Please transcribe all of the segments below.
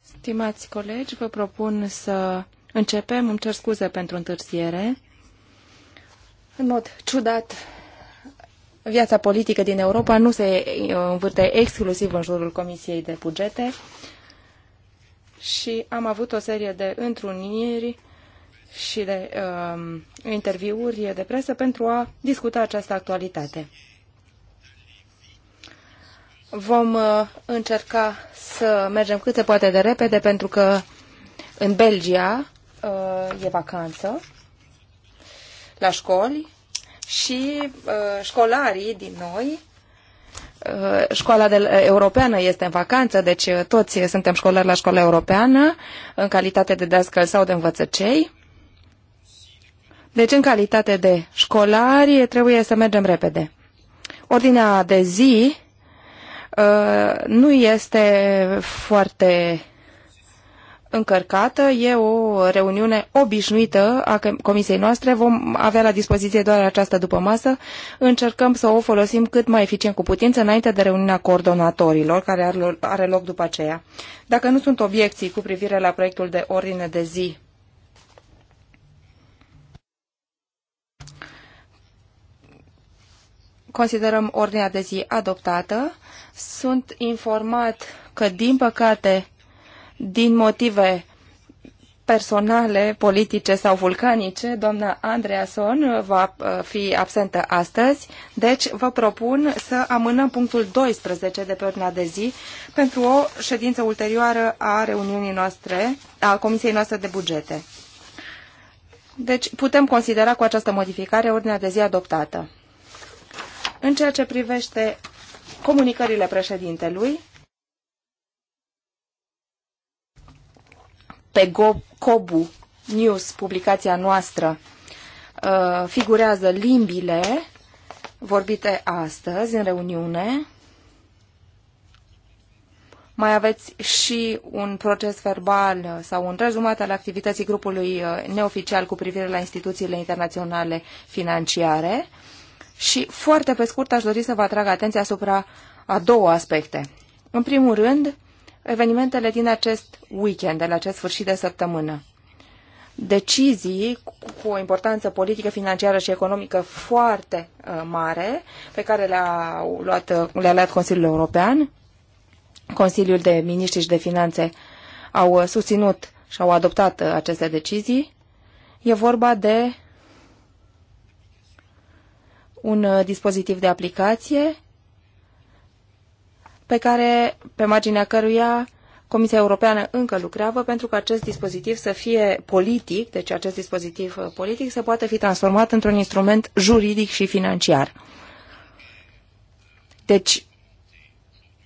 Stimați colegi, vă propun să începem. Îmi cer scuze pentru întârziere. În mod ciudat, viața politică din Europa nu se uh, învârte exclusiv în jurul Comisiei de Bugete și am avut o serie de întruniri și de um, interviuri de presă pentru a discuta această actualitate. Vom uh, încerca să mergem cât se poate de repede pentru că în Belgia uh, e vacanță la școli și uh, școlarii din noi școala de, europeană este în vacanță, deci toți suntem școlari la școala europeană, în calitate de dascăl sau de învățăcei. Deci, în calitate de școlari, trebuie să mergem repede. Ordinea de zi Uh, nu este foarte încărcată. E o reuniune obișnuită a comisiei noastre. Vom avea la dispoziție doar această după masă. Încercăm să o folosim cât mai eficient cu putință înainte de reuniunea coordonatorilor, care are loc după aceea. Dacă nu sunt obiecții cu privire la proiectul de ordine de zi, considerăm ordinea de zi adoptată. Sunt informat că, din păcate, din motive personale, politice sau vulcanice, doamna Andreason va uh, fi absentă astăzi, deci vă propun să amânăm punctul 12 de pe ordinea de zi pentru o ședință ulterioară a reuniunii noastre, a Comisiei noastre de bugete. Deci putem considera cu această modificare ordinea de zi adoptată. În ceea ce privește comunicările președintelui pe Go Cobu News, publicația noastră, uh, figurează limbile vorbite astăzi în reuniune. Mai aveți și un proces verbal sau un rezumat al activității grupului uh, neoficial cu privire la instituțiile internaționale financiare și foarte pe scurt aș dori să vă atrag atenția asupra a două aspecte. În primul rând, evenimentele din acest weekend, de la acest sfârșit de săptămână. Decizii cu o importanță politică, financiară și economică foarte uh, mare, pe care uh, le-a luat, le luat Consiliul European, Consiliul de Miniștri și de Finanțe au uh, susținut și au adoptat uh, aceste decizii. E vorba de un uh, dispozitiv de aplicație pe care, pe marginea căruia Comisia Europeană încă lucrează pentru că acest dispozitiv să fie politic, deci acest dispozitiv uh, politic să poată fi transformat într-un instrument juridic și financiar. Deci,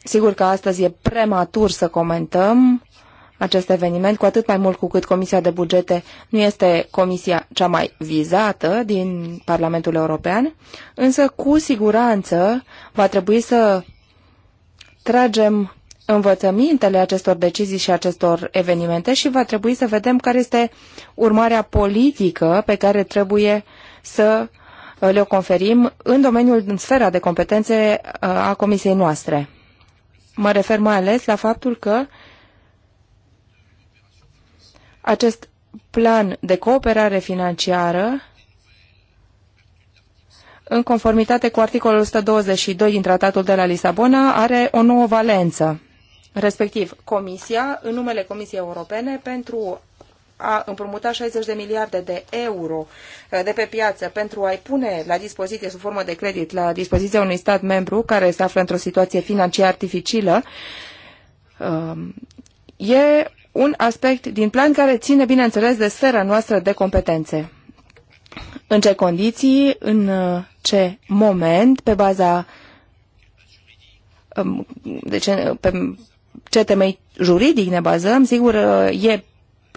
sigur că astăzi e prematur să comentăm acest eveniment, cu atât mai mult cu cât Comisia de Bugete nu este comisia cea mai vizată din Parlamentul European, însă cu siguranță va trebui să tragem învățămintele acestor decizii și acestor evenimente și va trebui să vedem care este urmarea politică pe care trebuie să le conferim în domeniul, în sfera de competențe uh, a comisiei noastre. Mă refer mai ales la faptul că acest plan de cooperare financiară în conformitate cu articolul 122 din Tratatul de la Lisabona, are o nouă valență, respectiv Comisia, în numele Comisiei Europene, pentru a împrumuta 60 de miliarde de euro eh, de pe piață pentru a-i pune la dispoziție, sub formă de credit, la dispoziția unui stat membru care se află într-o situație financiară dificilă, eh, e un aspect din plan care ține, bineînțeles, de sfera noastră de competențe. În ce condiții, în uh, ce moment, pe baza deci, pe ce temei juridic ne bazăm, sigur, uh, e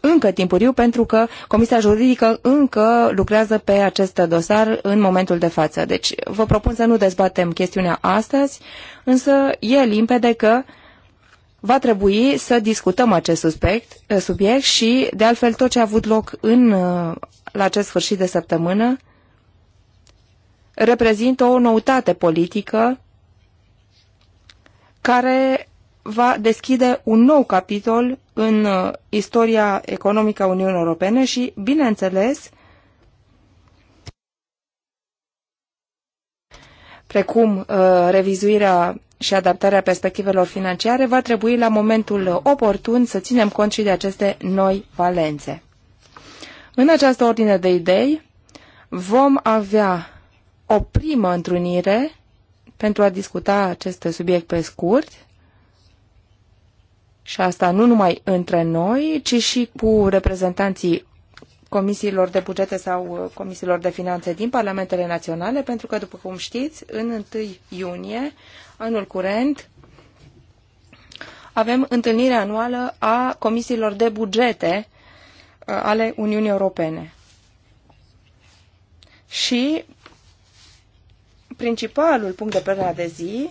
încă timpuriu pentru că Comisia Juridică încă lucrează pe acest dosar în momentul de față. Deci vă propun să nu dezbatem chestiunea astăzi, însă e limpede că uh, va trebui să discutăm acest suspect, eh, subiect și, de altfel, tot ce a avut loc în, eh, la acest sfârșit de săptămână reprezintă o noutate politică care va deschide un nou capitol în eh, istoria economică a Uniunii Europene și, bineînțeles, precum uh, revizuirea și adaptarea perspectivelor financiare, va trebui la momentul oportun să ținem cont și de aceste noi valențe. În această ordine de idei vom avea o primă întrunire pentru a discuta acest subiect pe scurt și asta nu numai între noi, ci și cu reprezentanții comisiilor de bugete sau uh, comisiilor de finanțe din parlamentele naționale, pentru că, după cum știți, în 1 iunie, anul curent, avem întâlnirea anuală a comisiilor de bugete uh, ale Uniunii Europene. Și principalul punct de plenă de zi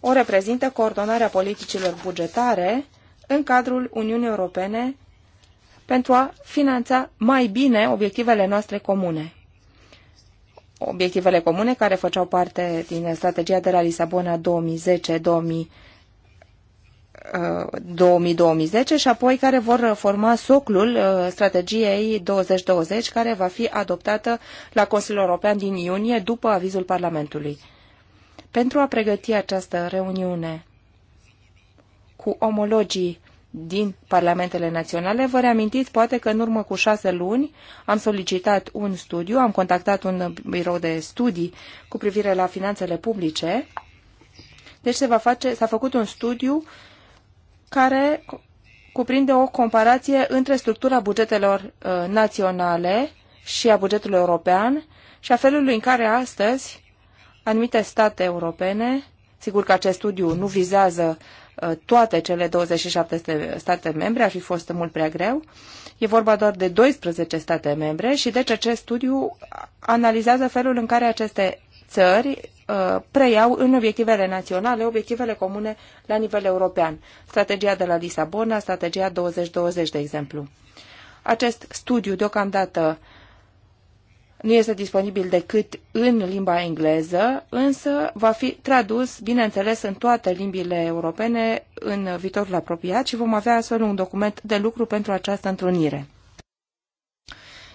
o reprezintă coordonarea politicilor bugetare în cadrul Uniunii Europene pentru a finanța mai bine obiectivele noastre comune. Obiectivele comune care făceau parte din strategia de la Lisabona 2010-2020 2010 uh, și apoi care vor forma soclul uh, strategiei 2020 care va fi adoptată la Consiliul European din iunie după avizul Parlamentului. Pentru a pregăti această reuniune cu omologii din parlamentele naționale. Vă reamintiți poate că în urmă cu șase luni am solicitat un studiu, am contactat un birou de studii cu privire la finanțele publice. Deci se va face, s-a făcut un studiu care cuprinde o comparație între structura bugetelor uh, naționale și a bugetului european și a felului în care astăzi anumite state europene, sigur că acest studiu nu vizează uh, Uh, toate cele 27 state membre, ar fi fost mult prea greu. E vorba doar de 12 state membre și deci acest studiu analizează felul în care aceste țări uh, preiau în obiectivele naționale obiectivele comune la nivel european. Strategia de la Lisabona, strategia 2020, de exemplu. Acest studiu deocamdată uh, nu este disponibil decât în limba engleză, însă va fi tradus, bineînțeles, în toate limbile europene în viitorul apropiat și vom avea astfel un document de lucru pentru această întrunire.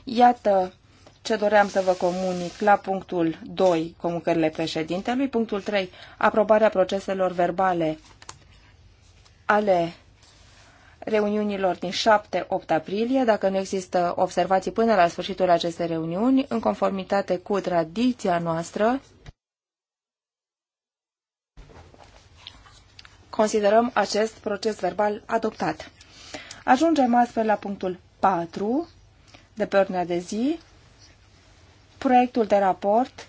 Iată ce doream să vă comunic la punctul 2, comunicările președintelui, punctul 3, aprobarea proceselor verbale ale reuniunilor din 7-8 aprilie, dacă nu există observații până la sfârșitul acestei reuniuni, în conformitate cu tradiția noastră, considerăm acest proces verbal adoptat. Ajungem astfel la punctul 4 de pe ordinea de zi, proiectul de raport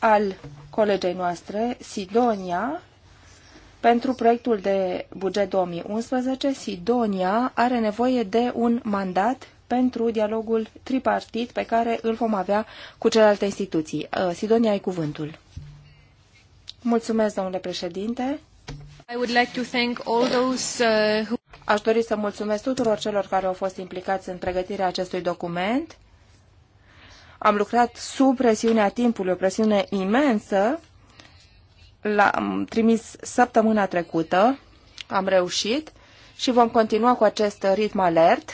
al colegei noastre, Sidonia, pentru proiectul de buget 2011, Sidonia are nevoie de un mandat pentru dialogul tripartit pe care îl vom avea cu celelalte instituții. Uh, Sidonia, ai cuvântul. Mulțumesc, domnule președinte. I would like to thank all those, uh, who... Aș dori să mulțumesc tuturor celor care au fost implicați în pregătirea acestui document. Am lucrat sub presiunea timpului, o presiune imensă, l-am trimis săptămâna trecută, am reușit și vom continua cu acest ritm alert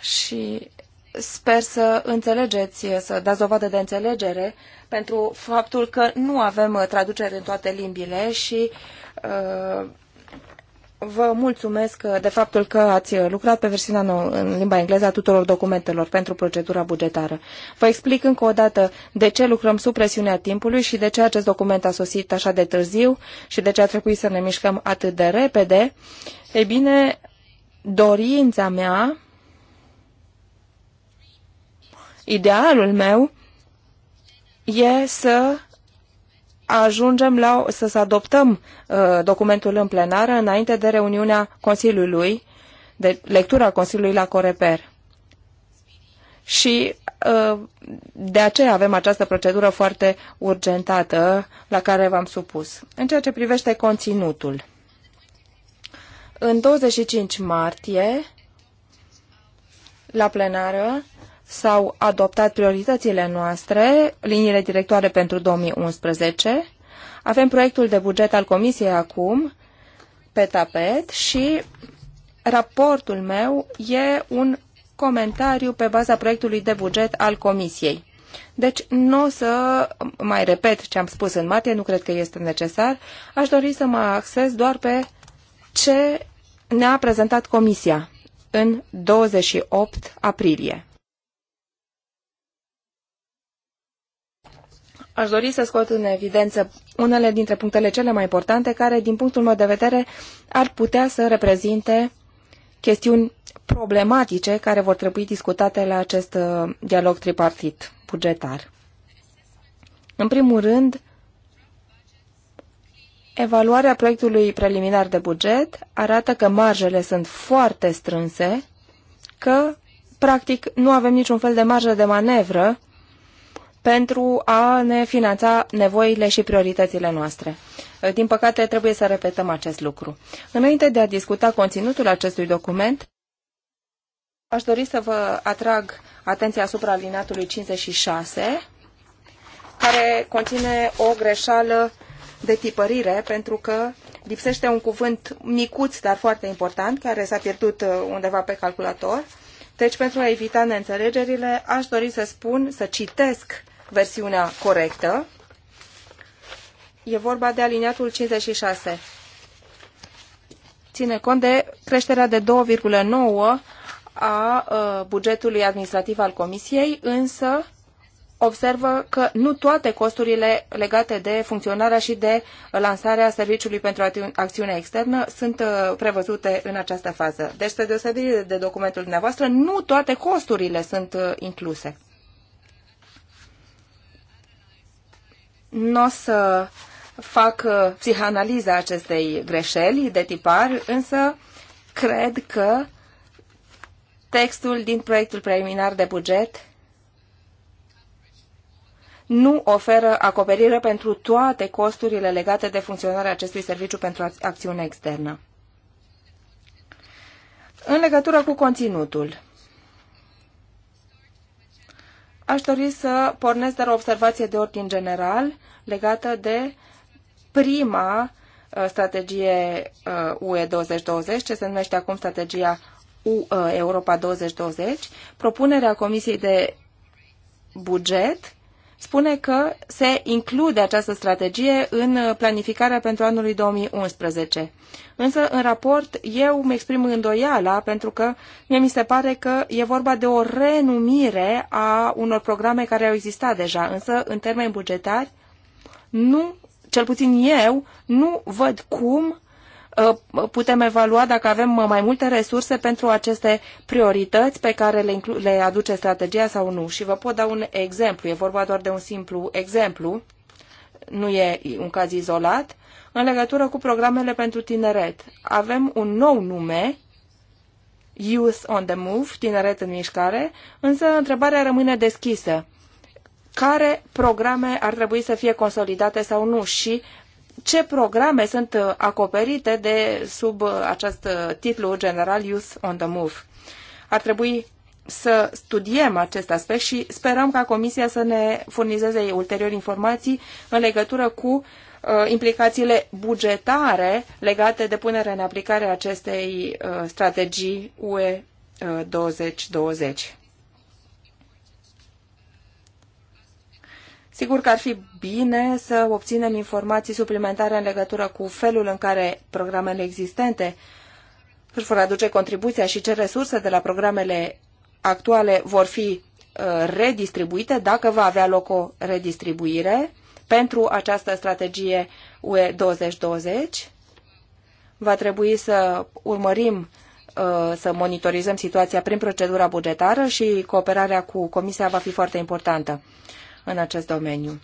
și sper să înțelegeți, să dați dovadă de înțelegere pentru faptul că nu avem traducere în toate limbile și uh, Vă mulțumesc uh, de faptul că ați uh, lucrat pe versiunea în limba engleză a tuturor documentelor pentru procedura bugetară. Vă explic încă o dată de ce lucrăm sub presiunea timpului și de ce acest document a sosit așa de târziu și de ce a trebuit să ne mișcăm atât de repede. Ei bine, dorința mea, idealul meu, e să ajungem la, să, să adoptăm uh, documentul în plenară înainte de reuniunea Consiliului, de lectura Consiliului la Coreper. Și uh, de aceea avem această procedură foarte urgentată la care v-am supus. În ceea ce privește conținutul, în 25 martie, la plenară, s-au adoptat prioritățile noastre, liniile directoare pentru 2011. Avem proiectul de buget al Comisiei acum pe tapet și raportul meu e un comentariu pe baza proiectului de buget al Comisiei. Deci nu o să mai repet ce am spus în martie, nu cred că este necesar. Aș dori să mă axez doar pe ce ne-a prezentat Comisia în 28 aprilie. Aș dori să scot în evidență unele dintre punctele cele mai importante care, din punctul meu de vedere, ar putea să reprezinte chestiuni problematice care vor trebui discutate la acest uh, dialog tripartit bugetar. În primul rând, evaluarea proiectului preliminar de buget arată că marjele sunt foarte strânse, că, practic, nu avem niciun fel de marjă de manevră pentru a ne finanța nevoile și prioritățile noastre. Uh, din păcate, trebuie să repetăm acest lucru. Înainte de a discuta conținutul acestui document, aș dori să vă atrag atenția asupra alinatului 56, care conține o greșeală de tipărire, pentru că lipsește un cuvânt micuț, dar foarte important, care s-a pierdut uh, undeva pe calculator. Deci, pentru a evita neînțelegerile, aș dori să spun, să citesc versiunea corectă. E vorba de aliniatul 56. Ține cont de creșterea de 2,9 a bugetului administrativ al Comisiei, însă observă că nu toate costurile legate de funcționarea și de lansarea Serviciului pentru Acțiune Externă sunt prevăzute în această fază. Deci, spre deosebire de documentul dumneavoastră, nu toate costurile sunt incluse. nu o să fac uh, psihanaliza acestei greșeli de tipar, însă cred că textul din proiectul preliminar de buget nu oferă acoperire pentru toate costurile legate de funcționarea acestui serviciu pentru acțiune externă. În legătură cu conținutul, Aș dori să pornesc dar o observație de ordin general legată de prima uh, strategie uh, UE 2020, ce se numește acum strategia uh, Europa 2020, propunerea Comisiei de buget spune că se include această strategie în planificarea pentru anului 2011. Însă, în raport, eu îmi exprim îndoiala pentru că mie mi se pare că e vorba de o renumire a unor programe care au existat deja, însă, în termeni bugetari, nu, cel puțin eu, nu văd cum Uh, putem evalua dacă avem uh, mai multe resurse pentru aceste priorități pe care le, le aduce strategia sau nu. Și vă pot da un exemplu, e vorba doar de un simplu exemplu, nu e un caz izolat, în legătură cu programele pentru tineret. Avem un nou nume, Youth on the Move, tineret în mișcare, însă întrebarea rămâne deschisă care programe ar trebui să fie consolidate sau nu și ce programe sunt uh, acoperite de sub uh, acest uh, titlu general Youth on the Move. Ar trebui să studiem acest aspect și sperăm ca Comisia să ne furnizeze ulterior informații în legătură cu implicațiile bugetare legate de punerea în aplicare a acestei strategii UE 2020. Sigur că ar fi bine să obținem informații suplimentare în legătură cu felul în care programele existente își vor aduce contribuția și ce resurse de la programele actuale vor fi uh, redistribuite, dacă va avea loc o redistribuire pentru această strategie UE 2020. Va trebui să urmărim uh, să monitorizăm situația prin procedura bugetară și cooperarea cu Comisia va fi foarte importantă în acest domeniu.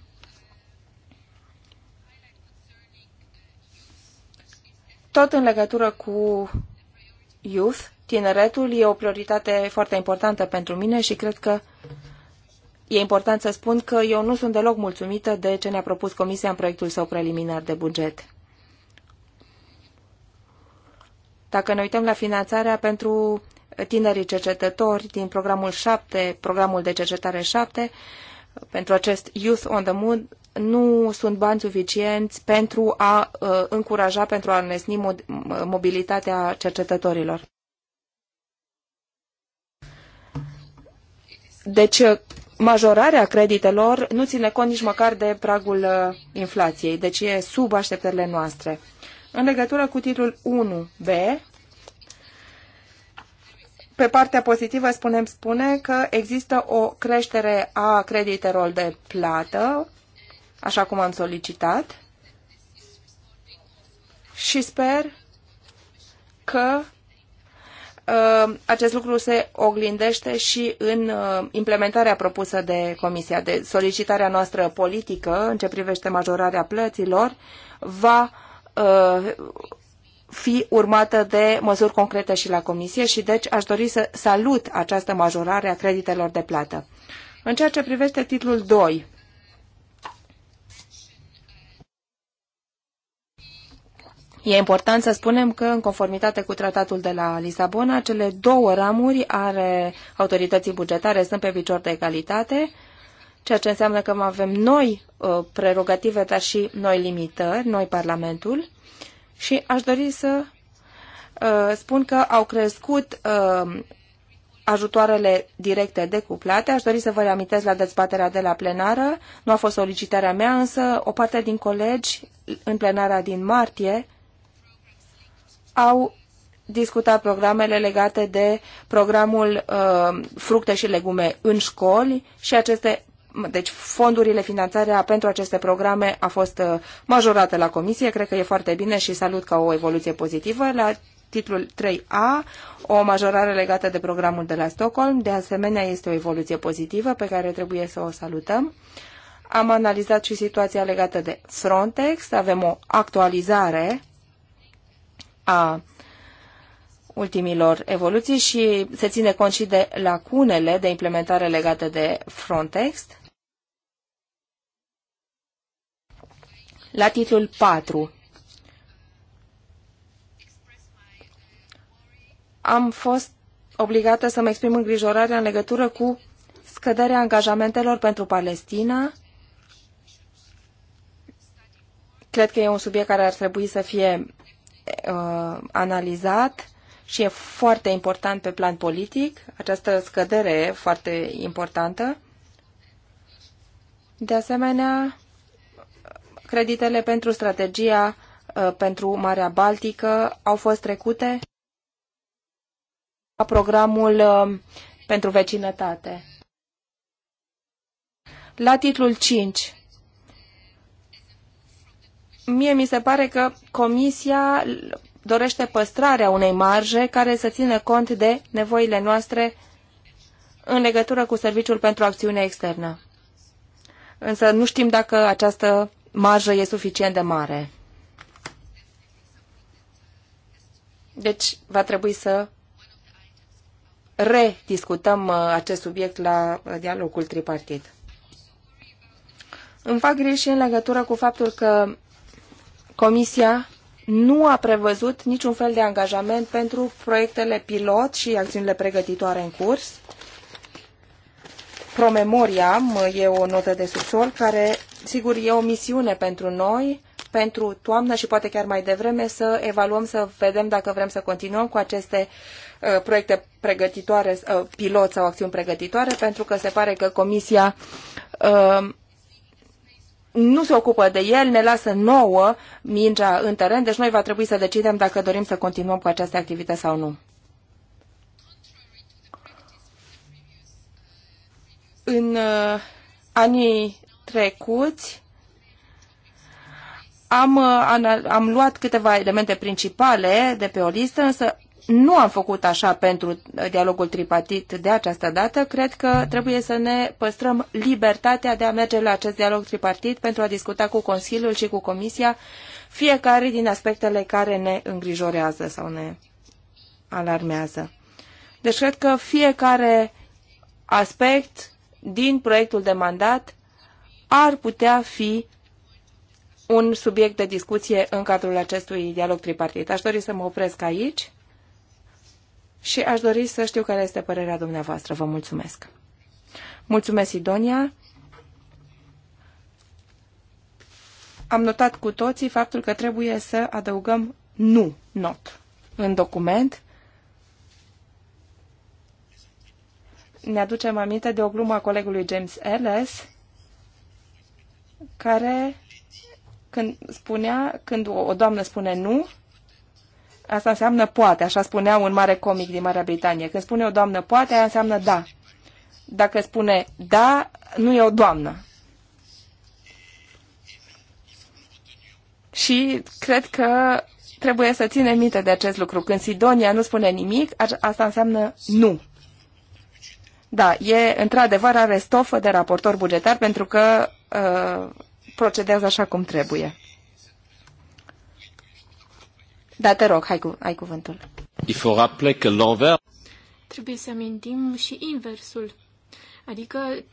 Tot în legătură cu youth, tineretul e o prioritate foarte importantă pentru mine și cred că e important să spun că eu nu sunt deloc mulțumită de ce ne-a propus Comisia în proiectul său preliminar de buget. Dacă ne uităm la finanțarea pentru tinerii cercetători din programul 7, programul de cercetare 7, pentru acest Youth on the Moon nu sunt bani suficienți pentru a uh, încuraja, pentru a înlesni mobilitatea cercetătorilor. Deci, uh, majorarea creditelor nu ține cont nici măcar de pragul uh, inflației, deci e sub așteptările noastre. În legătură cu titlul 1B, pe partea pozitivă spunem spune că există o creștere a creditelor de plată, așa cum am solicitat, și sper că uh, acest lucru se oglindește și în uh, implementarea propusă de Comisia, de solicitarea noastră politică în ce privește majorarea plăților, va uh, fi urmată de măsuri concrete și la Comisie și deci aș dori să salut această majorare a creditelor de plată. În ceea ce privește titlul 2, E important să spunem că, în conformitate cu tratatul de la Lisabona, cele două ramuri ale autorității bugetare sunt pe picior de egalitate, ceea ce înseamnă că avem noi uh, prerogative, dar și noi limitări, noi Parlamentul, și aș dori să uh, spun că au crescut uh, ajutoarele directe decuplate. Aș dori să vă reamintesc la dezbaterea de la plenară. Nu a fost solicitarea mea, însă o parte din colegi în plenara din martie au discutat programele legate de programul uh, fructe și legume în școli și aceste deci fondurile, finanțarea pentru aceste programe a fost uh, majorată la comisie, cred că e foarte bine și salut ca o evoluție pozitivă. La titlul 3A, o majorare legată de programul de la Stockholm, de asemenea este o evoluție pozitivă pe care trebuie să o salutăm. Am analizat și situația legată de Frontex, avem o actualizare a ultimilor evoluții și se ține cont și de lacunele de implementare legate de Frontex. la titlul 4. Am fost obligată să-mi exprim îngrijorarea în legătură cu scăderea angajamentelor pentru Palestina. Cred că e un subiect care ar trebui să fie uh, analizat și e foarte important pe plan politic. Această scădere e foarte importantă. De asemenea, Creditele pentru strategia uh, pentru Marea Baltică au fost trecute la programul uh, pentru vecinătate. La titlul 5, mie mi se pare că Comisia dorește păstrarea unei marje care să țină cont de nevoile noastre în legătură cu Serviciul pentru Acțiune Externă. Însă nu știm dacă această marjă e suficient de mare. Deci va trebui să rediscutăm uh, acest subiect la uh, dialogul tripartit. Îmi fac griji în legătură cu faptul că Comisia nu a prevăzut niciun fel de angajament pentru proiectele pilot și acțiunile pregătitoare în curs. Promemoriam e o notă de subsol care, sigur, e o misiune pentru noi, pentru toamnă și poate chiar mai devreme să evaluăm, să vedem dacă vrem să continuăm cu aceste uh, proiecte pregătitoare, uh, pilot sau acțiuni pregătitoare, pentru că se pare că Comisia uh, nu se ocupă de el, ne lasă nouă mingea în teren, deci noi va trebui să decidem dacă dorim să continuăm cu aceste activități sau nu. În uh, anii trecuți am, uh, am luat câteva elemente principale de pe o listă, însă nu am făcut așa pentru uh, dialogul tripartit de această dată. Cred că trebuie să ne păstrăm libertatea de a merge la acest dialog tripartit pentru a discuta cu Consiliul și cu Comisia fiecare din aspectele care ne îngrijorează sau ne alarmează. Deci cred că fiecare aspect din proiectul de mandat ar putea fi un subiect de discuție în cadrul acestui dialog tripartit. Aș dori să mă opresc aici și aș dori să știu care este părerea dumneavoastră. Vă mulțumesc. Mulțumesc, Idonia. Am notat cu toții faptul că trebuie să adăugăm nu not în document ne aducem aminte de o glumă a colegului James Ellis, care când spunea, când o doamnă spune nu, asta înseamnă poate, așa spunea un mare comic din Marea Britanie. Când spune o doamnă poate, aia înseamnă da. Dacă spune da, nu e o doamnă. Și cred că trebuie să ținem minte de acest lucru. Când Sidonia nu spune nimic, asta înseamnă nu. Da, e într-adevăr are stofă de raportor bugetar pentru că uh, procedează așa cum trebuie. Da, te rog, hai cu, ai cuvântul. Trebuie să amintim și inversul. Adică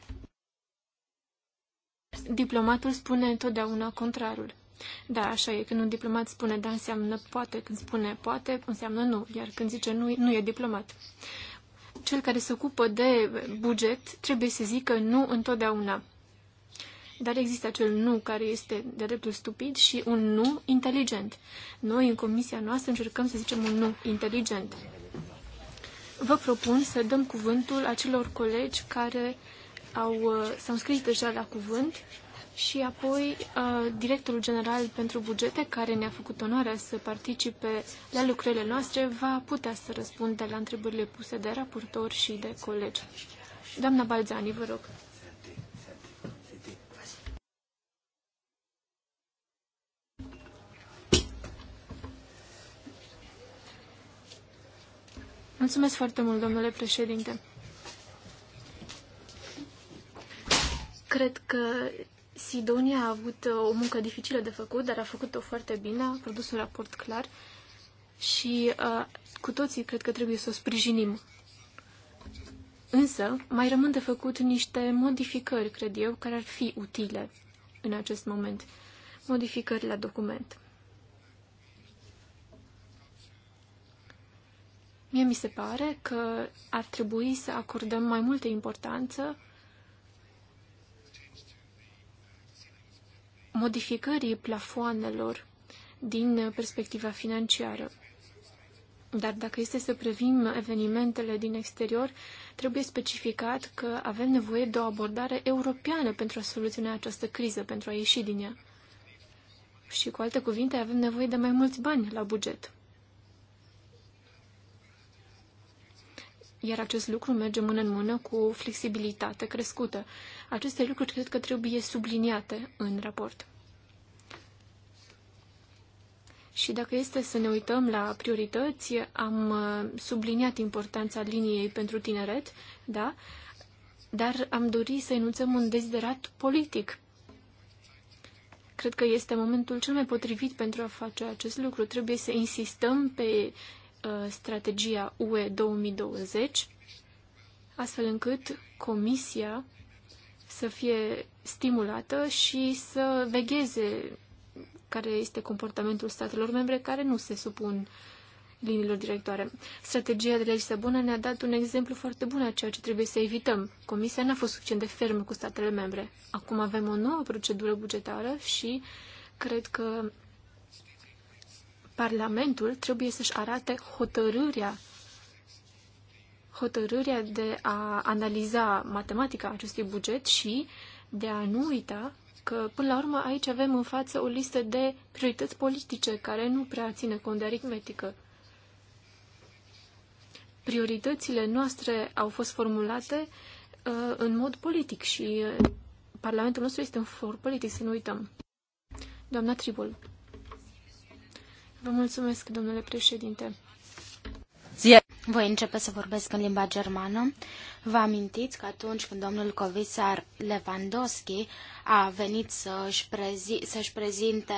diplomatul spune întotdeauna contrarul. Da, așa e. Când un diplomat spune da, înseamnă poate. Când spune poate, înseamnă nu. Iar când zice nu, nu e diplomat cel care se ocupă de buget trebuie să zică nu întotdeauna. Dar există acel nu care este de dreptul stupid și un nu inteligent. Noi, în comisia noastră, încercăm să zicem un nu inteligent. Vă propun să dăm cuvântul acelor colegi care au, uh, s-au scris deja la cuvânt și apoi uh, directorul general pentru bugete, care ne-a făcut onoarea să participe la lucrările noastre, va putea să răspundă la întrebările puse de raportor și de colegi. Doamna Balzani, vă rog. Mulțumesc foarte mult, domnule președinte. Cred că Sidonia a avut uh, o muncă dificilă de făcut, dar a făcut-o foarte bine, a produs un raport clar și uh, cu toții cred că trebuie să o sprijinim. Însă, mai rămân de făcut niște modificări, cred eu, care ar fi utile în acest moment. Modificări la document. Mie mi se pare că ar trebui să acordăm mai multă importanță modificării plafoanelor din perspectiva financiară. Dar dacă este să privim evenimentele din exterior, trebuie specificat că avem nevoie de o abordare europeană pentru a soluționa această criză, pentru a ieși din ea. Și cu alte cuvinte, avem nevoie de mai mulți bani la buget. Iar acest lucru merge mână în mână cu flexibilitate crescută. Aceste lucruri cred că trebuie subliniate în raport. Și dacă este să ne uităm la priorități, am uh, subliniat importanța liniei pentru tineret, da, dar am dorit să enunțăm un deziderat politic. Cred că este momentul cel mai potrivit pentru a face acest lucru. Trebuie să insistăm pe uh, strategia UE 2020, astfel încât Comisia să fie stimulată și să vegheze care este comportamentul statelor membre care nu se supun liniilor directoare. Strategia de la bună ne-a dat un exemplu foarte bun a ceea ce trebuie să evităm. Comisia n-a fost suficient de fermă cu statele membre. Acum avem o nouă procedură bugetară și cred că Parlamentul trebuie să-și arate hotărârea hotărârea de a analiza matematica acestui buget și de a nu uita că, până la urmă, aici avem în față o listă de priorități politice care nu prea ține cont de aritmetică. Prioritățile noastre au fost formulate uh, în mod politic și uh, Parlamentul nostru este un for politic, să nu uităm. Doamna Tribul. Vă mulțumesc, domnule președinte. Voi începe să vorbesc în limba germană. Vă amintiți că atunci când domnul Covisar Lewandowski a venit să-și, prezi- să prezinte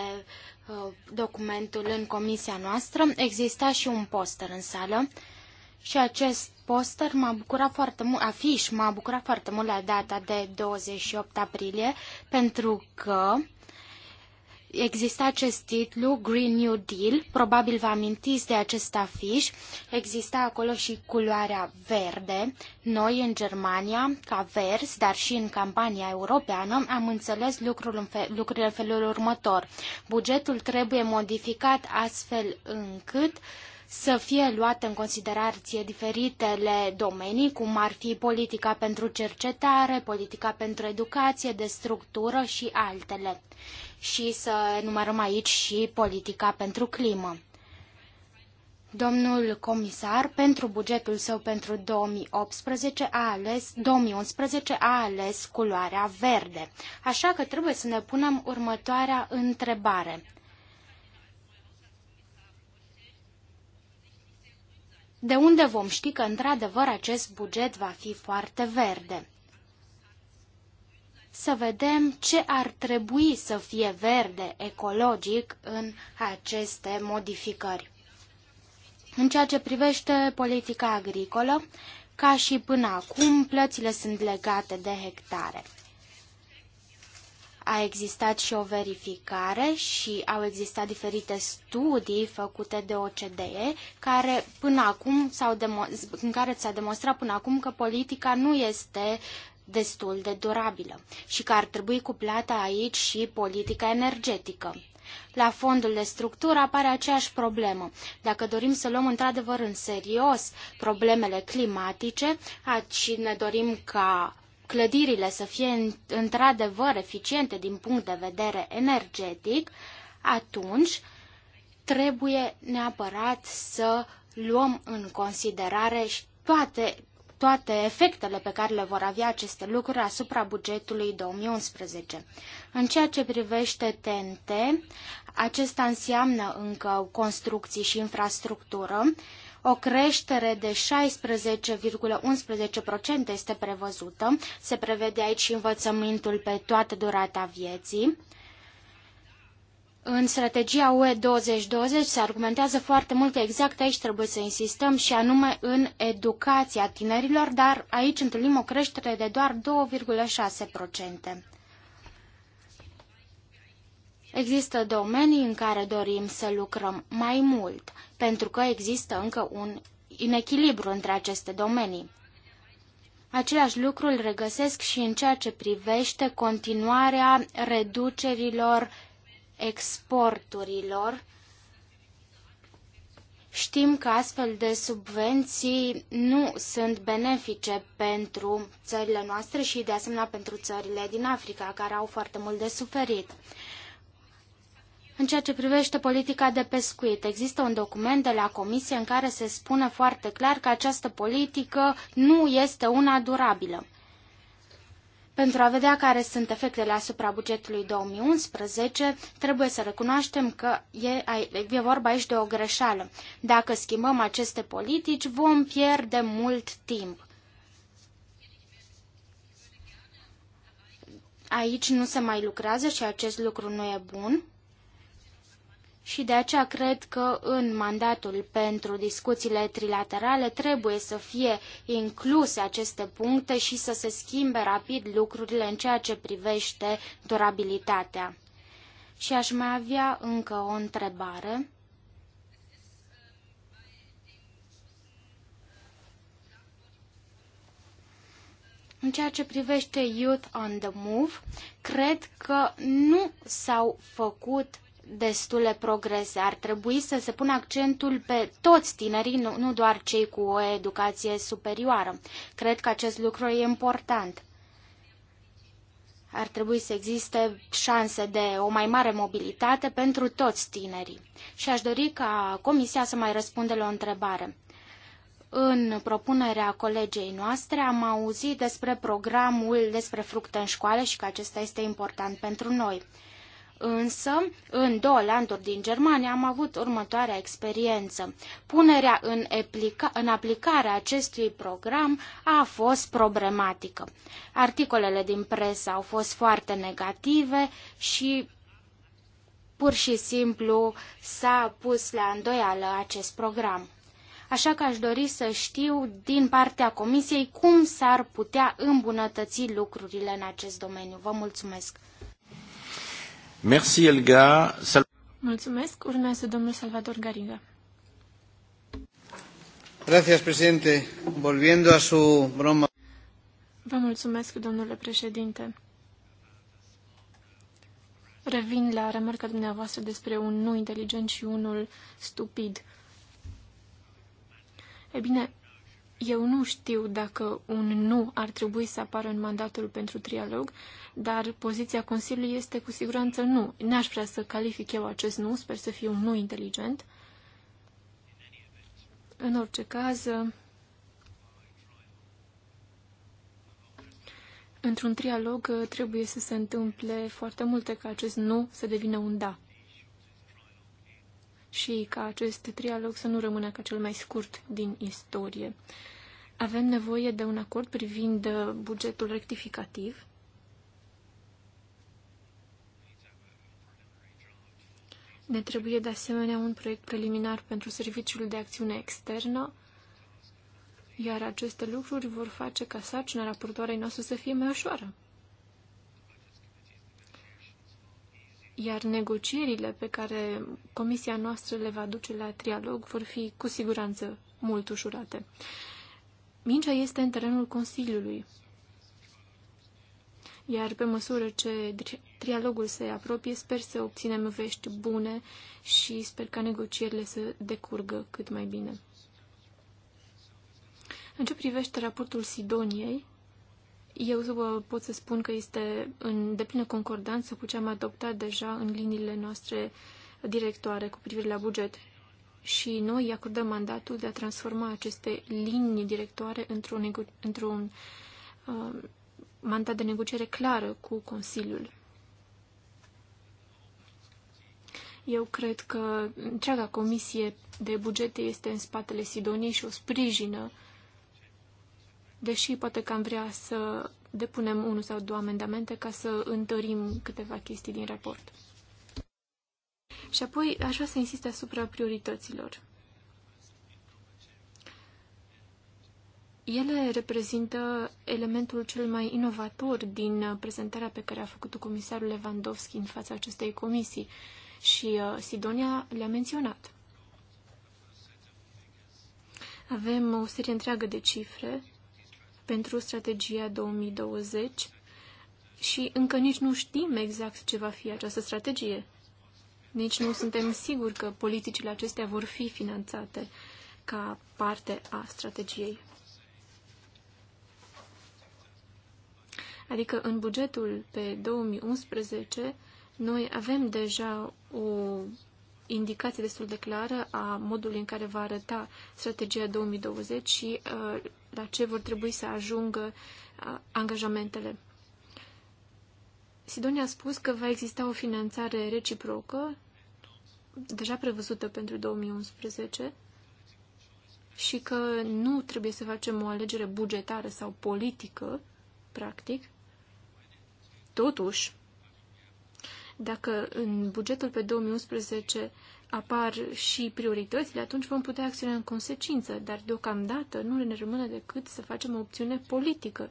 uh, documentul în comisia noastră, exista și un poster în sală și acest poster m-a bucurat foarte mult, afiș m-a bucurat foarte mult la data de 28 aprilie, pentru că Exista acest titlu, Green New Deal, probabil vă amintiți de acest afiș. Exista acolo și culoarea verde. Noi, în Germania, ca vers, dar și în campania europeană, am înțeles lucrul în fe- lucrurile în felul următor. Bugetul trebuie modificat astfel încât să fie luate în considerație diferitele domenii, cum ar fi politica pentru cercetare, politica pentru educație, de structură și altele și să numărăm aici și politica pentru climă. Domnul comisar, pentru bugetul său pentru 2018 a ales, 2011 a ales culoarea verde, așa că trebuie să ne punem următoarea întrebare. De unde vom ști că într-adevăr acest buget va fi foarte verde? să vedem ce ar trebui să fie verde ecologic în aceste modificări. În ceea ce privește politica agricolă, ca și până acum, plățile sunt legate de hectare. A existat și o verificare și au existat diferite studii făcute de OCDE care până acum s-au în care s-a demonstrat până acum că politica nu este destul de durabilă și că ar trebui cuplată aici și politica energetică. La fondul de structură apare aceeași problemă. Dacă dorim să luăm într-adevăr în serios problemele climatice și ne dorim ca clădirile să fie într-adevăr eficiente din punct de vedere energetic, atunci trebuie neapărat să luăm în considerare toate toate efectele pe care le vor avea aceste lucruri asupra bugetului 2011. În ceea ce privește TNT, acesta înseamnă încă construcții și infrastructură, o creștere de 16,11% este prevăzută. Se prevede aici și învățământul pe toată durata vieții. În strategia UE 2020 se argumentează foarte mult că exact aici trebuie să insistăm și anume în educația tinerilor, dar aici întâlnim o creștere de doar 2,6%. Există domenii în care dorim să lucrăm mai mult, pentru că există încă un inechilibru între aceste domenii. Același lucru îl regăsesc și în ceea ce privește continuarea reducerilor exporturilor. Știm că astfel de subvenții nu sunt benefice pentru țările noastre și de asemenea pentru țările din Africa, care au foarte mult de suferit. În ceea ce privește politica de pescuit, există un document de la Comisie în care se spune foarte clar că această politică nu este una durabilă. Pentru a vedea care sunt efectele asupra bugetului 2011, trebuie să recunoaștem că e, e vorba aici de o greșeală. Dacă schimbăm aceste politici, vom pierde mult timp. Aici nu se mai lucrează și acest lucru nu e bun și de aceea cred că în mandatul pentru discuțiile trilaterale trebuie să fie incluse aceste puncte și să se schimbe rapid lucrurile în ceea ce privește durabilitatea. Și aș mai avea încă o întrebare. În ceea ce privește Youth on the Move, cred că nu s-au făcut destule progrese. Ar trebui să se pună accentul pe toți tinerii, nu, nu doar cei cu o educație superioară. Cred că acest lucru e important. Ar trebui să existe șanse de o mai mare mobilitate pentru toți tinerii. Și aș dori ca Comisia să mai răspunde la o întrebare. În propunerea colegei noastre am auzit despre programul despre fructe în școală și că acesta este important pentru noi. Însă, în două landuri din Germania am avut următoarea experiență. Punerea în, aplica- în aplicare a acestui program a fost problematică. Articolele din presă au fost foarte negative și pur și simplu s-a pus la îndoială acest program. Așa că aș dori să știu din partea Comisiei cum s-ar putea îmbunătăți lucrurile în acest domeniu. Vă mulțumesc! Merci, Elga. Sal Mulțumesc. Urmează domnul Salvador Gariga. Gracias, presidente. Volviendo a su broma. Vă mulțumesc, domnule președinte. Revin la remarca dumneavoastră despre un nu inteligent și unul stupid. E bine, eu nu știu dacă un nu ar trebui să apară în mandatul pentru trialog, dar poziția Consiliului este cu siguranță nu. N-aș vrea să calific eu acest nu, sper să fie un nu inteligent. În orice caz, într-un trialog trebuie să se întâmple foarte multe ca acest nu să devină un da și ca acest trialog să nu rămână ca cel mai scurt din istorie. Avem nevoie de un acord privind bugetul rectificativ. Ne trebuie de asemenea un proiect preliminar pentru Serviciul de Acțiune Externă, iar aceste lucruri vor face ca sarcina raportoarei noastre să fie mai ușoară. iar negocierile pe care comisia noastră le va duce la trialog vor fi cu siguranță mult ușurate. Mincea este în terenul Consiliului, iar pe măsură ce trialogul se apropie, sper să obținem vești bune și sper ca negocierile să decurgă cât mai bine. În ce privește raportul Sidoniei, eu pot să spun că este în deplină concordanță cu ce am adoptat deja în liniile noastre directoare cu privire la buget. Și noi îi acordăm mandatul de a transforma aceste linii directoare într-un, într-un um, uh, mandat de negociere clară cu Consiliul. Eu cred că întreaga comisie de bugete este în spatele Sidoniei și o sprijină uh, deși poate că am vrea să depunem unul sau două amendamente ca să întărim câteva chestii din raport. Și apoi aș vrea să insist asupra priorităților. Ele reprezintă elementul cel mai inovator din prezentarea pe care a făcut-o comisarul Lewandowski în fața acestei comisii și uh, Sidonia le-a menționat. Avem o serie întreagă de cifre pentru strategia 2020 și încă nici nu știm exact ce va fi această strategie. Nici nu suntem siguri că politicile acestea vor fi finanțate ca parte a strategiei. Adică în bugetul pe 2011 noi avem deja o indicație destul de clară a modului în care va arăta strategia 2020 și uh, la ce vor trebui să ajungă angajamentele. Sidonia a spus că va exista o finanțare reciprocă, deja prevăzută pentru 2011, și că nu trebuie să facem o alegere bugetară sau politică, practic. Totuși, dacă în bugetul pe 2011 apar și prioritățile, atunci vom putea acționa în consecință, dar deocamdată nu ne rămâne decât să facem o opțiune politică.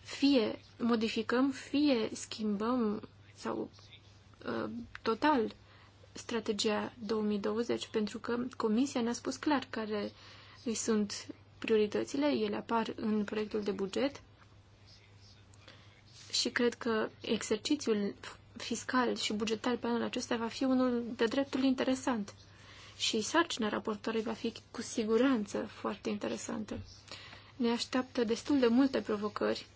Fie modificăm, fie schimbăm sau uh, total strategia 2020, pentru că Comisia ne-a spus clar care îi sunt prioritățile, ele apar în proiectul de buget și cred că exercițiul fiscal și bugetar pe anul acesta va fi unul de dreptul interesant. Și sarcina raportorului va fi cu siguranță foarte interesantă. Ne așteaptă destul de multe provocări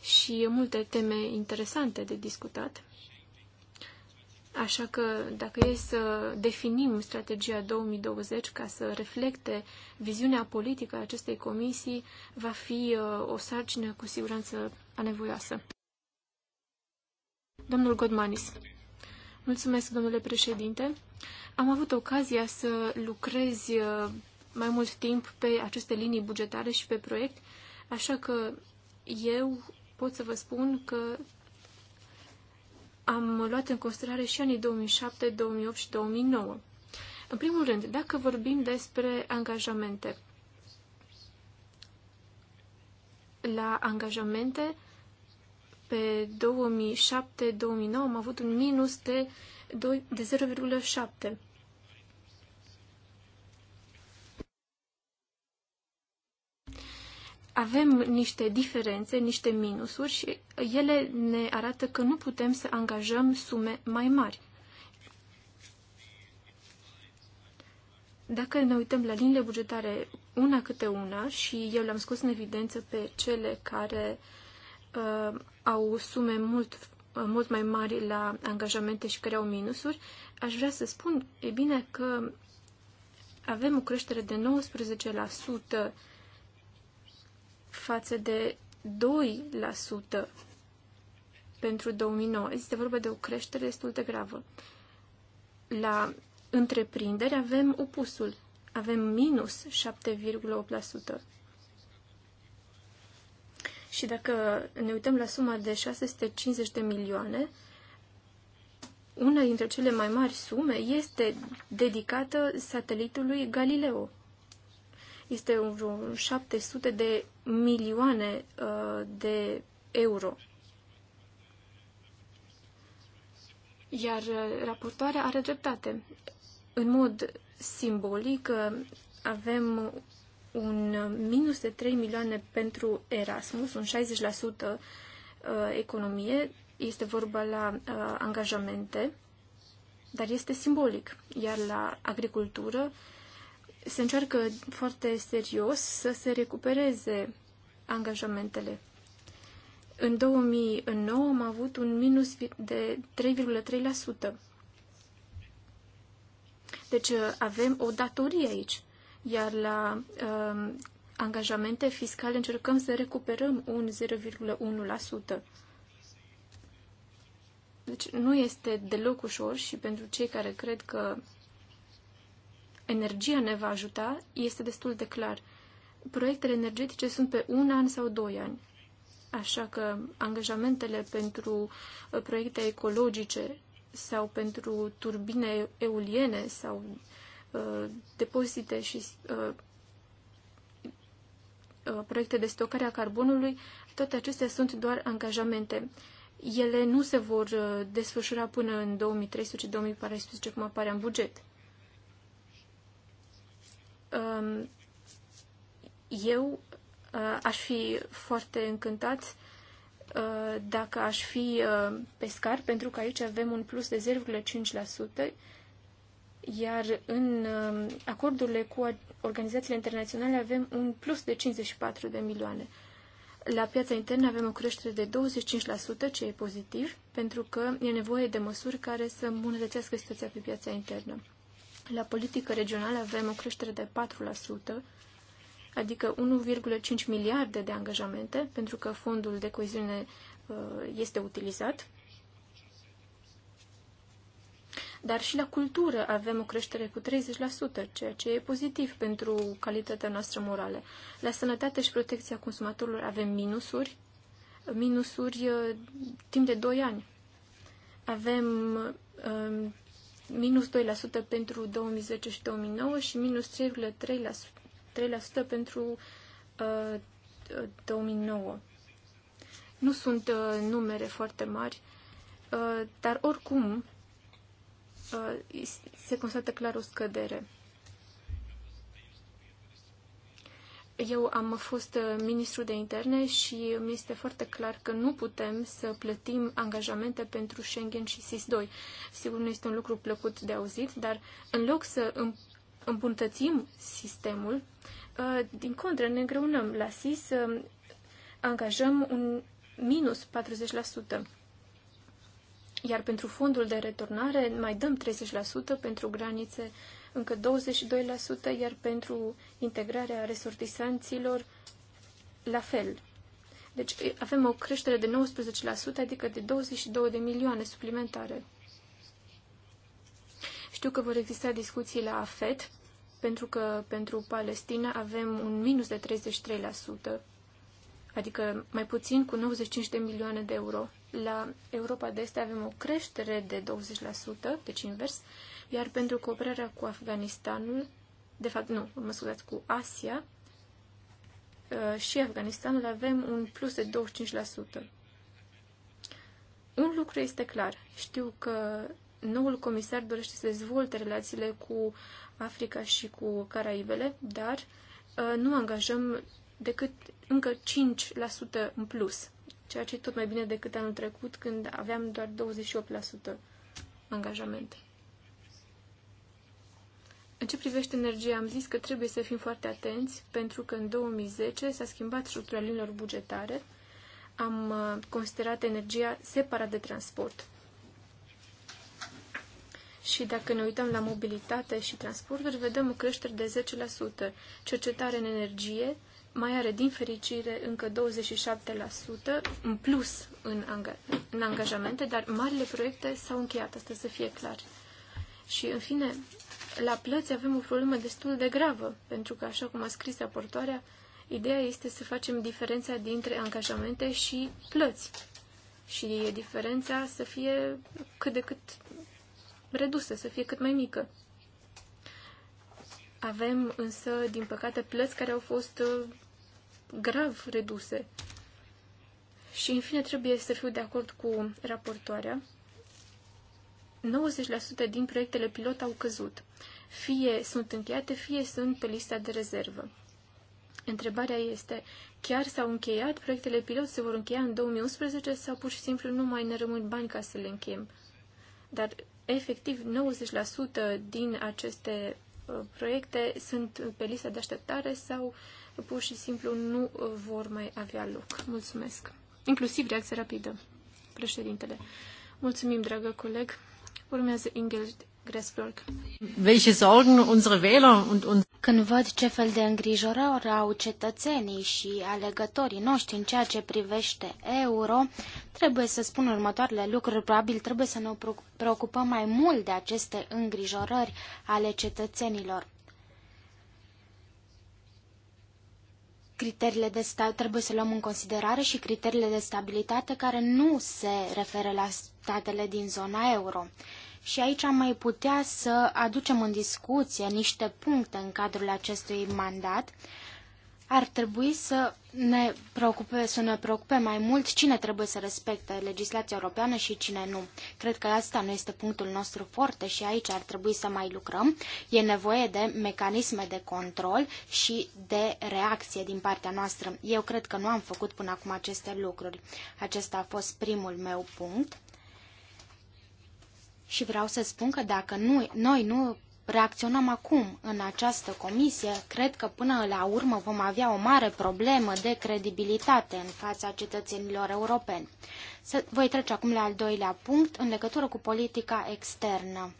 și multe teme interesante de discutat. Așa că dacă e să definim strategia 2020 ca să reflecte viziunea politică a acestei comisii, va fi uh, o sarcină cu siguranță anevoioasă. Domnul Godmanis. Mulțumesc, domnule președinte. Am avut ocazia să lucrez uh, mai mult timp pe aceste linii bugetare și pe proiect, așa că eu pot să vă spun că am luat în considerare și anii 2007, 2008 și 2009. În primul rând, dacă vorbim despre angajamente, la angajamente pe 2007-2009 am avut un minus de, de 0,7. avem niște diferențe, niște minusuri și ele ne arată că nu putem să angajăm sume mai mari. Dacă ne uităm la liniile bugetare una câte una și eu le-am scos în evidență pe cele care uh, au sume mult, mult mai mari la angajamente și care au minusuri, aș vrea să spun, e bine că avem o creștere de 19% față de 2% pentru 2009. Este vorba de o creștere destul de gravă. La întreprinderi avem opusul. Avem minus și dacă ne uităm la suma de 650 de milioane, una dintre cele mai mari sume este dedicată satelitului Galileo. Este vreo 700 de milioane uh, de euro. Iar uh, raportoarea are dreptate. În mod simbolic uh, avem un minus de 3 milioane pentru Erasmus, un 60% uh, economie, este vorba la uh, angajamente, dar este simbolic. Iar la agricultură se încearcă foarte serios să se recupereze angajamentele. În 2009 am avut un minus de 3,3%. Deci uh, avem o datorie aici iar la uh, angajamente fiscale încercăm să recuperăm un 0,1%. Deci nu este deloc ușor și pentru cei care cred că energia ne va ajuta, este destul de clar. Proiectele energetice sunt pe un an sau doi ani. Așa că angajamentele pentru uh, proiecte ecologice sau pentru turbine eoliene sau uh, Uh, depozite și uh, uh, proiecte de stocare a carbonului, toate acestea sunt doar angajamente. Ele nu se vor desfășura până în 2013-2014, cum apare în buget. Um, eu aș fi foarte încântat dacă aș fi pescar, pentru că aici avem un plus de 0,5%, iar în um, acordurile cu organizațiile internaționale avem un plus de 54 de milioane. La piața internă avem o creștere de 25%, ce e pozitiv, pentru că e nevoie de măsuri care să îmbunătățească situația pe piața internă. La politică regională avem o creștere de 4%, adică 1,5 miliarde de angajamente, pentru că fondul de coeziune uh, este utilizat dar și la cultură avem o creștere cu 30%, ceea ce e pozitiv pentru calitatea noastră morală. La sănătate și protecția consumatorilor avem minusuri, minusuri uh, timp de 2 ani. Avem uh, minus 2% pentru 2010 și 2009 și minus 3,3% pentru uh, 2009. Nu sunt uh, numere foarte mari, uh, dar oricum Uh, se constată clar o scădere. Eu am fost uh, ministru de interne și mi este foarte clar că nu putem să plătim angajamente pentru Schengen și SIS-2. Sigur, nu este un lucru plăcut de auzit, dar în loc să îmbunătățim sistemul, uh, din contră ne îngreunăm. La SIS angajăm un minus 40%. Iar pentru fondul de returnare mai dăm 30%, pentru granițe încă 22%, iar pentru integrarea resortisanților la fel. Deci avem o creștere de 19%, adică de 22 de milioane suplimentare. Știu că vor exista discuții la AFET, pentru că pentru Palestina avem un minus de 33%, adică mai puțin cu 95 de milioane de euro. La Europa de Est avem o creștere de 20%, deci invers, iar pentru cooperarea cu Afganistanul, de fapt nu, mă scuzați, cu Asia uh, și Afganistanul avem un plus de 25%. Un lucru este clar. Știu că noul comisar dorește să dezvolte relațiile cu Africa și cu Caraibele, dar uh, nu angajăm decât încă 5% în plus ceea ce e tot mai bine decât anul trecut, când aveam doar 28% angajamente. În ce privește energia, am zis că trebuie să fim foarte atenți, pentru că în 2010 s-a schimbat structura linilor bugetare. Am uh, considerat energia separat de transport. Și dacă ne uităm la mobilitate și transporturi, vedem o creștere de 10%, cercetare în energie, mai are din fericire încă 27% în plus în, anga- în angajamente, dar marile proiecte s-au încheiat, asta să fie clar. Și, în fine, la plăți avem o problemă destul de gravă, pentru că, așa cum a scris raportoarea, ideea este să facem diferența dintre angajamente și plăți. Și diferența să fie cât de cât redusă, să fie cât mai mică. Avem însă, din păcate, plăți care au fost uh, grav reduse. Și, în fine, trebuie să fiu de acord cu raportoarea. 90% din proiectele pilot au căzut. Fie sunt încheiate, fie sunt pe lista de rezervă. Întrebarea este, chiar s-au încheiat? Proiectele pilot se vor încheia în 2011 sau pur și simplu nu mai ne rămân bani ca să le încheiem? Dar, efectiv, 90% din aceste proiecte sunt pe lista de așteptare sau pur și simplu nu vor mai avea loc. Mulțumesc. Inclusiv reacție rapidă, președintele. Mulțumim, dragă coleg. Urmează Ingel Gressberg. Welche Sorgen unsere Wähler und uns când văd ce fel de îngrijorări au cetățenii și alegătorii noștri în ceea ce privește euro, trebuie să spun următoarele lucruri. Probabil trebuie să ne preocupăm mai mult de aceste îngrijorări ale cetățenilor. criteriile de trebuie să luăm în considerare și criteriile de stabilitate care nu se referă la statele din zona euro și aici am mai putea să aducem în discuție niște puncte în cadrul acestui mandat. Ar trebui să ne preocupe, să ne preocupe mai mult cine trebuie să respecte legislația europeană și cine nu. Cred că asta nu este punctul nostru foarte. și aici ar trebui să mai lucrăm. E nevoie de mecanisme de control și de reacție din partea noastră. Eu cred că nu am făcut până acum aceste lucruri. Acesta a fost primul meu punct. Și vreau să spun că dacă nu, noi nu reacționăm acum în această comisie, cred că până la urmă vom avea o mare problemă de credibilitate în fața cetățenilor europeni. Să, voi trece acum la al doilea punct, în legătură cu politica externă.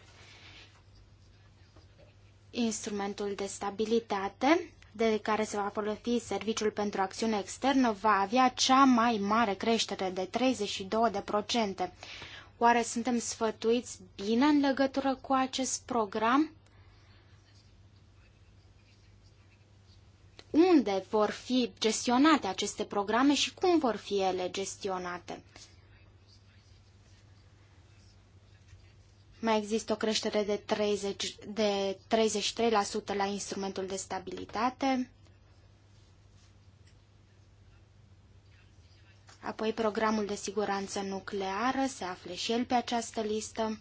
Instrumentul de stabilitate de care se va folosi Serviciul pentru Acțiune Externă va avea cea mai mare creștere de 32%. Oare suntem sfătuiți bine în legătură cu acest program? Unde vor fi gestionate aceste programe și cum vor fi ele gestionate? Mai există o creștere de, 30, de 33% la instrumentul de stabilitate. Apoi programul de siguranță nucleară se află și el pe această listă.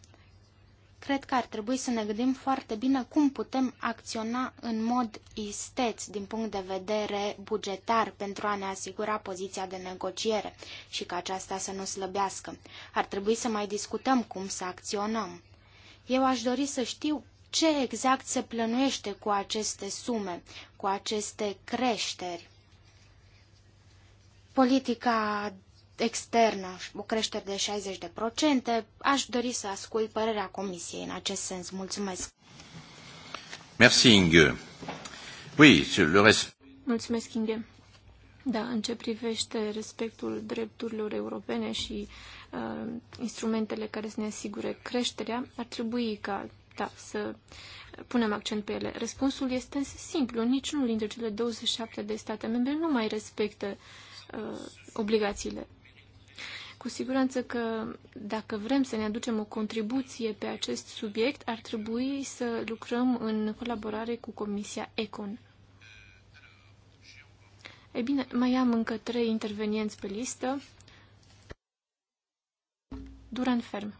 Cred că ar trebui să ne gândim foarte bine cum putem acționa în mod isteț din punct de vedere bugetar pentru a ne asigura poziția de negociere și ca aceasta să nu slăbească. Ar trebui să mai discutăm cum să acționăm. Eu aș dori să știu ce exact se plănuiește cu aceste sume, cu aceste creșteri. Politica externă, o creștere de 60%. Aș dori să ascult părerea Comisiei în acest sens. Mulțumesc. Merci, Inge. Oui, le rest... Mulțumesc, Inge. Da, în ce privește respectul drepturilor europene și uh, instrumentele care să ne asigure creșterea, ar trebui ca da, să punem accent pe ele. Răspunsul este simplu. Niciunul dintre cele 27 de state membre nu mai respectă uh, uh, obligațiile. Cu siguranță că dacă vrem să ne aducem o contribuție pe acest subiect, ar trebui să lucrăm în colaborare cu Comisia ECON. Ei bine, mai am încă trei intervenienți pe listă. Duran Ferm.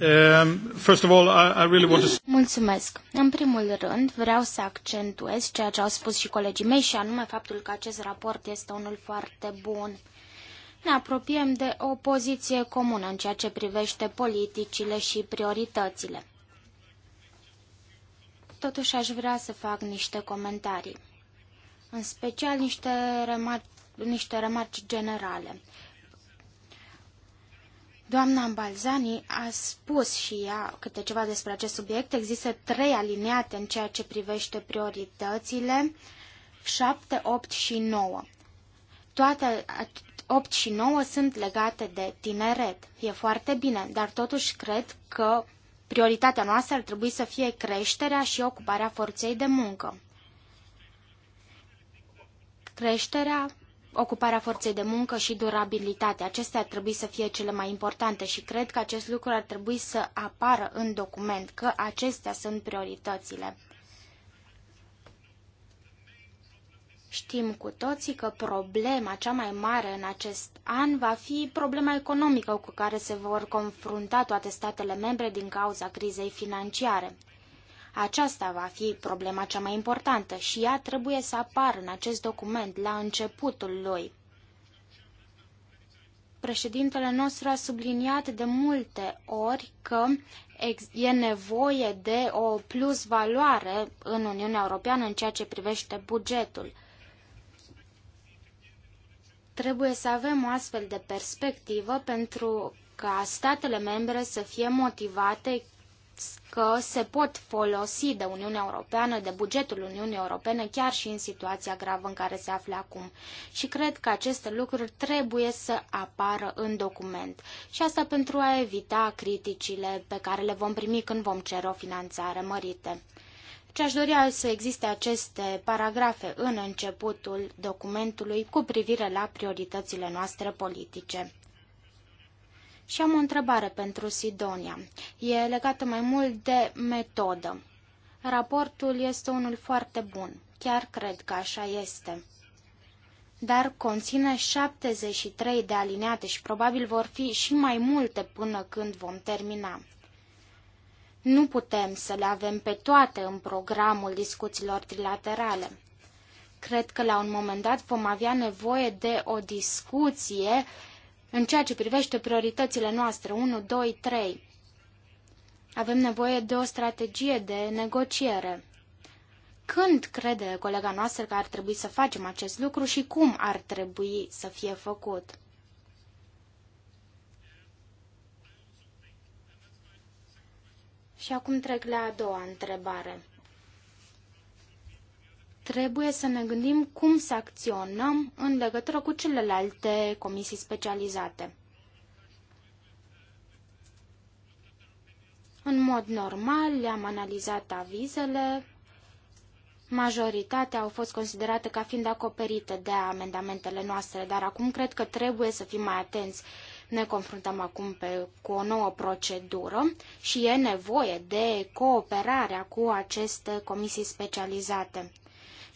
Um, first of all, I really want to... Mulțumesc. În primul rând, vreau să accentuez ceea ce au spus și colegii mei, și anume faptul că acest raport este unul foarte bun. Ne apropiem de o poziție comună în ceea ce privește politicile și prioritățile. Totuși aș vrea să fac niște comentarii, în special niște remarci, niște remarci generale. Doamna Balzani a spus și ea câte ceva despre acest subiect. Există trei alineate în ceea ce privește prioritățile, 7, 8 și 9. Toate 8 și 9 sunt legate de tineret. E foarte bine, dar totuși cred că prioritatea noastră ar trebui să fie creșterea și ocuparea forței de muncă. Creșterea ocuparea forței de muncă și durabilitatea. Acestea ar trebui să fie cele mai importante și cred că acest lucru ar trebui să apară în document, că acestea sunt prioritățile. Știm cu toții că problema cea mai mare în acest an va fi problema economică cu care se vor confrunta toate statele membre din cauza crizei financiare. Aceasta va fi problema cea mai importantă și ea trebuie să apară în acest document la începutul lui. Președintele nostru a subliniat de multe ori că e nevoie de o plusvaloare în Uniunea Europeană în ceea ce privește bugetul. Trebuie să avem o astfel de perspectivă pentru ca statele membre să fie motivate că se pot folosi de Uniunea Europeană, de bugetul Uniunii Europene, chiar și în situația gravă în care se află acum. Și cred că aceste lucruri trebuie să apară în document. Și asta pentru a evita criticile pe care le vom primi când vom cere o finanțare mărite. Ce aș dori să existe aceste paragrafe în începutul documentului cu privire la prioritățile noastre politice. Și am o întrebare pentru Sidonia. E legată mai mult de metodă. Raportul este unul foarte bun. Chiar cred că așa este. Dar conține 73 de alineate și probabil vor fi și mai multe până când vom termina. Nu putem să le avem pe toate în programul discuțiilor trilaterale. Cred că la un moment dat vom avea nevoie de o discuție în ceea ce privește prioritățile noastre 1, 2, 3, avem nevoie de o strategie de negociere. Când crede colega noastră că ar trebui să facem acest lucru și cum ar trebui să fie făcut? Și acum trec la a doua întrebare trebuie să ne gândim cum să acționăm în legătură cu celelalte comisii specializate. În mod normal le-am analizat avizele, majoritatea au fost considerate ca fiind acoperite de amendamentele noastre, dar acum cred că trebuie să fim mai atenți. Ne confruntăm acum pe, cu o nouă procedură și e nevoie de cooperarea cu aceste comisii specializate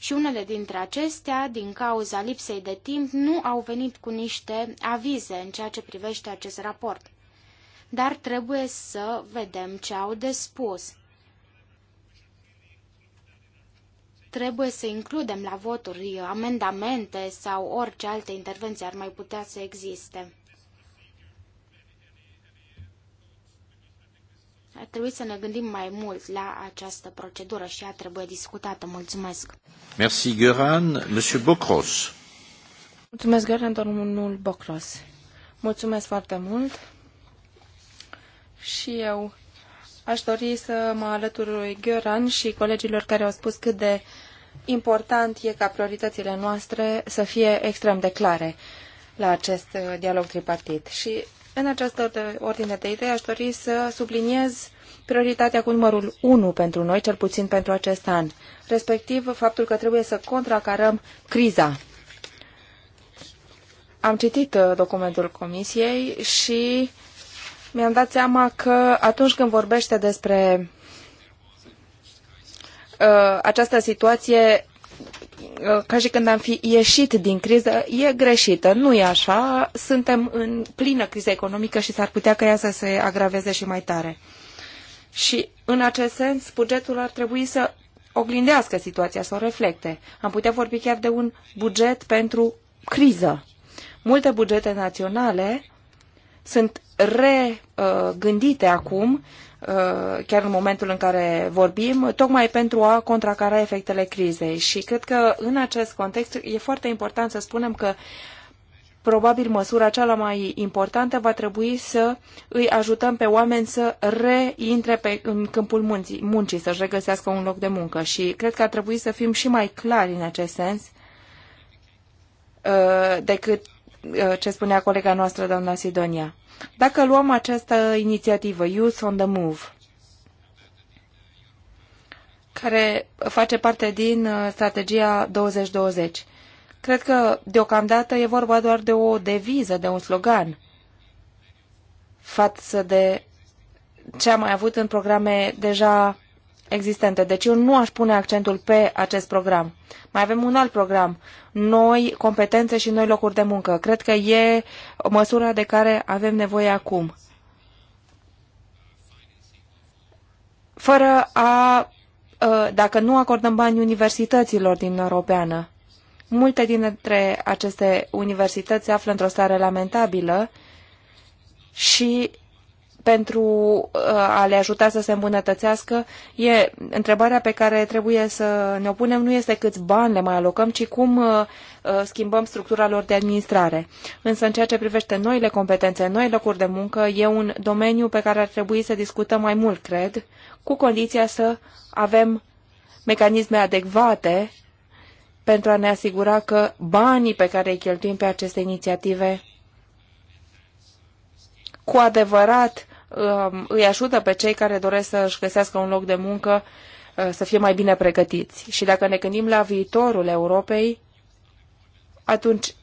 și unele dintre acestea, din cauza lipsei de timp, nu au venit cu niște avize în ceea ce privește acest raport. Dar trebuie să vedem ce au de spus. Trebuie să includem la voturi amendamente sau orice alte intervenții ar mai putea să existe. Ar trebui să ne gândim mai mult la această procedură și ea trebuie discutată. Mulțumesc. Merci, Göran. Monsieur Bocros. Mulțumesc, Göran, domnul Bocros. Mulțumesc foarte mult. Și eu aș dori să mă alătur lui Göran și colegilor care au spus cât de important e ca prioritățile noastre să fie extrem de clare la acest dialog tripartit. Și în această ordine de idei aș dori să subliniez prioritatea cu numărul 1 pentru noi, cel puțin pentru acest an, respectiv faptul că trebuie să contracarăm criza. Am citit uh, documentul Comisiei și mi-am dat seama că atunci când vorbește despre uh, această situație ca și când am fi ieșit din criză, e greșită. Nu e așa. Suntem în plină criză economică și s-ar putea ca ea să se agraveze și mai tare. Și, în acest sens, bugetul ar trebui să oglindească situația, să o reflecte. Am putea vorbi chiar de un buget pentru criză. Multe bugete naționale sunt regândite acum Uh, chiar în momentul în care vorbim, tocmai pentru a contracara efectele crizei. Și cred că în acest context e foarte important să spunem că probabil măsura cea mai importantă va trebui să îi ajutăm pe oameni să reintre pe, în câmpul muncii, muncii să-și regăsească un loc de muncă. Și cred că ar trebui să fim și mai clari în acest sens uh, decât uh, ce spunea colega noastră, doamna Sidonia. Dacă luăm această inițiativă, Youth on the Move, care face parte din uh, strategia 2020, cred că deocamdată e vorba doar de o deviză, de un slogan față de ce am mai avut în programe deja existente. Deci eu nu aș pune accentul pe acest program. Mai avem un alt program, noi competențe și noi locuri de muncă. Cred că e măsura de care avem nevoie acum. Fără a, ă, dacă nu acordăm bani universităților din Europeană, multe dintre aceste universități se află într-o stare lamentabilă și pentru uh, a le ajuta să se îmbunătățească, e întrebarea pe care trebuie să ne opunem nu este câți bani le mai alocăm, ci cum uh, uh, schimbăm structura lor de administrare. Însă în ceea ce privește noile competențe, noi locuri de muncă, e un domeniu pe care ar trebui să discutăm mai mult, cred, cu condiția să avem mecanisme adecvate pentru a ne asigura că banii pe care îi cheltuim pe aceste inițiative cu adevărat Um, îi ajută pe cei care doresc să-și găsească un loc de muncă uh, să fie mai bine pregătiți. Și dacă ne gândim la viitorul Europei, atunci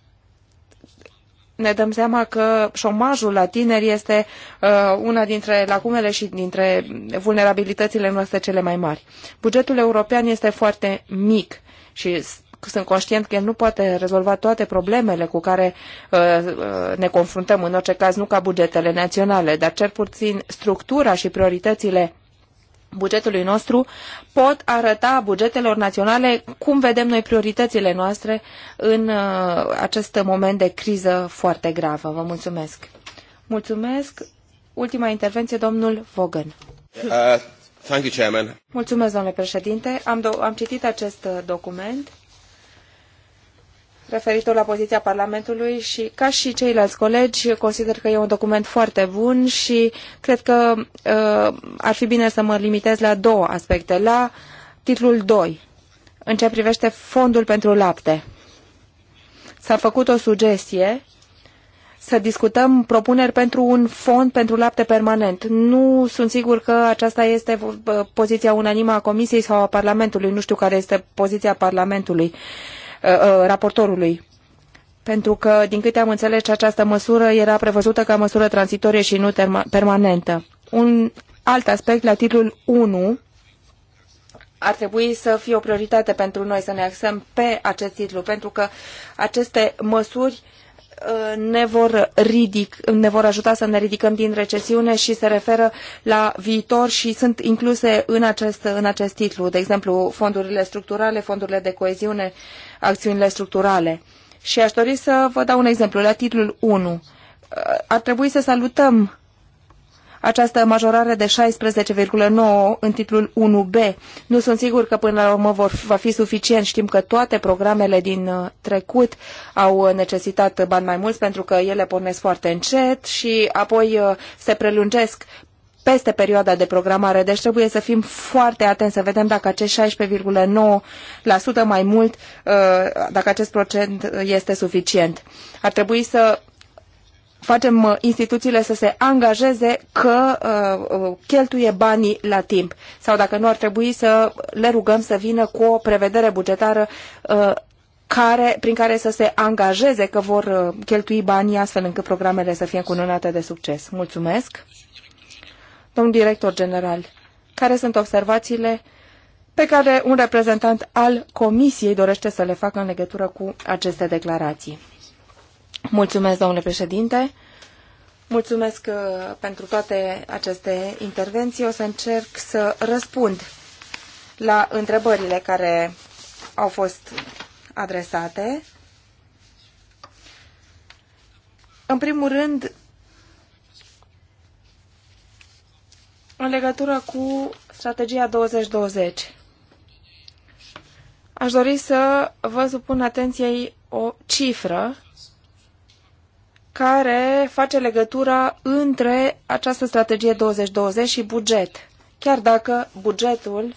ne dăm seama că șomajul la tineri este uh, una dintre lacunele și dintre vulnerabilitățile noastre cele mai mari. Bugetul european este foarte mic și sunt conștient că el nu poate rezolva toate problemele cu care uh, uh, ne confruntăm, în orice caz nu ca bugetele naționale, dar cel puțin structura și prioritățile bugetului nostru pot arăta bugetelor naționale cum vedem noi prioritățile noastre în uh, acest moment de criză foarte gravă. Vă mulțumesc. Mulțumesc. Ultima intervenție, domnul Vogan. Uh, thank you, Chairman. Mulțumesc, domnule președinte. Am, am citit acest document referitor la poziția Parlamentului și, ca și ceilalți colegi, consider că e un document foarte bun și cred că uh, ar fi bine să mă limitez la două aspecte. La titlul 2, în ce privește fondul pentru lapte. S-a făcut o sugestie să discutăm propuneri pentru un fond pentru lapte permanent. Nu sunt sigur că aceasta este uh, poziția unanimă a Comisiei sau a Parlamentului. Nu știu care este poziția Parlamentului. Uh, Uh, uh, raportorului pentru că, din câte am înțeles, această măsură era prevăzută ca măsură tranzitorie și nu permanentă. Un alt aspect, la titlul 1, ar trebui să fie o prioritate pentru noi să ne axăm pe acest titlu, pentru că aceste măsuri uh, Uh, ne vor, ridic, ne vor ajuta să ne ridicăm din recesiune și se referă la viitor și sunt incluse în acest, în acest titlu, de exemplu, fondurile structurale, fondurile de coeziune, acțiunile structurale. Și aș dori să vă dau un exemplu. La titlul 1 uh, ar trebui să salutăm această majorare de 16,9 în titlul 1B. Nu sunt sigur că până la urmă vor, va fi suficient. Știm că toate programele din uh, trecut au uh, necesitat bani mai mulți pentru că ele pornesc foarte încet și apoi uh, se prelungesc peste perioada de programare, deci trebuie să fim foarte atenți să vedem dacă acest 16,9% mai mult, dacă acest procent este suficient. Ar trebui să facem uh, instituțiile să se angajeze că uh, uh, cheltuie banii la timp sau dacă nu ar trebui să le rugăm să vină cu o prevedere bugetară uh, care, prin care să se angajeze că vor uh, cheltui banii astfel încât programele să fie încununate de succes. Mulțumesc. Domnul director general, care sunt observațiile pe care un reprezentant al Comisiei dorește să le facă în legătură cu aceste declarații? Mulțumesc, domnule președinte. Mulțumesc uh, pentru toate aceste intervenții. O să încerc să răspund la întrebările care au fost adresate. În primul rând, în legătură cu strategia 2020, aș dori să vă supun atenției o cifră care face legătura între această strategie 2020 și buget. Chiar dacă bugetul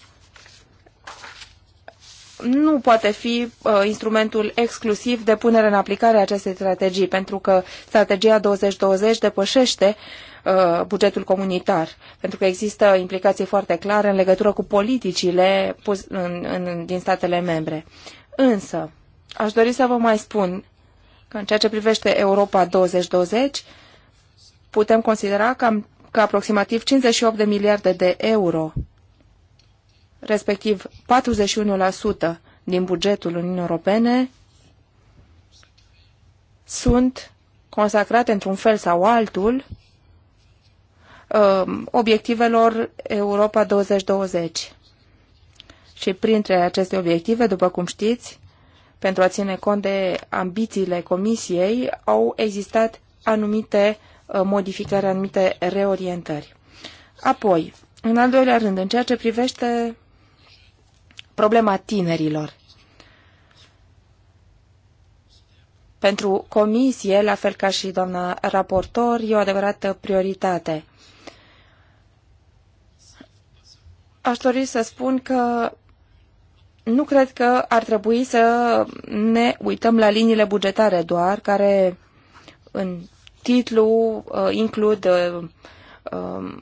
nu poate fi uh, instrumentul exclusiv de punere în aplicare a acestei strategii, pentru că strategia 2020 depășește uh, bugetul comunitar, pentru că există implicații foarte clare în legătură cu politicile pus în, în, din statele membre. Însă, aș dori să vă mai spun că în ceea ce privește Europa 2020, putem considera că, că aproximativ 58 de miliarde de euro, respectiv 41% din bugetul Uniunii Europene, sunt consacrate într-un fel sau altul um, obiectivelor Europa 2020. Și printre aceste obiective, după cum știți, pentru a ține cont de ambițiile Comisiei, au existat anumite uh, modificări, anumite reorientări. Apoi, în al doilea rând, în ceea ce privește problema tinerilor. Pentru comisie, la fel ca și doamna raportor, e o adevărată prioritate. Aș dori să spun că nu cred că ar trebui să ne uităm la liniile bugetare doar, care în titlu uh, includ uh, um,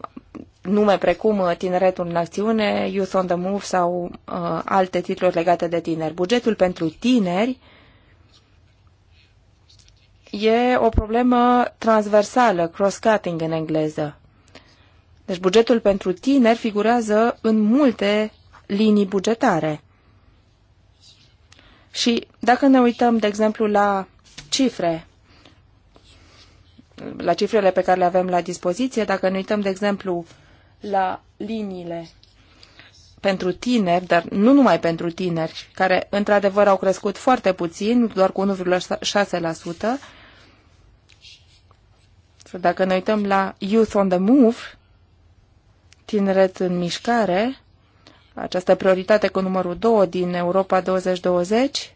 nume precum uh, Tineretul în acțiune, Youth on the Move sau alte titluri legate de tineri. Bugetul pentru tineri e o problemă transversală, cross-cutting în engleză. Deci bugetul pentru tineri figurează în multe linii bugetare. Și dacă ne uităm, de exemplu, la cifre, la cifrele pe care le avem la dispoziție, dacă ne uităm, de exemplu, la liniile pentru tineri, dar nu numai pentru tineri, care într-adevăr au crescut foarte puțin, doar cu 1,6%. Dacă ne uităm la Youth on the Move, tineret în mișcare, această prioritate cu numărul 2 din Europa 2020,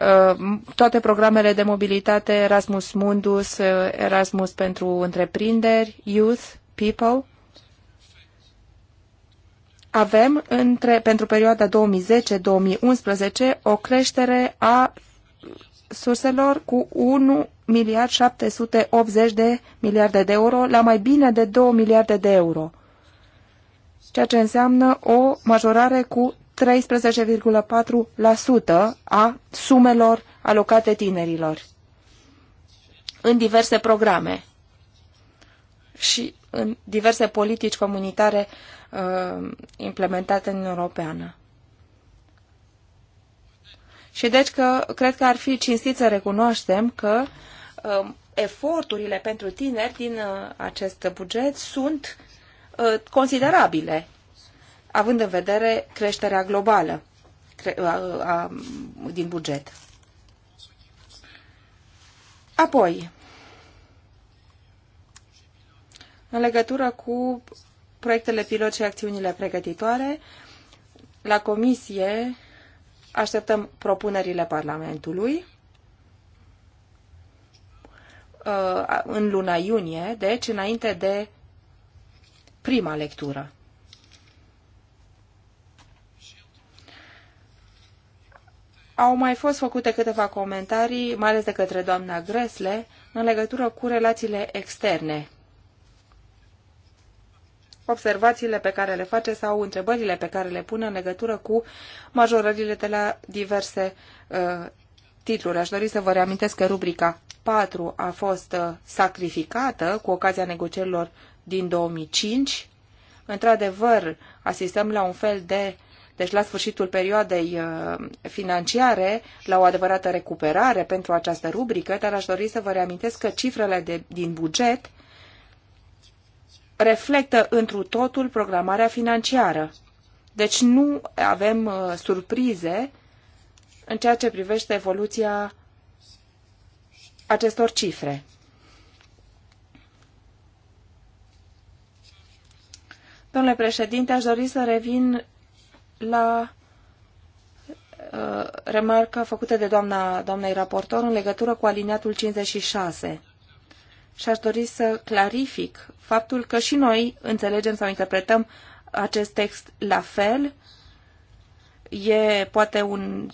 uh, toate programele de mobilitate, Erasmus Mundus, uh, Erasmus pentru întreprinderi, Youth, People. Avem între, pentru perioada 2010-2011 o creștere a surselor cu miliard 780 de miliarde de euro la mai bine de 2 miliarde de euro, ceea ce înseamnă o majorare cu 13,4% a sumelor alocate tinerilor în diverse programe și în diverse politici comunitare uh, implementate în Europeană. Și deci că cred că ar fi cinstit să recunoaștem că Um, eforturile pentru tineri din uh, acest buget sunt uh, considerabile, având în vedere creșterea globală uh, um, din buget. Apoi, în legătură cu proiectele pilot și acțiunile pregătitoare, la comisie așteptăm propunerile Parlamentului Uh, în luna iunie, deci înainte de prima lectură. Au mai fost făcute câteva comentarii, mai ales de către doamna Gresle, în legătură cu relațiile externe. Observațiile pe care le face sau întrebările pe care le pune în legătură cu majorările de la diverse uh, titlul. Aș dori să vă reamintesc că rubrica 4 a fost uh, sacrificată cu ocazia negocierilor din 2005. Într-adevăr, asistăm la un fel de deci la sfârșitul perioadei uh, financiare, la o adevărată recuperare pentru această rubrică, dar aș dori să vă reamintesc că cifrele de, din buget reflectă întru totul programarea financiară. Deci nu avem uh, surprize în ceea ce privește evoluția acestor cifre. Domnule președinte, aș dori să revin la uh, remarca făcută de doamna, doamnei raportor în legătură cu aliniatul 56. Și aș dori să clarific faptul că și noi înțelegem sau interpretăm acest text la fel e poate un,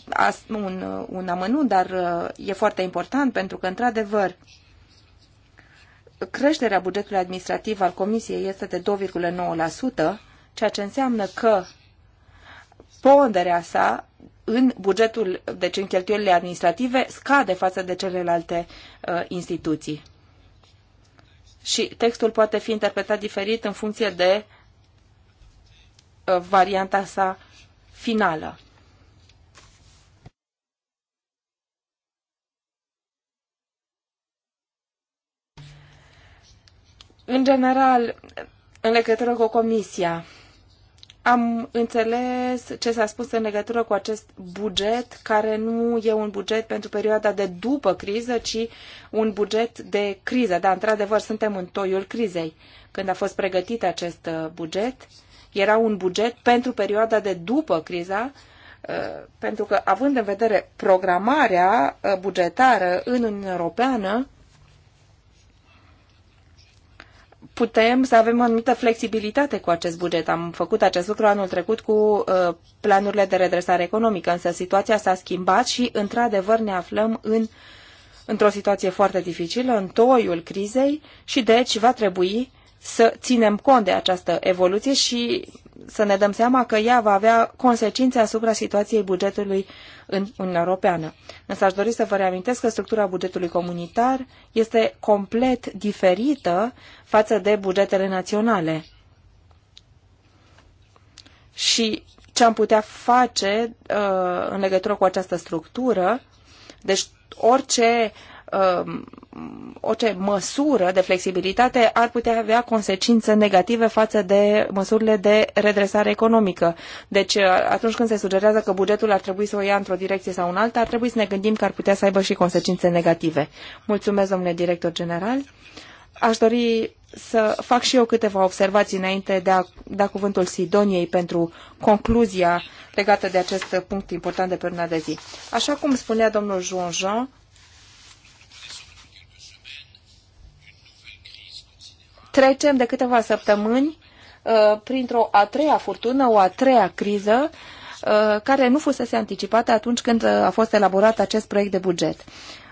un, un amănunt, dar uh, e foarte important pentru că, într-adevăr, creșterea bugetului administrativ al Comisiei este de 2,9%, ceea ce înseamnă că ponderea sa în bugetul, deci în cheltuielile administrative, scade față de celelalte uh, instituții. Și textul poate fi interpretat diferit în funcție de uh, varianta sa finală. În general, în legătură cu Comisia, am înțeles ce s-a spus în legătură cu acest buget, care nu e un buget pentru perioada de după criză, ci un buget de criză. Da, într-adevăr, suntem în toiul crizei când a fost pregătit acest uh, buget era un buget pentru perioada de după criza, uh, pentru că având în vedere programarea uh, bugetară în Uniunea Europeană, putem să avem o anumită flexibilitate cu acest buget. Am făcut acest lucru anul trecut cu uh, planurile de redresare economică, însă situația s-a schimbat și, într-adevăr, ne aflăm în, într-o situație foarte dificilă, în toiul crizei și, deci, va trebui să ținem cont de această evoluție și să ne dăm seama că ea va avea consecințe asupra situației bugetului în Uniunea Europeană. Însă aș dori să vă reamintesc că structura bugetului comunitar este complet diferită față de bugetele naționale. Și ce am putea face uh, în legătură cu această structură, deci orice Um, orice măsură de flexibilitate ar putea avea consecințe negative față de măsurile de redresare economică. Deci uh, atunci când se sugerează că bugetul ar trebui să o ia într-o direcție sau în alta, ar trebui să ne gândim că ar putea să aibă și consecințe negative. Mulțumesc, domnule director general. Aș dori să fac și eu câteva observații înainte de a da cuvântul Sidoniei pentru concluzia legată de acest punct important de pe urmă de zi. Așa cum spunea domnul Juan Jean, trecem de câteva săptămâni uh, printr-o a treia furtună, o a treia criză, uh, care nu fusese anticipată atunci când uh, a fost elaborat acest proiect de buget.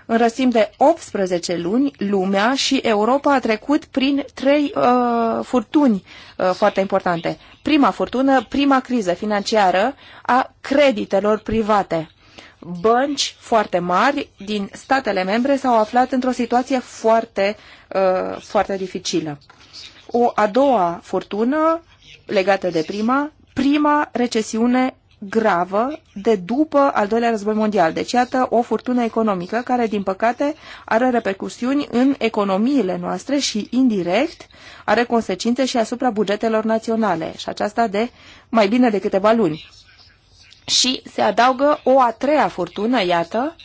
În răsim de 18 luni, lumea și Europa a trecut prin trei uh, furtuni uh, foarte importante. Prima furtună, prima criză financiară a creditelor private bănci foarte mari din statele membre s-au aflat într-o situație foarte, uh, foarte dificilă. O a doua furtună legată de prima, prima recesiune gravă de după al doilea război mondial. Deci, iată, o furtună economică care, din păcate, are repercusiuni în economiile noastre și, indirect, are consecințe și asupra bugetelor naționale, și aceasta de mai bine de câteva luni și se adaugă o a treia furtună, iată,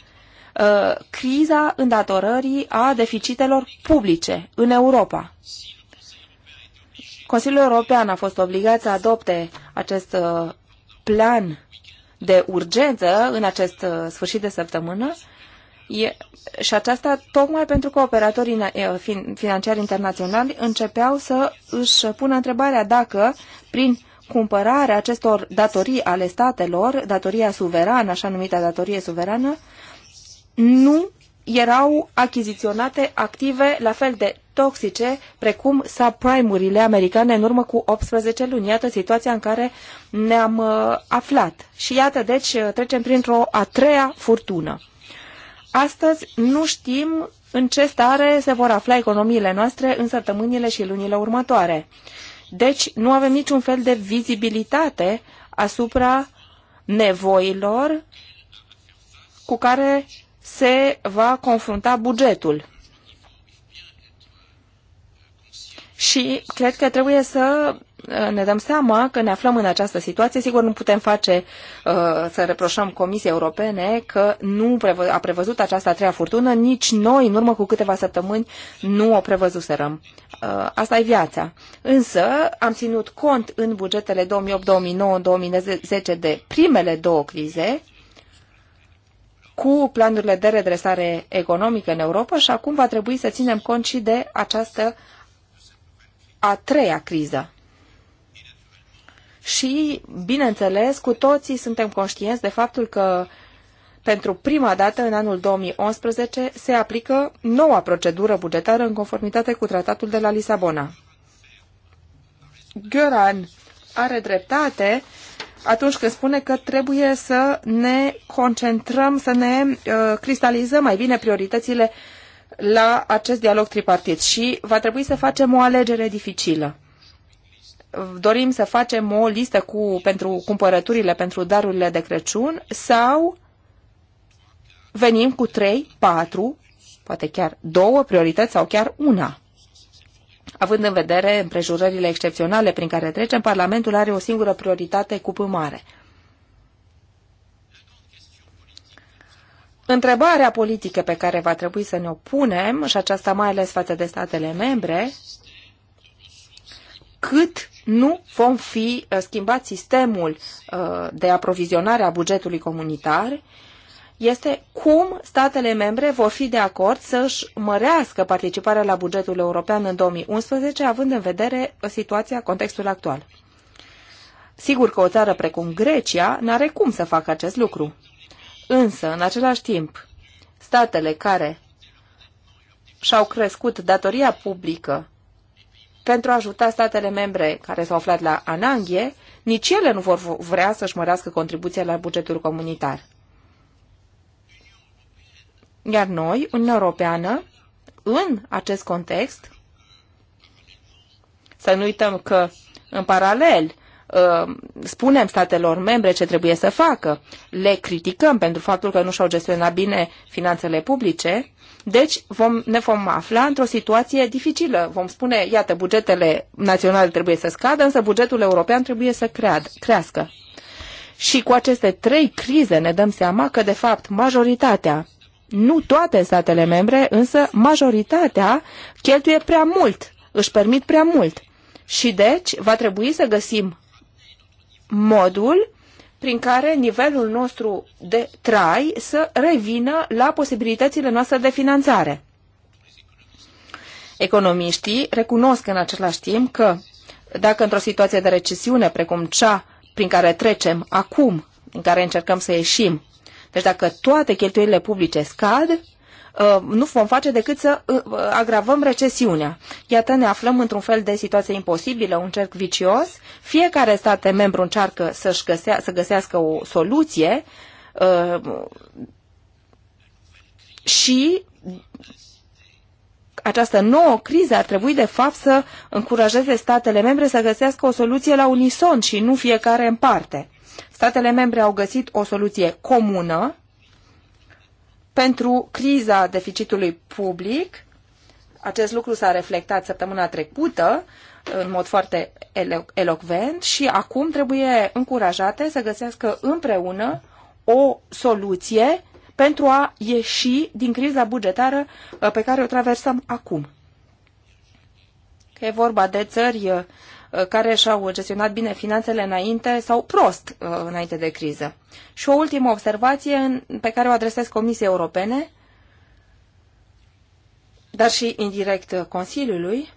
uh, criza îndatorării a deficitelor publice în Europa. Consiliul European a fost obligat să adopte acest uh, plan de urgență în acest uh, sfârșit de săptămână e, și aceasta tocmai pentru că operatorii financiari internaționali începeau să își pună întrebarea dacă prin cumpărarea acestor datorii ale statelor, datoria suverană, așa numită datorie suverană, nu erau achiziționate active la fel de toxice precum subprime-urile americane în urmă cu 18 luni. Iată situația în care ne-am uh, aflat. Și iată, deci, uh, trecem printr-o a treia furtună. Astăzi nu știm în ce stare se vor afla economiile noastre în săptămânile și lunile următoare. Deci nu avem niciun fel de vizibilitate asupra nevoilor cu care se va confrunta bugetul. Și cred că trebuie să Uh, ne dăm seama că ne aflăm în această situație. Sigur, nu putem face uh, să reproșăm Comisiei Europene că nu a prevăzut această a treia furtună, nici noi, în urmă cu câteva săptămâni, nu o prevăzuserăm. Uh, asta e viața. Însă am ținut cont în bugetele 2008, 2009, 2010 de primele două crize, cu planurile de redresare economică în Europa și acum va trebui să ținem cont și de această a treia criză și, bineînțeles, cu toții suntem conștienți de faptul că pentru prima dată în anul 2011 se aplică noua procedură bugetară în conformitate cu tratatul de la Lisabona. Göran are dreptate atunci când spune că trebuie să ne concentrăm, să ne uh, cristalizăm mai bine prioritățile la acest dialog tripartit și va trebui să facem o alegere dificilă dorim să facem o listă cu, pentru cumpărăturile, pentru darurile de Crăciun sau venim cu trei, patru, poate chiar două priorități sau chiar una. Având în vedere împrejurările excepționale prin care trecem, Parlamentul are o singură prioritate cu mare. Întrebarea politică pe care va trebui să ne opunem, și aceasta mai ales față de statele membre, cât nu vom fi uh, schimbat sistemul uh, de aprovizionare a bugetului comunitar, este cum statele membre vor fi de acord să-și mărească participarea la bugetul european în 2011, având în vedere uh, situația, contextul actual. Sigur că o țară precum Grecia n-are cum să facă acest lucru. Însă, în același timp, statele care și-au crescut datoria publică pentru a ajuta statele membre care s-au aflat la ananghie, nici ele nu vor vrea să-și mărească contribuția la bugetul comunitar. Iar noi, Uniunea Europeană, în acest context, să nu uităm că, în paralel, Uh, spunem statelor membre ce trebuie să facă, le criticăm pentru faptul că nu și-au gestionat bine finanțele publice, deci vom, ne vom afla într-o situație dificilă. Vom spune, iată, bugetele naționale trebuie să scadă, însă bugetul european trebuie să cread, crească. Și cu aceste trei crize ne dăm seama că, de fapt, majoritatea, nu toate statele membre, însă majoritatea cheltuie prea mult, își permit prea mult. Și deci va trebui să găsim modul prin care nivelul nostru de trai să revină la posibilitățile noastre de finanțare. Economiștii recunosc în același timp că dacă într-o situație de recesiune precum cea prin care trecem acum, în care încercăm să ieșim, deci dacă toate cheltuielile publice scad, Uh, nu vom face decât să uh, uh, agravăm recesiunea. Iată, ne aflăm într-un fel de situație imposibilă, un cerc vicios. Fiecare stat membru încearcă să-și găsea, să găsească o soluție și această nouă criză ar trebui de fapt să încurajeze statele membre să găsească o soluție la unison și nu fiecare în parte. Statele membre au găsit o soluție comună pentru criza deficitului public. Acest lucru s-a reflectat săptămâna trecută în mod foarte elo elocvent și acum trebuie încurajate să găsească împreună o soluție pentru a ieși din criza bugetară uh, pe care o traversăm acum. Că e vorba de țări uh, Uh, care și-au gestionat bine finanțele înainte sau prost uh, înainte de criză. Și o ultimă observație pe care o adresez Comisiei Europene, dar și indirect Consiliului,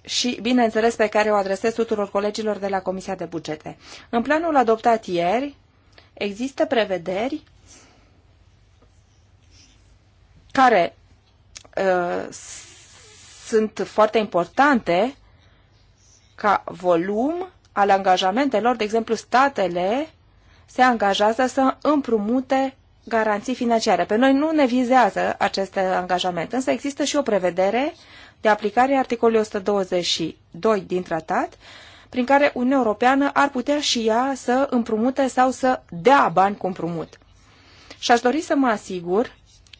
și, bineînțeles, pe care o adresez tuturor colegilor de la Comisia de Bugete. În planul adoptat ieri, există prevederi care uh, sunt foarte importante ca volum al angajamentelor, de exemplu, statele se angajează să împrumute garanții financiare. Pe noi nu ne vizează acest angajament, însă există și o prevedere de aplicare a articolului 122 din tratat, prin care Uniunea Europeană ar putea și ea să împrumute sau să dea bani cu împrumut. Și aș dori să mă asigur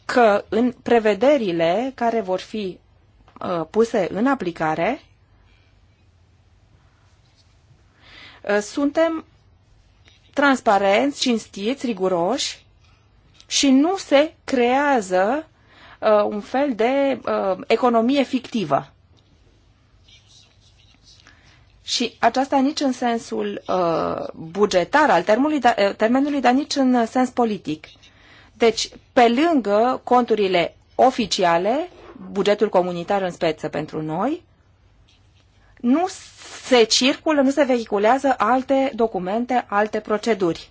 că în prevederile care vor fi uh, puse în aplicare, Uh, suntem transparenți, cinstiți, riguroși și nu se creează uh, un fel de uh, economie fictivă. Și aceasta nici în sensul uh, bugetar al termenului, da, uh, termenului, dar nici în uh, sens politic. Deci, pe lângă conturile oficiale, bugetul comunitar în speță pentru noi, nu se circulă, nu se vehiculează alte documente, alte proceduri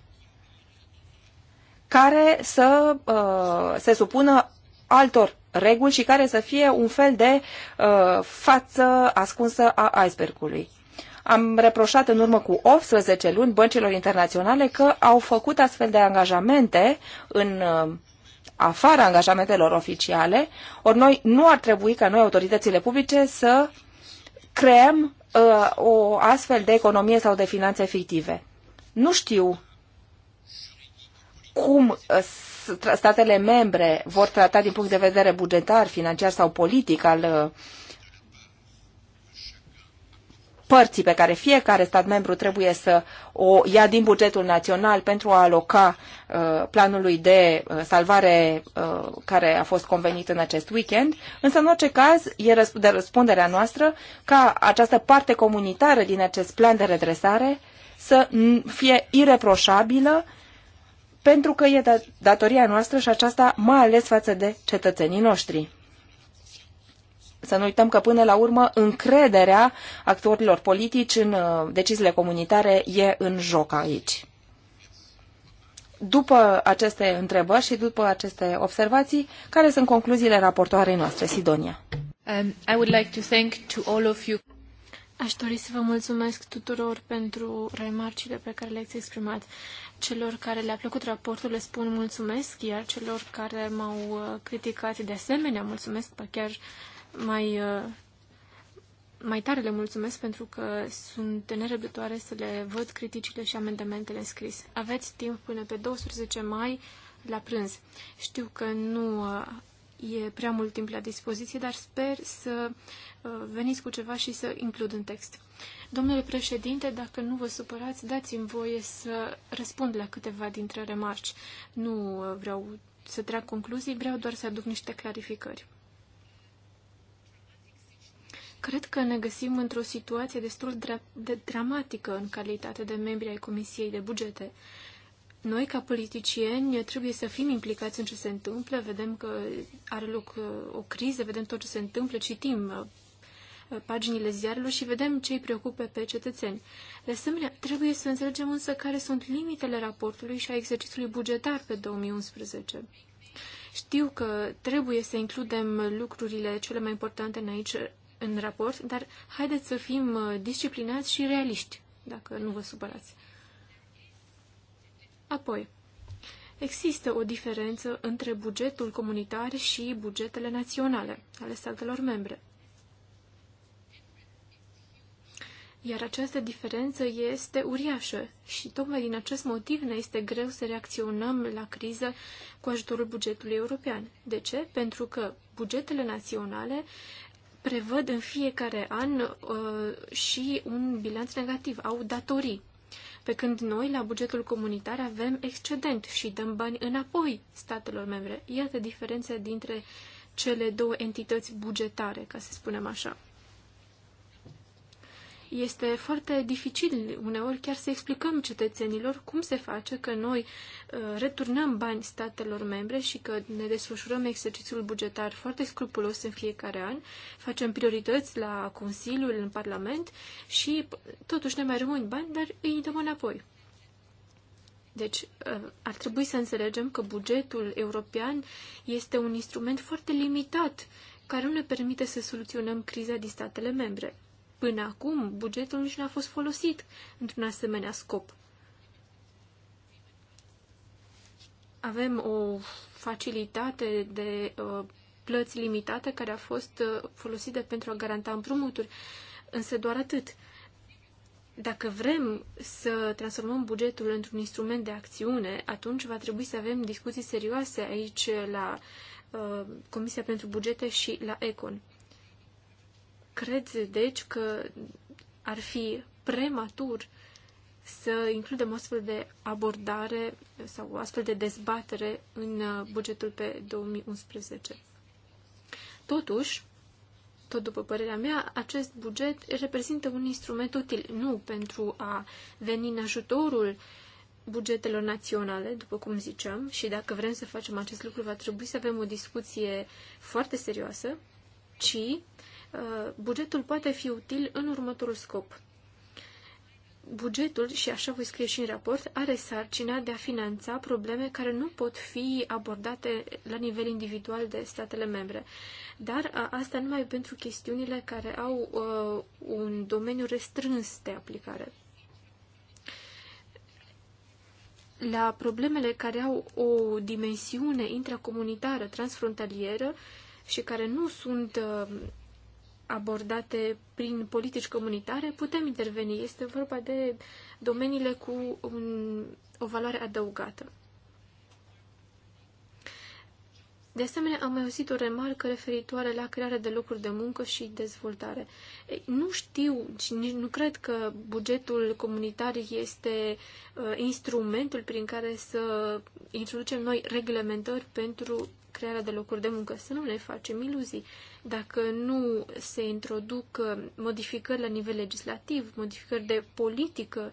care să uh, se supună altor reguli și care să fie un fel de uh, față ascunsă a icebergului. Am reproșat în urmă cu 18 luni băncilor internaționale că au făcut astfel de angajamente în uh, afara angajamentelor oficiale, ori noi nu ar trebui ca noi autoritățile publice să uh, creăm uh, o astfel de economie sau de finanțe fictive. Nu știu cum uh, statele membre vor trata din punct de vedere bugetar, financiar sau politic al uh, părții pe care fiecare stat membru trebuie să o ia din bugetul național pentru a aloca uh, planului de uh, salvare uh, care a fost convenit în acest weekend, însă în orice caz e de răspunderea noastră ca această parte comunitară din acest plan de redresare să fie ireproșabilă pentru că e datoria noastră și aceasta mai ales față de cetățenii noștri să nu uităm că până la urmă încrederea actorilor politici în uh, deciziile comunitare e în joc aici. După aceste întrebări și după aceste observații, care sunt concluziile raportoarei noastre, Sidonia? Um, I would like to thank to all of you. Aș dori să vă mulțumesc tuturor pentru remarcile pe care le-ați exprimat. Celor care le-a plăcut raportul le spun mulțumesc, iar celor care m-au uh, criticat de asemenea mulțumesc, chiar mai, uh, mai tare le mulțumesc pentru că sunt nerăbdătoare să le văd criticile și amendamentele scrise. Aveți timp până pe 12 mai la prânz. Știu că nu uh, e prea mult timp la dispoziție, dar sper să uh, veniți cu ceva și să includ în text. Domnule președinte, dacă nu vă supărați, dați-mi voie să răspund la câteva dintre remarci. Nu vreau să trag concluzii, vreau doar să aduc niște clarificări. Cred că ne găsim într-o situație destul dra de dramatică în calitate de membri ai Comisiei de Bugete. Noi, ca politicieni, trebuie să fim implicați în ce se întâmplă, vedem că are loc uh, o criză, vedem tot ce se întâmplă, citim uh, uh, paginile ziarelor și vedem ce îi preocupe pe cetățeni. De asemenea, trebuie să înțelegem însă care sunt limitele raportului și a exercițiului bugetar pe 2011. Știu că trebuie să includem lucrurile cele mai importante în aici, în raport, dar haideți să fim uh, disciplinați și realiști, dacă nu vă supărați. Apoi, există o diferență între bugetul comunitar și bugetele naționale ale statelor membre. Iar această diferență este uriașă și tocmai din acest motiv ne este greu să reacționăm la criză cu ajutorul bugetului european. De ce? Pentru că bugetele naționale prevăd în fiecare an uh, și un bilanț negativ, au datorii. Pe când noi, la bugetul comunitar, avem excedent și dăm bani înapoi statelor membre. Iată diferența dintre cele două entități bugetare, ca să spunem așa. Este foarte dificil uneori chiar să explicăm cetățenilor cum se face că noi uh, returnăm bani statelor membre și că ne desfășurăm exercițiul bugetar foarte scrupulos în fiecare an, facem priorități la Consiliul, în Parlament și uh, totuși ne mai rămân bani, dar îi dăm înapoi. Deci uh, ar trebui să înțelegem că bugetul european este un instrument foarte limitat care nu ne permite să soluționăm criza din statele membre. Până acum, bugetul nici n-a fost folosit într-un asemenea scop. Avem o facilitate de uh, plăți limitate care a fost uh, folosită pentru a garanta împrumuturi, însă doar atât. Dacă vrem să transformăm bugetul într-un instrument de acțiune, atunci va trebui să avem discuții serioase aici la uh, Comisia pentru Bugete și la ECON crezi deci, că ar fi prematur să includem o astfel de abordare sau o astfel de dezbatere în uh, bugetul pe 2011. Totuși, tot după părerea mea, acest buget reprezintă un instrument util, nu pentru a veni în ajutorul bugetelor naționale, după cum ziceam, și dacă vrem să facem acest lucru, va trebui să avem o discuție foarte serioasă, ci bugetul poate fi util în următorul scop. Bugetul, și așa voi scrie și în raport, are sarcina de a finanța probleme care nu pot fi abordate la nivel individual de statele membre. Dar asta numai pentru chestiunile care au uh, un domeniu restrâns de aplicare. La problemele care au o dimensiune intracomunitară, transfrontalieră și care nu sunt uh, abordate prin politici comunitare, putem interveni. Este vorba de domeniile cu un, o valoare adăugată. De asemenea, am mai auzit o remarcă referitoare la crearea de locuri de muncă și dezvoltare. Ei, nu știu nici nu cred că bugetul comunitar este uh, instrumentul prin care să introducem noi reglementări pentru crearea de locuri de muncă. Să nu ne facem iluzii. Dacă nu se introduc uh, modificări la nivel legislativ, modificări de politică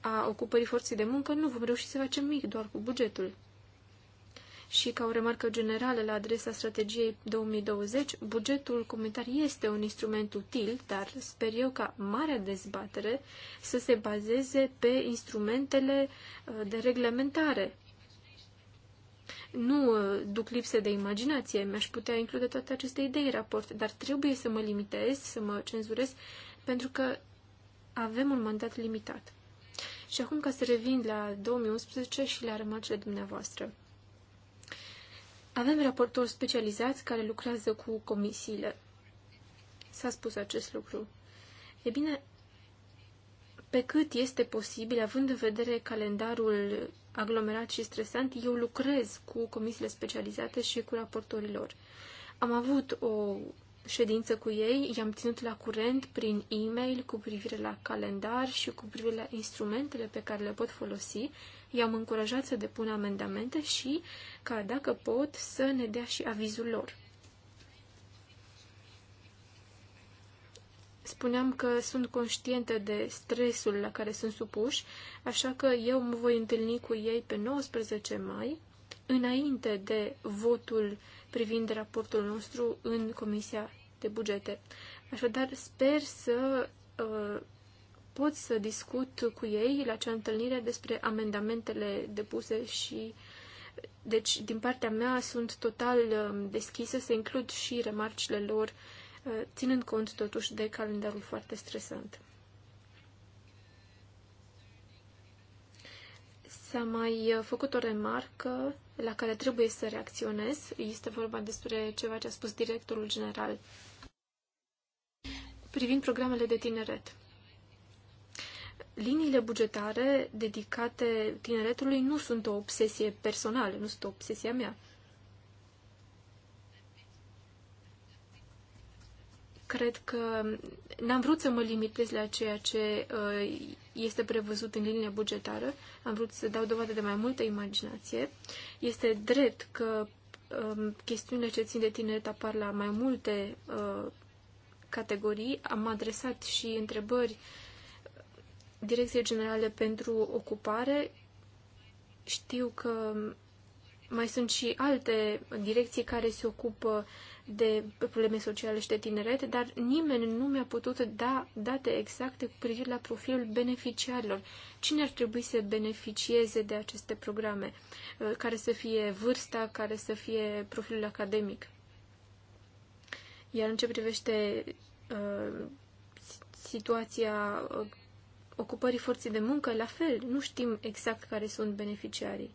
a ocupării forței de muncă, nu vom reuși să facem mic doar cu bugetul. Și ca o remarcă generală la adresa strategiei 2020, bugetul comunitar este un instrument util, dar sper eu ca marea dezbatere să se bazeze pe instrumentele uh, de reglementare, nu uh, duc lipsă de imaginație, mi-aș putea include toate aceste idei în raport, dar trebuie să mă limitez, să mă cenzurez, pentru că avem un mandat limitat. Și acum ca să revin la 2011 și la remarcile dumneavoastră. Avem raportori specializați care lucrează cu comisiile. S-a spus acest lucru. E bine, pe cât este posibil, având în vedere calendarul aglomerat și stresant, eu lucrez cu comisiile specializate și cu raportorii lor. Am avut o ședință cu ei, i-am ținut la curent prin e-mail cu privire la calendar și cu privire la instrumentele pe care le pot folosi, i-am încurajat să depună amendamente și ca, dacă pot, să ne dea și avizul lor. Spuneam că sunt conștientă de stresul la care sunt supuși, așa că eu mă voi întâlni cu ei pe 19 mai, înainte de votul privind raportul nostru în Comisia de Bugete. Așadar, sper să uh, pot să discut cu ei la acea întâlnire despre amendamentele depuse și deci, din partea mea, sunt total uh, deschisă să includ și remarcile lor uh, Eh, ținând cont totuși de calendarul foarte stresant. S-a mai eh, făcut o remarcă la care trebuie să reacționez. Este vorba despre ceva ce a spus directorul general privind programele de tineret. Liniile bugetare dedicate tineretului nu sunt o obsesie personală, nu sunt o obsesie a mea. cred că n-am vrut să mă limitez la ceea ce uh, este prevăzut în linia bugetară. Am vrut să dau dovadă de mai multă imaginație. Este drept că um, chestiunile ce țin de tineret apar la mai multe uh, categorii. Am adresat și întrebări Direcției Generale pentru Ocupare. Știu că mai sunt și alte direcții care se ocupă uh, de probleme sociale și de tineret, dar nimeni nu mi-a putut da date exacte cu privire la profilul beneficiarilor. Cine ar trebui să beneficieze de aceste programe? Uh, care să fie vârsta, care să fie profilul academic? Iar în ce privește uh, situația uh, ocupării forței de muncă, la fel, nu știm exact care sunt beneficiarii.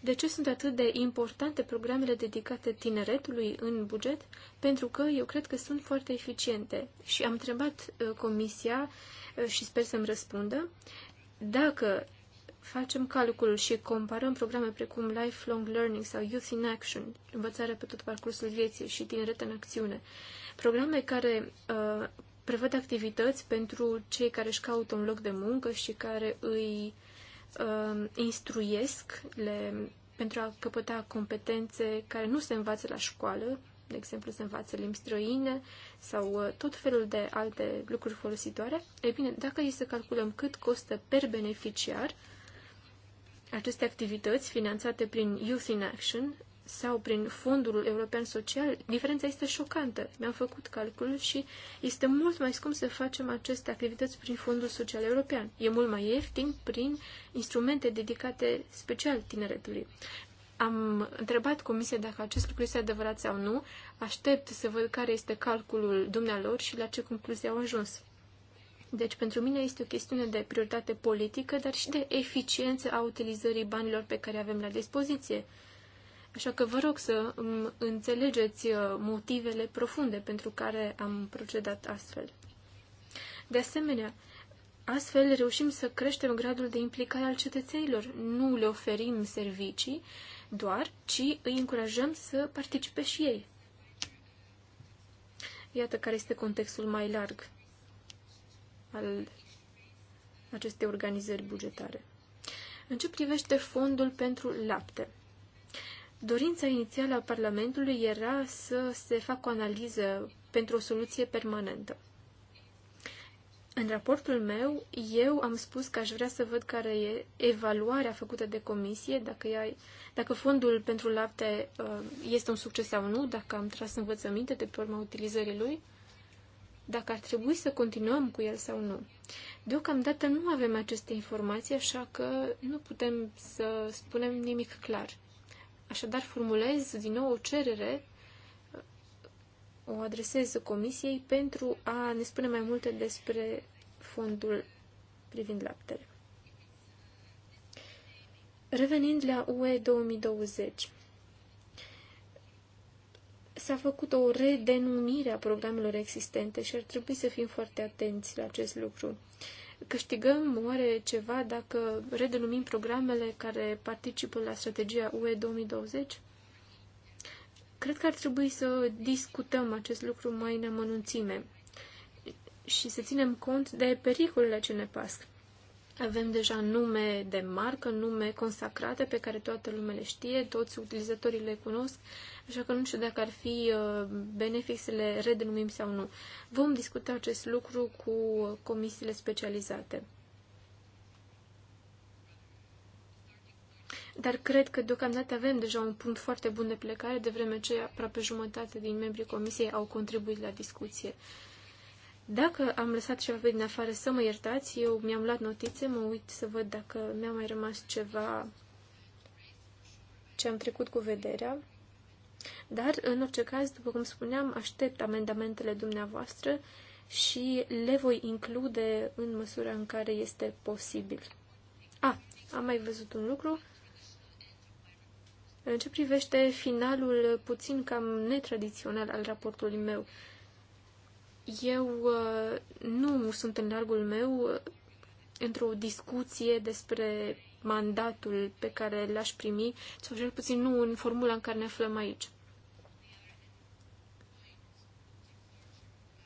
De ce sunt atât de importante programele dedicate tineretului în buget? Pentru că eu cred că sunt foarte eficiente și am întrebat uh, comisia uh, și sper să-mi răspundă dacă facem calculul și comparăm programe precum Lifelong Learning sau Youth in Action, învățarea pe tot parcursul vieții și tineret în acțiune, programe care uh, prevăd activități pentru cei care își caută un loc de muncă și care îi uh, uh, instruiesc le, pentru a căpăta competențe care nu se învață la școală, de exemplu se învață limbi străine sau uh, tot felul de alte lucruri folositoare, e bine, dacă e să calculăm cât costă per beneficiar aceste activități finanțate prin Youth in Action, sau prin Fondul European Social, diferența este șocantă. Mi-am făcut calcul și este mult mai scump să facem aceste activități prin Fondul Social European. E mult mai ieftin prin instrumente dedicate special tineretului. Am întrebat comisia dacă acest lucru este adevărat sau nu. Aștept să văd care este calculul dumnealor și la ce concluzie au ajuns. Deci, pentru mine este o chestiune de prioritate politică, dar și de eficiență a utilizării banilor pe care avem la dispoziție. Așa că vă rog să înțelegeți uh, motivele profunde pentru care am procedat astfel. De asemenea, astfel reușim să creștem gradul de implicare al cetățenilor. Nu le oferim servicii doar, ci îi încurajăm să participe și ei. Iată care este contextul mai larg al acestei organizări bugetare. În ce privește fondul pentru lapte? Dorința inițială a Parlamentului era să se facă o analiză pentru o soluție permanentă. În raportul meu, eu am spus că aș vrea să văd care e evaluarea făcută de comisie, dacă, ea, dacă fondul pentru lapte uh, este un succes sau nu, dacă am tras învățăminte de pe urma utilizării lui, dacă ar trebui să continuăm cu el sau nu. Deocamdată nu avem aceste informații, așa că nu putem să spunem nimic clar. Așadar, formulez din nou o cerere, o adresez Comisiei pentru a ne spune mai multe despre fondul privind laptele. Revenind la UE 2020, s-a făcut o redenumire a programelor existente și ar trebui să fim foarte atenți la acest lucru câștigăm oare ceva dacă redenumim programele care participă la strategia UE 2020? Cred că ar trebui să discutăm acest lucru mai în amănunțime și să ținem cont de pericolele ce ne pasc. Avem deja nume de marcă, nume consacrate pe care toată lumea le știe, toți utilizatorii le cunosc, așa că nu știu dacă ar fi uh, benefic să le redenumim sau nu. Vom discuta acest lucru cu comisiile specializate. Dar cred că deocamdată avem deja un punct foarte bun de plecare, de vreme ce aproape jumătate din membrii comisiei au contribuit la discuție. Dacă am lăsat ceva pe din afară, să mă iertați, eu mi-am luat notițe, mă uit să văd dacă mi-a mai rămas ceva ce am trecut cu vederea. Dar, în orice caz, după cum spuneam, aștept amendamentele dumneavoastră și le voi include în măsura în care este posibil. A, am mai văzut un lucru. În ce privește finalul puțin cam netradițional al raportului meu, eu uh, nu sunt în largul meu uh, într-o discuție despre mandatul pe care l-aș primi, sau cel puțin nu în formula în care ne aflăm aici.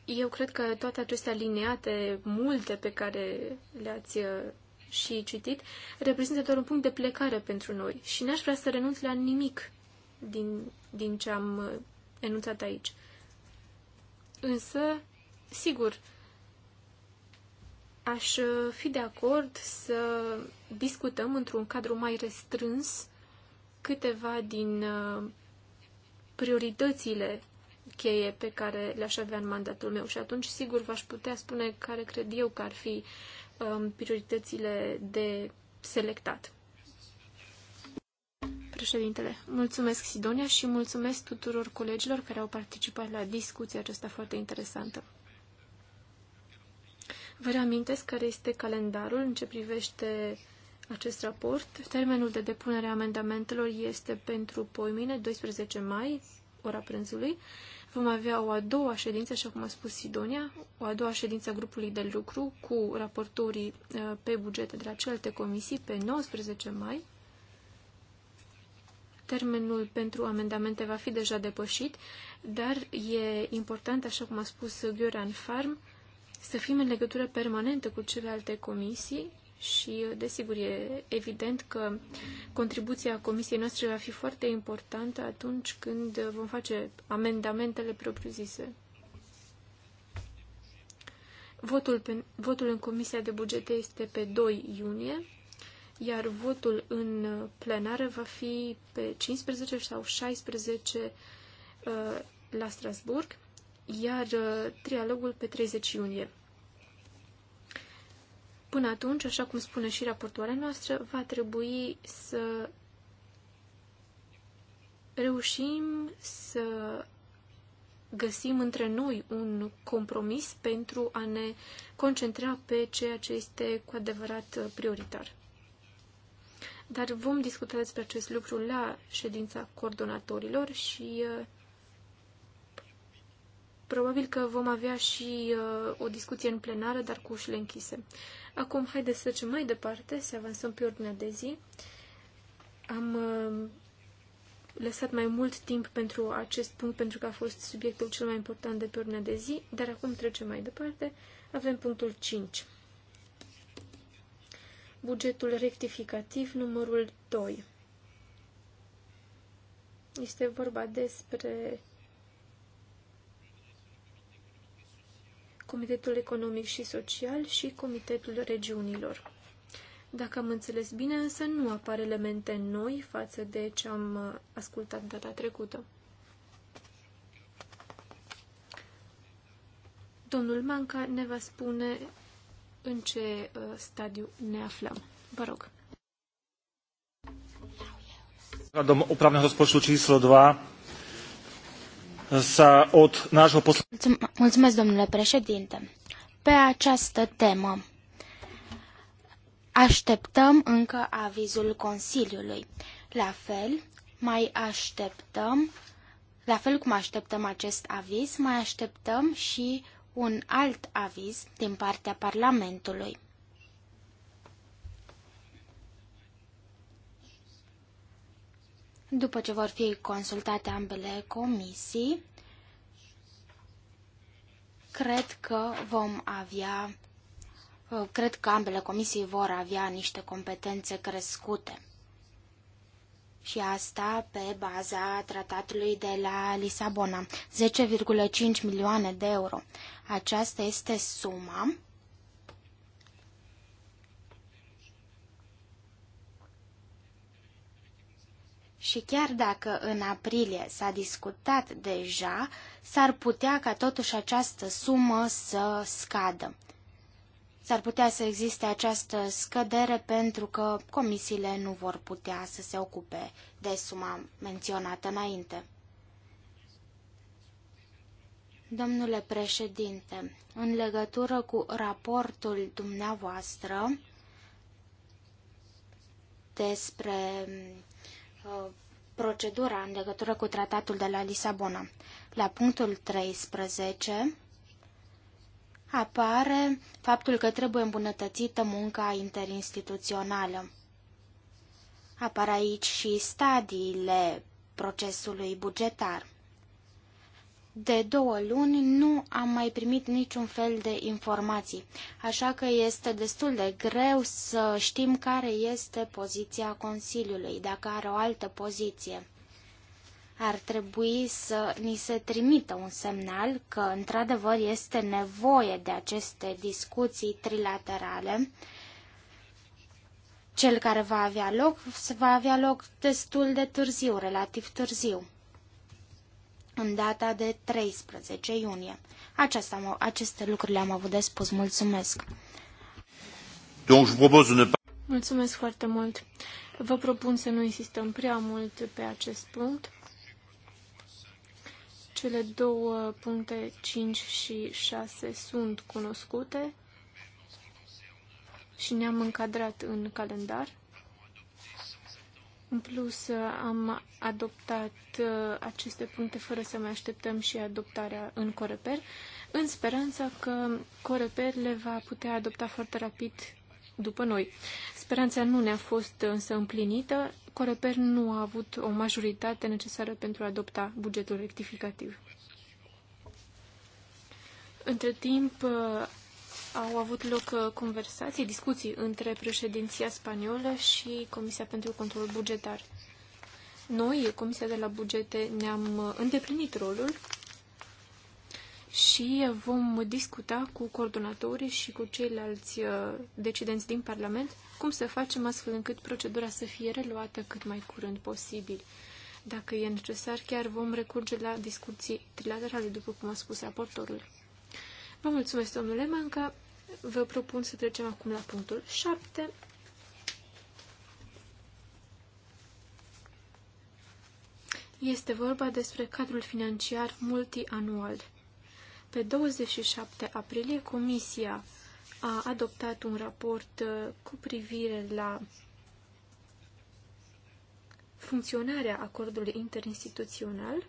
Eu cred că toate aceste alineate, multe pe care le-ați uh, și citit, reprezintă doar un punct de plecare pentru noi și n-aș vrea să renunț la nimic din, din ce am enunțat aici. Însă, Sigur, aș uh, fi de acord să discutăm într-un cadru mai restrâns câteva din uh, prioritățile cheie pe care le-aș avea în mandatul meu și atunci, sigur, v-aș putea spune care cred eu că ar fi um, prioritățile de selectat. Președintele, mulțumesc Sidonia și mulțumesc tuturor colegilor care au participat la discuția aceasta foarte interesantă. Vă reamintesc care este calendarul în ce privește acest raport. Termenul de depunere a amendamentelor este pentru poimine, 12 mai, ora prânzului. Vom avea o a doua ședință, așa cum a spus Sidonia, o a doua ședință a grupului de lucru cu raportorii uh, pe bugete de la celelalte comisii pe 19 mai. Termenul pentru amendamente va fi deja depășit, dar e important, așa cum a spus Gioran Farm, să fim în legătură permanentă cu celelalte comisii și, desigur, e evident că contribuția comisiei noastre va fi foarte importantă atunci când vom face amendamentele propriu-zise. Votul, pe, votul în Comisia de Bugete este pe 2 iunie, iar votul în plenară va fi pe 15 sau 16 uh, la Strasburg iar uh, trialogul pe 30 iunie. Până atunci, așa cum spune și raportoarea noastră, va trebui să reușim să găsim între noi un compromis pentru a ne concentra pe ceea ce este cu adevărat uh, prioritar. Dar vom discuta despre acest lucru la ședința coordonatorilor și uh, Probabil că vom avea și uh, o discuție în plenară, dar cu ușile închise. Acum, haideți să trecem mai departe, să avansăm pe ordinea de zi. Am uh, lăsat mai mult timp pentru acest punct, pentru că a fost subiectul cel mai important de pe ordinea de zi, dar acum trecem mai departe. Avem punctul 5. Bugetul rectificativ numărul 2. Este vorba despre Comitetul Economic și Social și Comitetul Regiunilor. Dacă am înțeles bine, însă nu apar elemente noi față de ce am uh, ascultat data trecută. Domnul Manca ne va spune în ce uh, stadiu ne aflăm. Vă rog. Uprawnia rozpocztu číslo 2 sa od nášho Mulțumesc, domnule președinte. Pe această temă așteptăm încă avizul Consiliului. La fel, mai așteptăm, la fel cum așteptăm acest aviz, mai așteptăm și un alt aviz din partea Parlamentului. După ce vor fi consultate ambele comisii, cred că vom avea uh, cred că ambele comisii vor avea niște competențe crescute. Și asta pe baza tratatului de la Lisabona, 10,5 milioane de euro. Aceasta este suma Și chiar dacă în aprilie s-a discutat deja, s-ar putea ca totuși această sumă să scadă. S-ar putea să existe această scădere pentru că comisiile nu vor putea să se ocupe de suma menționată înainte. Domnule președinte, în legătură cu raportul dumneavoastră despre Uh, procedura în legătură cu tratatul de la Lisabona. La punctul 13 apare faptul că trebuie îmbunătățită munca interinstituțională. Apar aici și stadiile procesului bugetar. De două luni nu am mai primit niciun fel de informații, așa că este destul de greu să știm care este poziția Consiliului, dacă are o altă poziție. Ar trebui să ni se trimită un semnal că, într-adevăr, este nevoie de aceste discuții trilaterale. Cel care va avea loc, va avea loc destul de târziu, relativ târziu în data de 13 iunie. Aceasta aceste lucruri le-am avut de spus. Mulțumesc! Mulțumesc foarte mult! Vă propun să nu insistăm prea mult pe acest punct. Cele două puncte 5 și 6 sunt cunoscute și ne-am încadrat în calendar. În plus, am adoptat uh, aceste puncte fără să mai așteptăm și adoptarea în Coreper, în speranța că Coreper le va putea adopta foarte rapid după noi. Speranța nu ne-a fost însă împlinită. Coreper nu a avut o majoritate necesară pentru a adopta bugetul rectificativ. Între timp, au avut loc uh, conversații, discuții între președinția spaniolă și Comisia pentru Control Bugetar. Noi, Comisia de la Bugete, ne-am uh, îndeplinit rolul și vom discuta cu coordonatorii și cu ceilalți uh, decidenți din Parlament cum să facem astfel încât procedura să fie reluată cât mai curând posibil. Dacă e necesar, chiar vom recurge la discuții trilaterale, după cum a spus raportorul. Vă mulțumesc, domnule Manca. Vă propun să trecem acum la punctul 7. Este vorba despre cadrul financiar multianual. Pe 27 aprilie, Comisia a adoptat un raport uh, cu privire la funcționarea acordului interinstituțional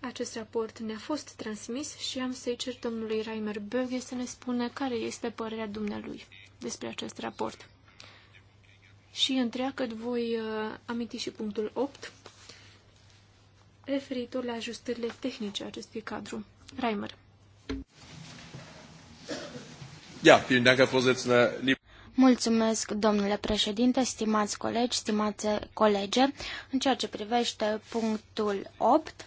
acest raport ne-a fost transmis și am să-i cer domnului Reimer Böge să ne spună care este părerea dumnealui despre acest raport. Și întreagăt voi uh, aminti și punctul 8 referitor la ajustările tehnice acestui cadru. Reimer. Ja, vielen Dank, Herr Vorsitzender. Mulțumesc, domnule președinte, stimați colegi, stimați colege. În ceea ce privește punctul 8,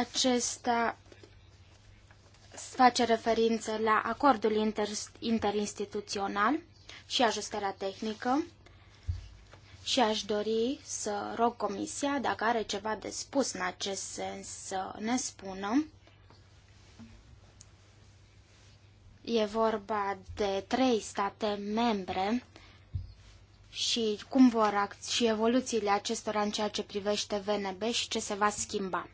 acesta face referință la acordul inter, interinstituțional și ajustarea tehnică și aș dori să rog Comisia, dacă are ceva de spus în acest sens, să ne spună. E vorba de trei state membre și cum vor și evoluțiile acestora în ceea ce privește VNB și ce se va schimba.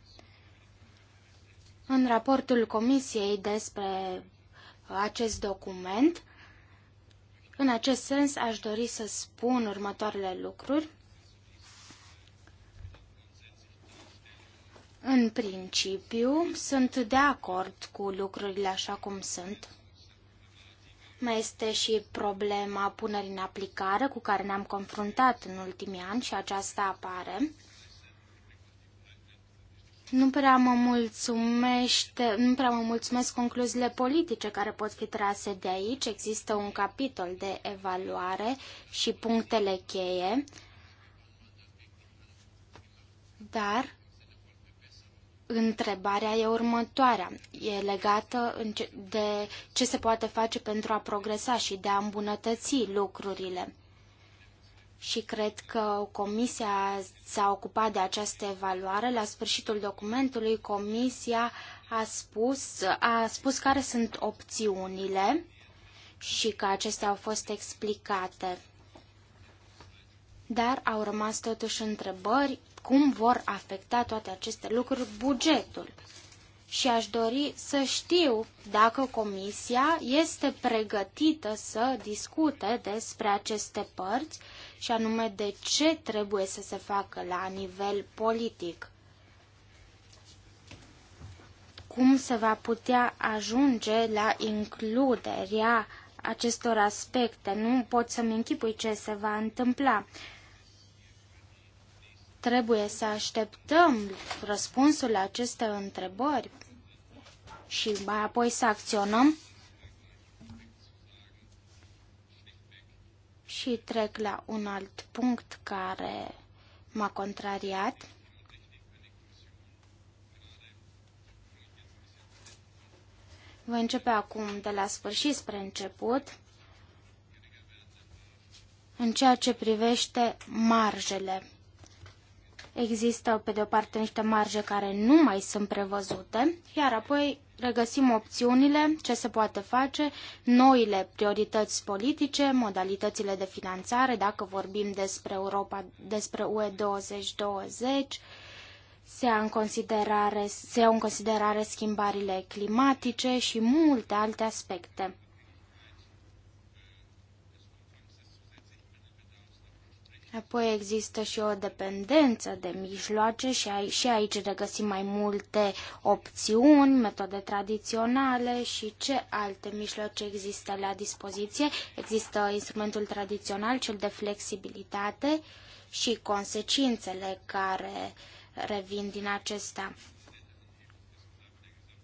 În raportul Comisiei despre acest document, în acest sens aș dori să spun următoarele lucruri. În principiu, sunt de acord cu lucrurile așa cum sunt. Mai este și problema punerii în aplicare cu care ne-am confruntat în ultimii ani și aceasta apare. Nu prea mă mulțumește, nu prea mă mulțumesc concluziile politice care pot fi trase de aici. Există un capitol de evaluare și punctele cheie. Dar Întrebarea e următoarea. E legată de ce se poate face pentru a progresa și de a îmbunătăți lucrurile și cred că Comisia s-a ocupat de această evaluare. La sfârșitul documentului, Comisia a spus, a spus care sunt opțiunile și că acestea au fost explicate. Dar au rămas totuși întrebări cum vor afecta toate aceste lucruri bugetul. Și aș dori să știu dacă Comisia este pregătită să discute despre aceste părți și anume de ce trebuie să se facă la nivel politic. Cum se va putea ajunge la includerea acestor aspecte? Nu pot să-mi închipui ce se va întâmpla. Trebuie să așteptăm răspunsul la aceste întrebări și mai apoi să acționăm? Și trec la un alt punct care m-a contrariat. Voi începe acum de la sfârșit spre început. În ceea ce privește marjele. Există, pe de o parte, niște marje care nu mai sunt prevăzute, iar apoi regăsim opțiunile, ce se poate face, noile priorități politice, modalitățile de finanțare, dacă vorbim despre Europa, despre UE 2020, se iau în considerare, se iau în considerare schimbările climatice și multe alte aspecte. Apoi există și o dependență de mijloace și, aici și aici regăsim mai multe opțiuni, metode tradiționale și ce alte mijloace există la dispoziție. Există instrumentul tradițional, cel de flexibilitate și consecințele care revin din acesta.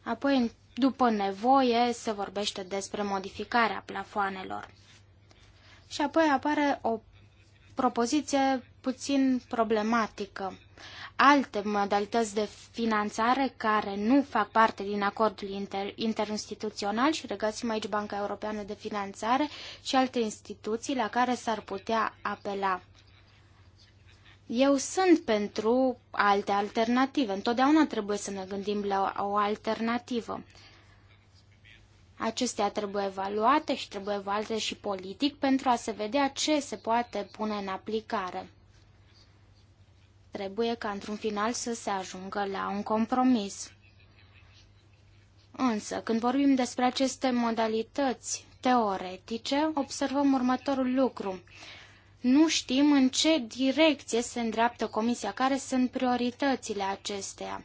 Apoi, după nevoie, se vorbește despre modificarea plafoanelor. Și apoi apare o propoziție puțin problematică. Alte modalități de finanțare care nu fac parte din acordul inter, interinstituțional și regăsim aici Banca Europeană de Finanțare și alte instituții la care s-ar putea apela. Eu sunt pentru alte alternative. Întotdeauna trebuie să ne gândim la o alternativă. Acestea trebuie evaluate și trebuie evaluate și politic pentru a se vedea ce se poate pune în aplicare. Trebuie ca într-un final să se ajungă la un compromis. Însă, când vorbim despre aceste modalități teoretice, observăm următorul lucru. Nu știm în ce direcție se îndreaptă comisia, care sunt prioritățile acesteia.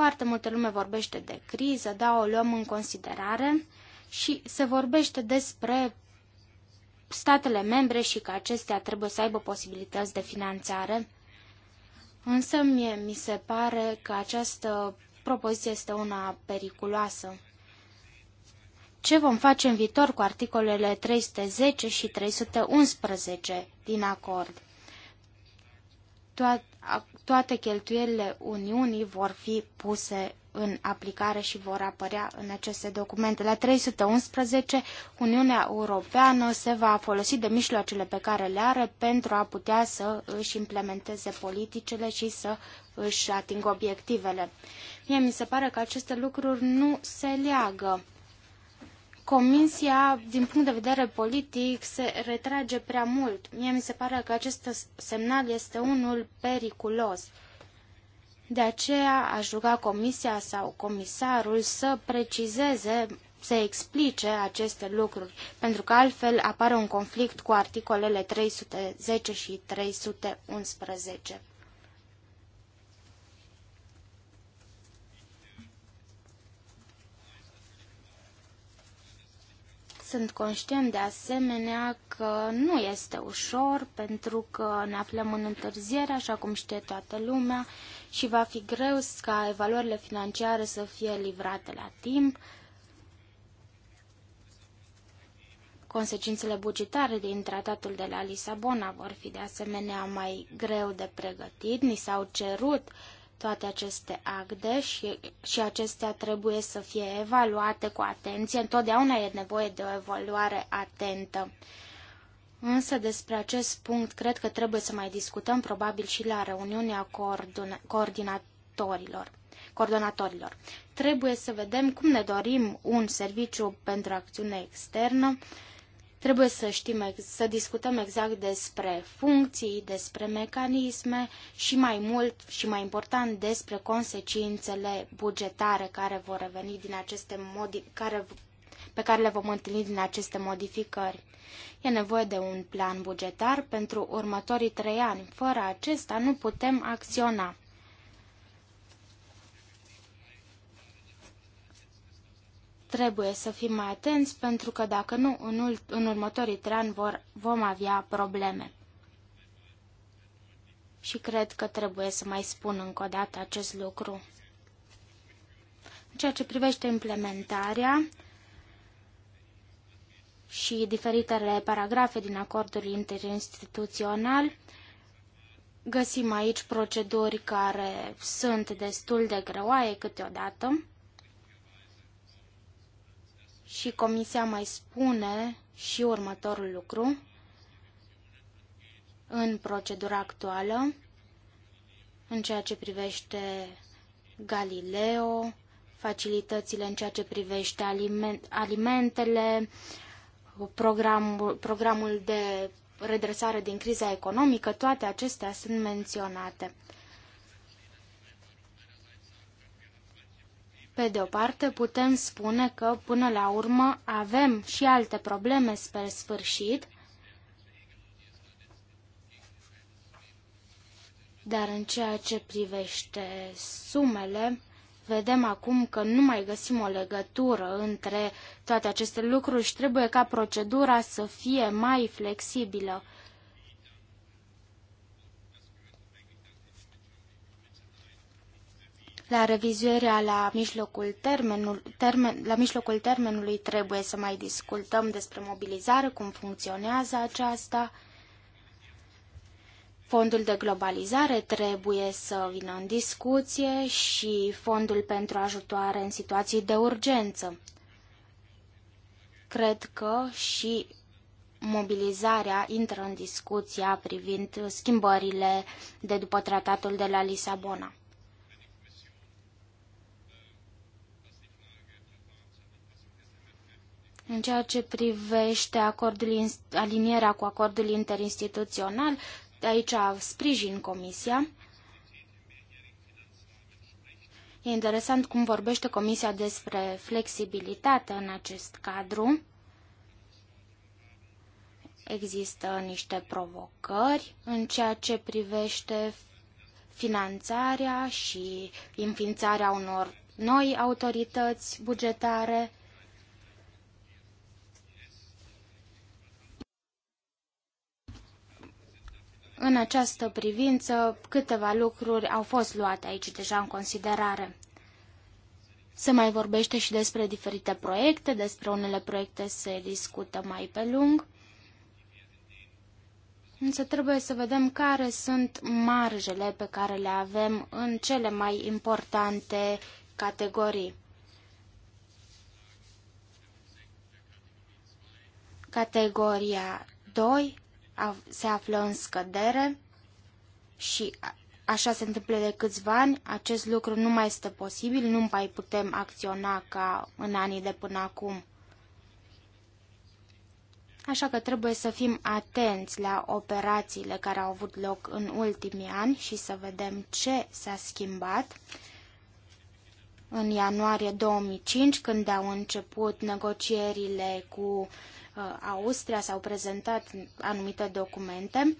Foarte multă lume vorbește de criză, da, o luăm în considerare și se vorbește despre statele membre și că acestea trebuie să aibă posibilități de finanțare. Însă mie mi se pare că această propoziție este una periculoasă. Ce vom face în viitor cu articolele 310 și 311 din acord? Toate toate cheltuielile Uniunii vor fi puse în aplicare și vor apărea în aceste documente. La 311, Uniunea Europeană se va folosi de mijloacele pe care le are pentru a putea să își implementeze politicile și să își atingă obiectivele. Mie mi se pare că aceste lucruri nu se leagă. Comisia, din punct de vedere politic, se retrage prea mult. Mie mi se pare că acest semnal este unul periculos. De aceea aș ruga Comisia sau comisarul să precizeze, să explice aceste lucruri, pentru că altfel apare un conflict cu articolele 310 și 311. Sunt conștient de asemenea că nu este ușor pentru că ne aflăm în întârziere, așa cum știe toată lumea, și va fi greu ca evaluările financiare să fie livrate la timp. Consecințele bugetare din tratatul de la Lisabona vor fi de asemenea mai greu de pregătit. Ni s-au cerut uh, toate aceste acte și, și acestea trebuie să fie evaluate cu atenție. Întotdeauna e nevoie de o evaluare atentă. Însă despre acest punct cred că trebuie să mai discutăm probabil și la reuniunea coordonatorilor. coordonatorilor. Trebuie să vedem cum ne dorim un serviciu pentru acțiune externă, uh, Trebuie să știm, să discutăm exact despre funcții, despre mecanisme și mai mult și mai important despre consecințele bugetare care vor reveni din aceste modi, care, pe care le vom întâlni din aceste modificări. E nevoie de un plan bugetar pentru următorii trei ani. Fără acesta nu putem acționa. Trebuie să fim mai atenți pentru că dacă nu, în, în următorii trei ani vor, vom avea probleme. Și cred că trebuie să mai spun încă o dată acest lucru. În ceea ce privește implementarea și diferitele paragrafe din acordul interinstituțional, găsim aici proceduri care sunt destul de greoaie câteodată. Și comisia mai spune și următorul lucru. În procedura actuală, în ceea ce privește Galileo, facilitățile în ceea ce privește alimentele, programul, programul de redresare din criza economică, toate acestea sunt menționate. Pe de o parte, putem spune că, până la urmă, avem și alte probleme spre sfârșit, dar în ceea ce privește sumele, vedem acum că nu mai găsim o legătură între toate aceste lucruri și trebuie ca procedura să fie mai flexibilă. La revizuirea la mijlocul, termenul, termen, la mijlocul termenului trebuie să mai discutăm despre mobilizare, cum funcționează aceasta. Fondul de globalizare trebuie să vină în discuție și fondul pentru ajutoare în situații de urgență. Cred că și mobilizarea intră în discuția privind schimbările de după tratatul de la Lisabona. În ceea ce privește acordul, alinierea cu acordul interinstituțional, de aici sprijin Comisia. E interesant cum vorbește Comisia despre flexibilitate în acest cadru. Există niște provocări în ceea ce privește finanțarea și înființarea unor noi autorități bugetare. În această privință, câteva lucruri au fost luate aici deja în considerare. Se mai vorbește și despre diferite proiecte, despre unele proiecte se discută mai pe lung. Însă trebuie să vedem care sunt marjele pe care le avem în cele mai importante categorii. Categoria 2 se află în scădere și așa se întâmplă de câțiva ani, acest lucru nu mai este posibil, nu mai putem acționa ca în anii de până acum. Așa că trebuie să fim atenți la operațiile care au avut loc în ultimii ani și să vedem ce s-a schimbat. În ianuarie 2005, când au început negocierile cu uh, Uh, Austria s-au prezentat anumite documente.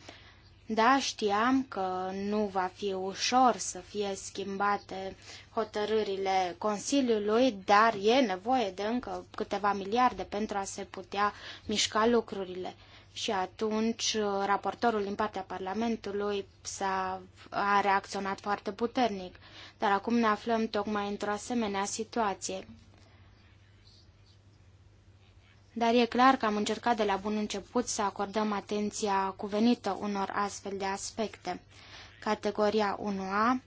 Da, știam că nu va fi ușor să fie schimbate hotărârile Consiliului, dar e nevoie de încă câteva miliarde pentru a se putea mișca lucrurile. Și atunci uh, raportorul din partea Parlamentului s-a, a reacționat foarte puternic. Dar acum ne aflăm tocmai într-o asemenea situație. Dar e clar că am încercat de la bun început să acordăm atenția cuvenită unor astfel de aspecte. Categoria 1A,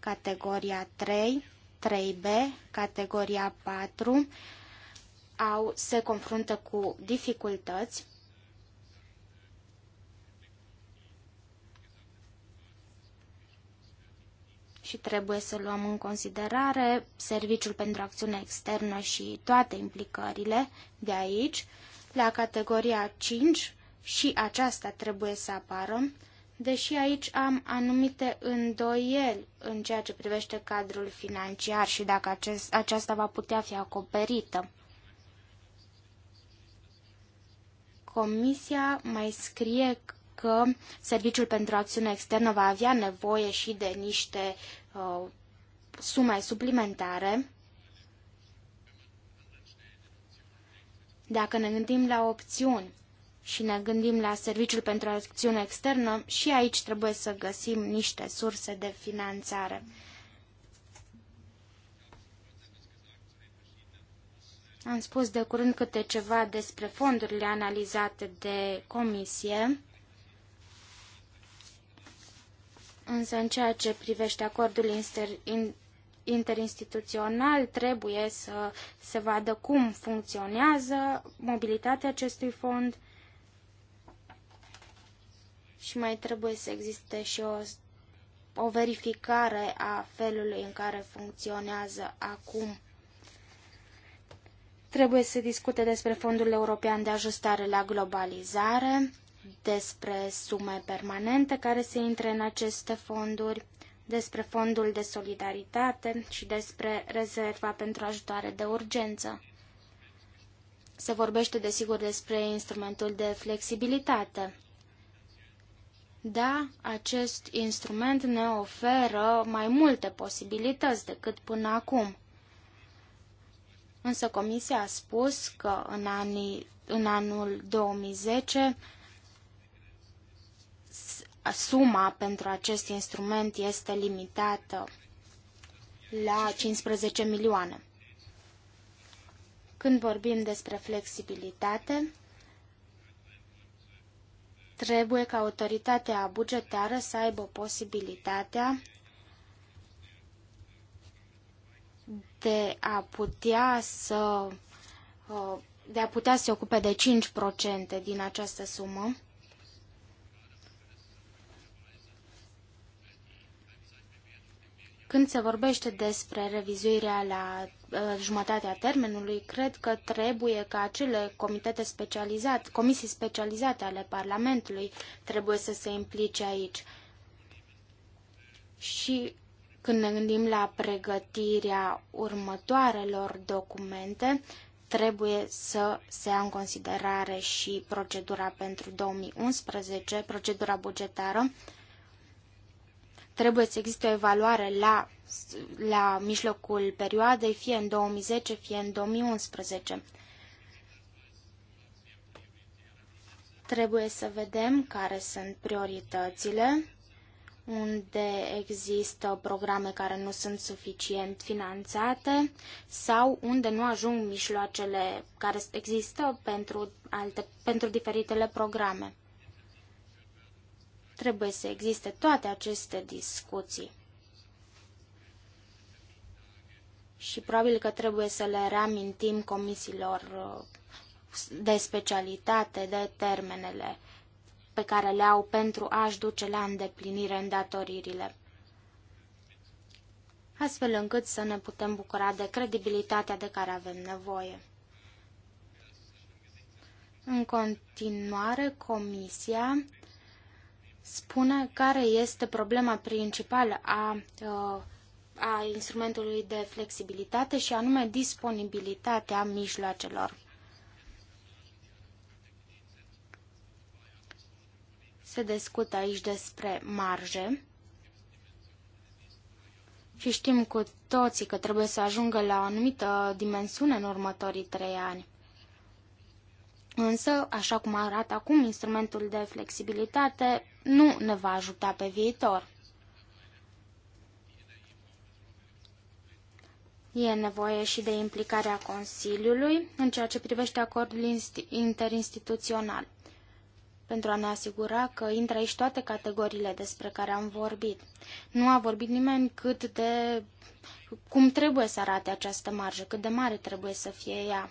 categoria 3, 3B, categoria 4 au, se confruntă cu dificultăți și trebuie să luăm în considerare Serviciul pentru Acțiune Externă și toate implicările de aici. La categoria 5 și aceasta trebuie să apară, deși aici am anumite îndoieli în ceea ce privește cadrul financiar și dacă acest, aceasta va putea fi acoperită. Comisia mai scrie că Serviciul pentru Acțiune Externă va avea nevoie și de niște uh, sume suplimentare. Dacă ne gândim la opțiuni și ne gândim la serviciul pentru acțiune externă, și aici trebuie să găsim niște surse de finanțare. Am spus de curând câte ceva despre fondurile analizate de comisie. Însă în ceea ce privește acordul interinstituțional trebuie să se vadă cum funcționează mobilitatea acestui fond și mai trebuie să existe și o, o verificare a felului în care funcționează acum. Trebuie să discute despre Fondul European de Ajustare la Globalizare despre sume permanente care se intre în aceste fonduri, despre fondul de solidaritate și despre rezerva pentru ajutoare de urgență. Se vorbește desigur despre instrumentul de flexibilitate. Da, acest instrument ne oferă mai multe posibilități decât până acum. Însă Comisia a spus că în, anii, în anul 2010 suma pentru acest instrument este limitată la 15 milioane. Când vorbim despre flexibilitate, trebuie ca autoritatea bugetară să aibă posibilitatea de a putea să uh, de a putea să se ocupe de 5% din această sumă. Când se vorbește despre revizuirea la uh, jumătatea termenului, cred că trebuie ca acele comitete specializate, comisii specializate ale Parlamentului trebuie să se implice aici. Și când ne gândim la pregătirea următoarelor documente, trebuie să se ia în considerare și procedura pentru 2011, procedura bugetară, Trebuie să existe o evaluare la, la mijlocul perioadei, fie în 2010, fie în 2011. Trebuie să vedem care sunt prioritățile, unde există programe care nu sunt suficient finanțate sau unde nu ajung mijloacele care există pentru, alte, pentru diferitele programe. Trebuie să existe toate aceste discuții. Și probabil că trebuie să le reamintim comisiilor uh, de specialitate, de termenele pe care le au pentru a-și duce la îndeplinire îndatoririle astfel încât să ne putem bucura de credibilitatea de care avem nevoie. În continuare, Comisia spune care este problema principală a, uh, a instrumentului de flexibilitate și anume disponibilitatea mijloacelor. Se discută aici despre marje și știm cu toții că trebuie să ajungă la o anumită dimensiune în următorii trei ani. Însă, așa cum arată acum instrumentul de flexibilitate, nu ne va ajuta pe viitor. E nevoie și de implicarea Consiliului în ceea ce privește acordul interinstituțional, pentru a ne asigura că intră aici toate categoriile despre care am vorbit. Nu a vorbit nimeni cât de cum trebuie să arate această marjă, cât de mare trebuie să fie ea.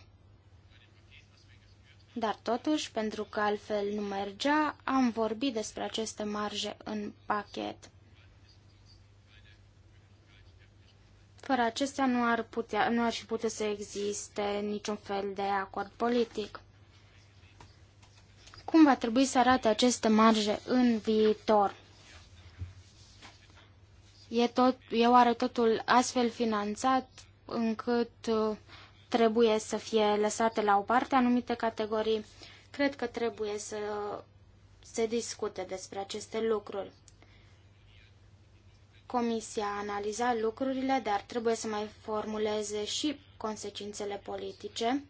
Dar totuși, pentru că altfel nu mergea, am vorbit despre aceste marje în pachet. Fără acestea nu ar, putea, nu ar fi putut să existe niciun fel de acord politic. Cum va trebui să arate aceste marje în viitor? E, tot, e oare totul astfel finanțat încât uh, trebuie să fie lăsate la o parte anumite categorii. Cred că trebuie să se discute despre aceste lucruri. Comisia a analizat lucrurile, dar trebuie să mai formuleze și consecințele politice.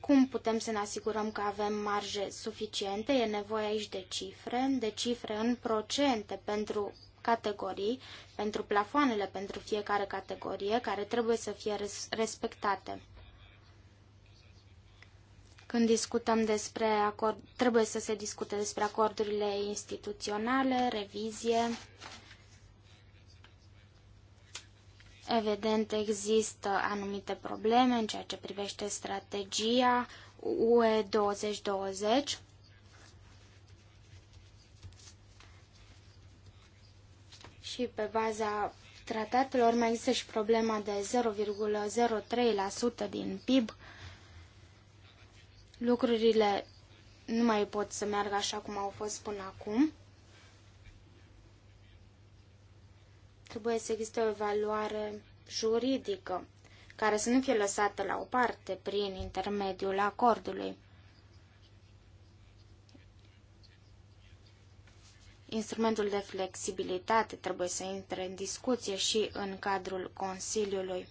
Cum putem să ne asigurăm că avem marje suficiente? E nevoie aici de cifre, de cifre în procente pentru categorii, pentru plafoanele pentru fiecare categorie, care trebuie să fie respectate. Când discutăm despre acord, trebuie să se discute despre acordurile instituționale, revizie. Evident, există anumite probleme în ceea ce privește strategia UE 2020. și pe baza tratatelor mai există și problema de 0,03% din PIB. Lucrurile nu mai pot să meargă așa cum au fost până acum. Trebuie să existe o evaluare juridică care să nu fie lăsată la o parte prin intermediul acordului. Instrumentul de flexibilitate trebuie să intre în discuție și în cadrul Consiliului.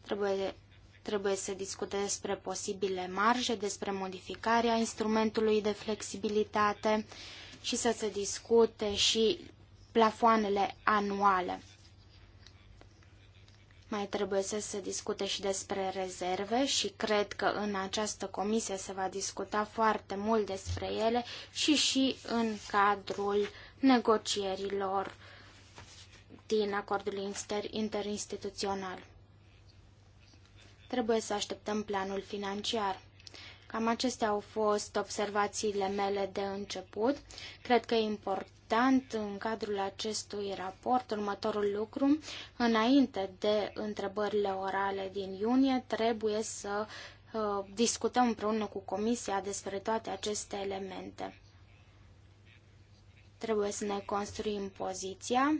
Trebuie, trebuie să discute despre posibile marje, despre modificarea instrumentului de flexibilitate și să se discute și plafoanele anuale. Mai trebuie să se discute și despre rezerve și cred că în această comisie se va discuta foarte mult despre ele și și în cadrul negocierilor din acordul interinstituțional. Trebuie să așteptăm planul financiar. Cam acestea au fost observațiile mele de început. Cred că e important important în cadrul acestui raport următorul lucru. Înainte de întrebările orale din iunie, trebuie să uh, discutăm împreună cu Comisia despre toate aceste elemente. Trebuie să ne construim poziția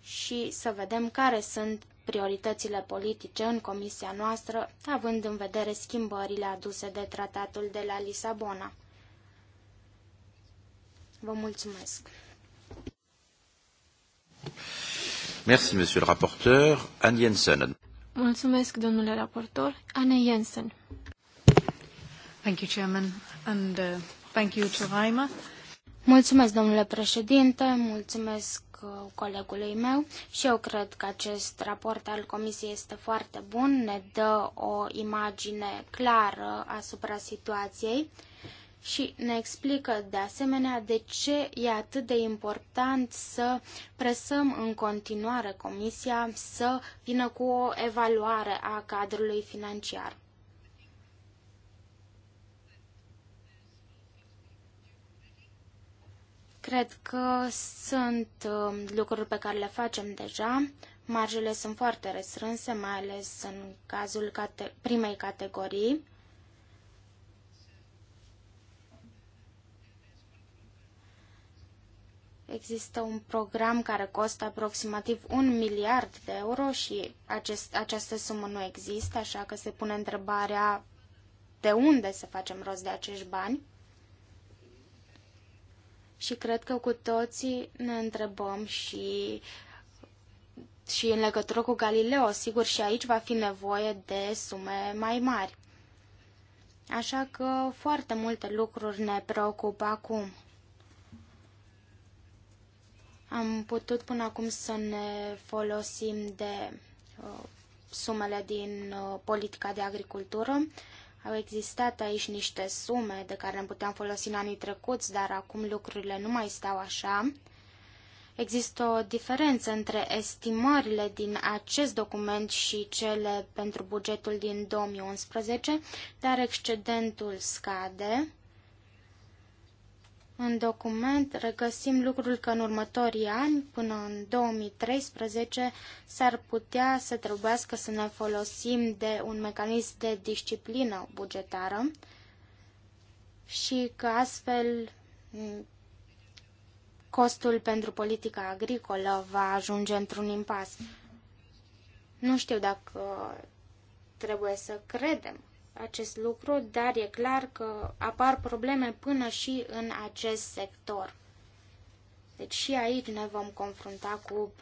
și să vedem care sunt prioritățile politice în comisia noastră, având în vedere schimbările aduse de tratatul de la Lisabona. Vă mulțumesc! Merci, monsieur le rapporteur. Anne Jensen. Mulțumesc, domnule raportor. Anne Jensen. Thank you, Chairman, and uh, thank you to Reimer. Mulțumesc, domnule președinte, mulțumesc uh, colegului meu și eu cred că acest raport al Comisiei este foarte bun, ne dă o imagine clară asupra situației și ne explică de asemenea de ce e atât de important să presăm în continuare Comisia să vină cu o evaluare a cadrului financiar. Cred că sunt um, lucruri pe care le facem deja. Marjele sunt foarte restrânse, mai ales în cazul cate primei categorii. Există un program care costă aproximativ un miliard de euro și acest, această sumă nu există, așa că se pune întrebarea de unde să facem rost de acești bani. Și cred că cu toții ne întrebăm și, și în legătură cu Galileo, sigur și aici va fi nevoie de sume mai mari. Așa că foarte multe lucruri ne preocupă acum. Am putut până acum să ne folosim de uh, sumele din uh, politica de agricultură. Au existat aici niște sume de care ne puteam folosi în anii trecuți, dar acum lucrurile nu mai stau așa. Există o diferență între estimările din acest document și cele pentru bugetul din 2011, dar excedentul scade. În document regăsim lucrul că în următorii ani, până în 2013, s-ar putea să trebuiască să ne folosim de un mecanism de disciplină bugetară și că astfel costul pentru politica agricolă va ajunge într-un impas. Nu știu dacă trebuie să credem acest lucru, dar e clar că apar probleme până și în acest sector. Deci și aici ne vom confrunta cu,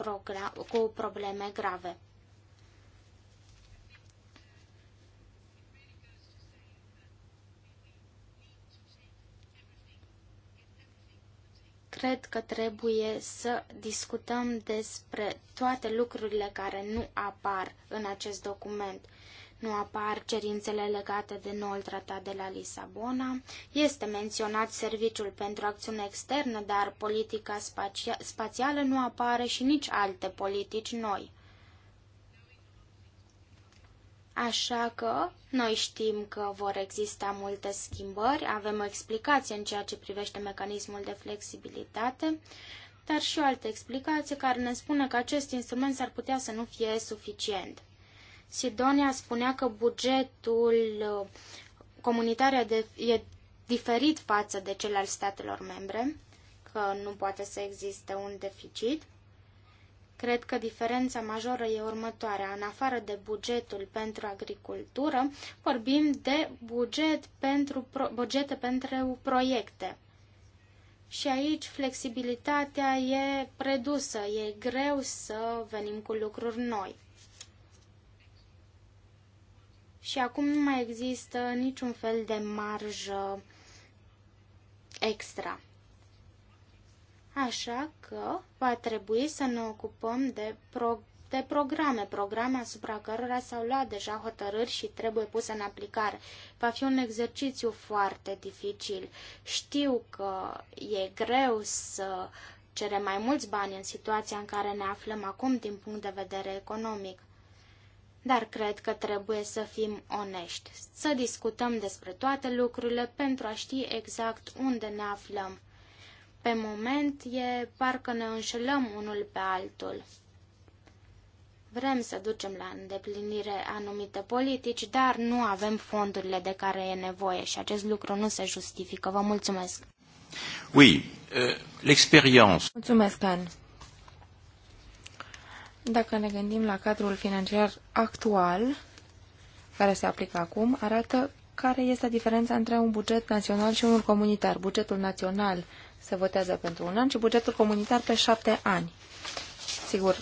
cu probleme grave. Cred că trebuie să discutăm despre toate lucrurile care nu apar în acest document nu apar cerințele legate de noul tratat de la Lisabona. Este menționat serviciul pentru acțiune externă, dar politica spația spațială nu apare și nici alte politici noi. Așa că noi știm că vor exista multe schimbări, avem o explicație în ceea ce privește mecanismul de flexibilitate, dar și o altă explicație care ne spune că acest instrument s-ar putea să nu fie suficient. Sidonia spunea că bugetul uh, comunitar e diferit față de cel al statelor membre, că nu poate să existe un deficit. Cred că diferența majoră e următoarea. În afară de bugetul pentru agricultură, vorbim de buget pentru pro- bugete pentru proiecte. Și aici flexibilitatea e redusă, e greu să venim cu lucruri noi și acum nu mai există niciun fel de marjă extra. Așa că va trebui să ne ocupăm de, pro- de programe, programe asupra cărora s-au luat deja hotărâri și trebuie puse în aplicare. Va fi un exercițiu foarte dificil. Știu că e greu să cere mai mulți bani în situația în care ne aflăm acum din punct de vedere economic. Dar cred că trebuie să fim onești, să discutăm despre toate lucrurile pentru a ști exact unde ne aflăm. Pe moment e parcă ne înșelăm unul pe altul. Vrem să ducem la îndeplinire anumite politici, dar nu avem fondurile de care e nevoie și acest lucru nu se justifică. Vă mulțumesc! Oui, euh, l'expérience. Mulțumesc, Anne dacă ne gândim la cadrul financiar actual, care se aplică acum, arată care este diferența între un buget național și unul comunitar. Bugetul național se votează pentru un an și bugetul comunitar pe șapte ani. Sigur,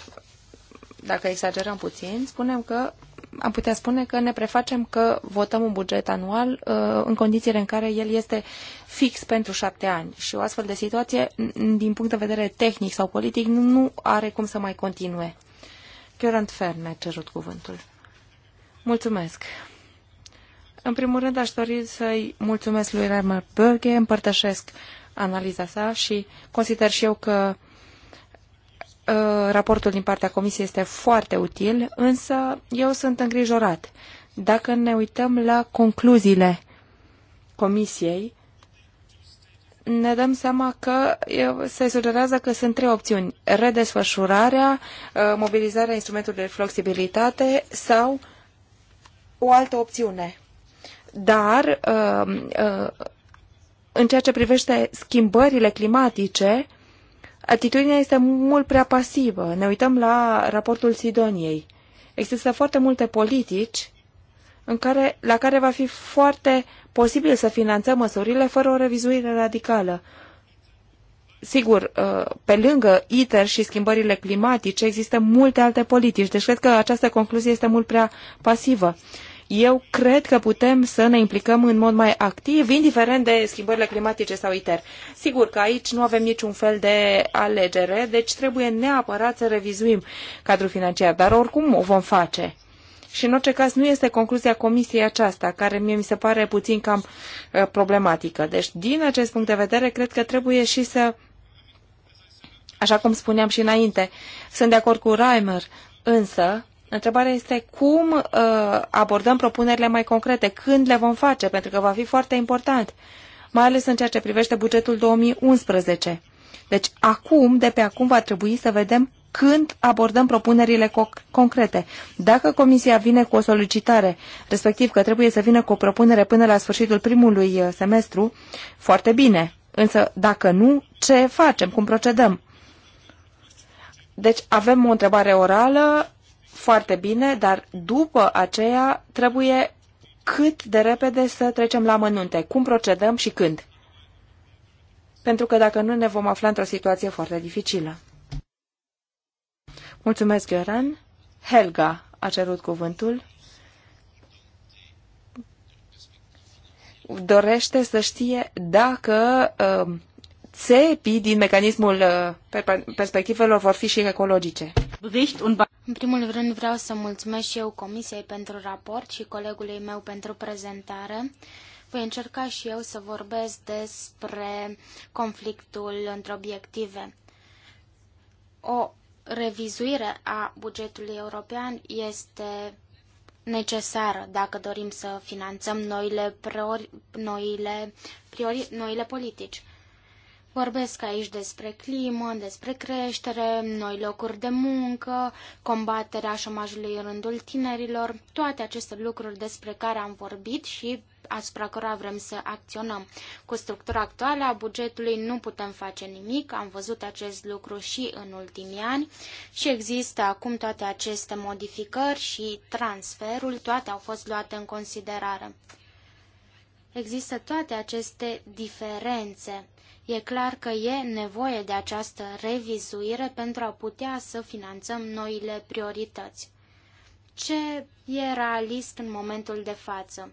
dacă exagerăm puțin, spunem că am putea spune că ne prefacem că votăm un buget anual uh, în condițiile în care el este fix pentru șapte ani. Și o astfel de situație, din punct de vedere tehnic sau politic, nu are cum să mai continue. Chiorant Fern mi-a cerut cuvântul. Mulțumesc. În primul rând aș dori să-i mulțumesc lui Reimer Böge, împărtășesc analiza sa și consider și eu că uh, raportul din partea comisiei este foarte util, însă eu sunt îngrijorat. Dacă ne uităm la concluziile comisiei, ne dăm seama că se sugerează că sunt trei opțiuni. Redesfășurarea, mobilizarea instrumentului de flexibilitate sau o altă opțiune. Dar în ceea ce privește schimbările climatice, atitudinea este mult prea pasivă. Ne uităm la raportul Sidoniei. Există foarte multe politici în care, la care va fi foarte posibil să finanțăm măsurile fără o revizuire radicală. Sigur, uh, pe lângă ITER și schimbările climatice există multe alte politici, deci cred că această concluzie este mult prea pasivă. Eu cred că putem să ne implicăm în mod mai activ, indiferent de schimbările climatice sau ITER. Sigur că aici nu avem niciun fel de alegere, deci trebuie neapărat să revizuim cadrul financiar, dar oricum o vom face și în orice caz nu este concluzia comisiei aceasta, care mie mi se pare puțin cam uh, problematică. Deci, din acest punct de vedere, cred că trebuie și să, așa cum spuneam și înainte, sunt de acord cu Reimer, însă Întrebarea este cum uh, abordăm propunerile mai concrete, când le vom face, pentru că va fi foarte important, mai ales în ceea ce privește bugetul 2011. Deci acum, de pe acum, va trebui să vedem când abordăm propunerile co- concrete. Dacă Comisia vine cu o solicitare, respectiv că trebuie să vină cu o propunere până la sfârșitul primului uh, semestru, foarte bine. Însă, dacă nu, ce facem? Cum procedăm? Deci avem o întrebare orală, foarte bine, dar după aceea trebuie cât de repede să trecem la mănunte, cum procedăm și când. Pentru că dacă nu ne vom afla într-o situație foarte dificilă. Mulțumesc, Ioran. Helga a cerut cuvântul. Dorește să știe dacă uh, țepii din mecanismul uh, perspectivelor vor fi și ecologice. În primul rând vreau să mulțumesc și eu Comisiei pentru raport și colegului meu pentru prezentare. Voi încerca și eu să vorbesc despre conflictul între obiective. O revizuire a bugetului european este necesară dacă dorim să finanțăm noile, priori, noile, priori, noile politici. Vorbesc aici despre climă, despre creștere, noi locuri de muncă, combaterea șomajului în rândul tinerilor, toate aceste lucruri despre care am vorbit și asupra cărora vrem să acționăm. Cu structura actuală a bugetului nu putem face nimic, am văzut acest lucru și în ultimii ani și există acum toate aceste modificări și transferul, toate au fost luate în considerare. Există toate aceste diferențe E clar că e nevoie de această revizuire pentru a putea să finanțăm noile priorități. Ce e realist în momentul de față?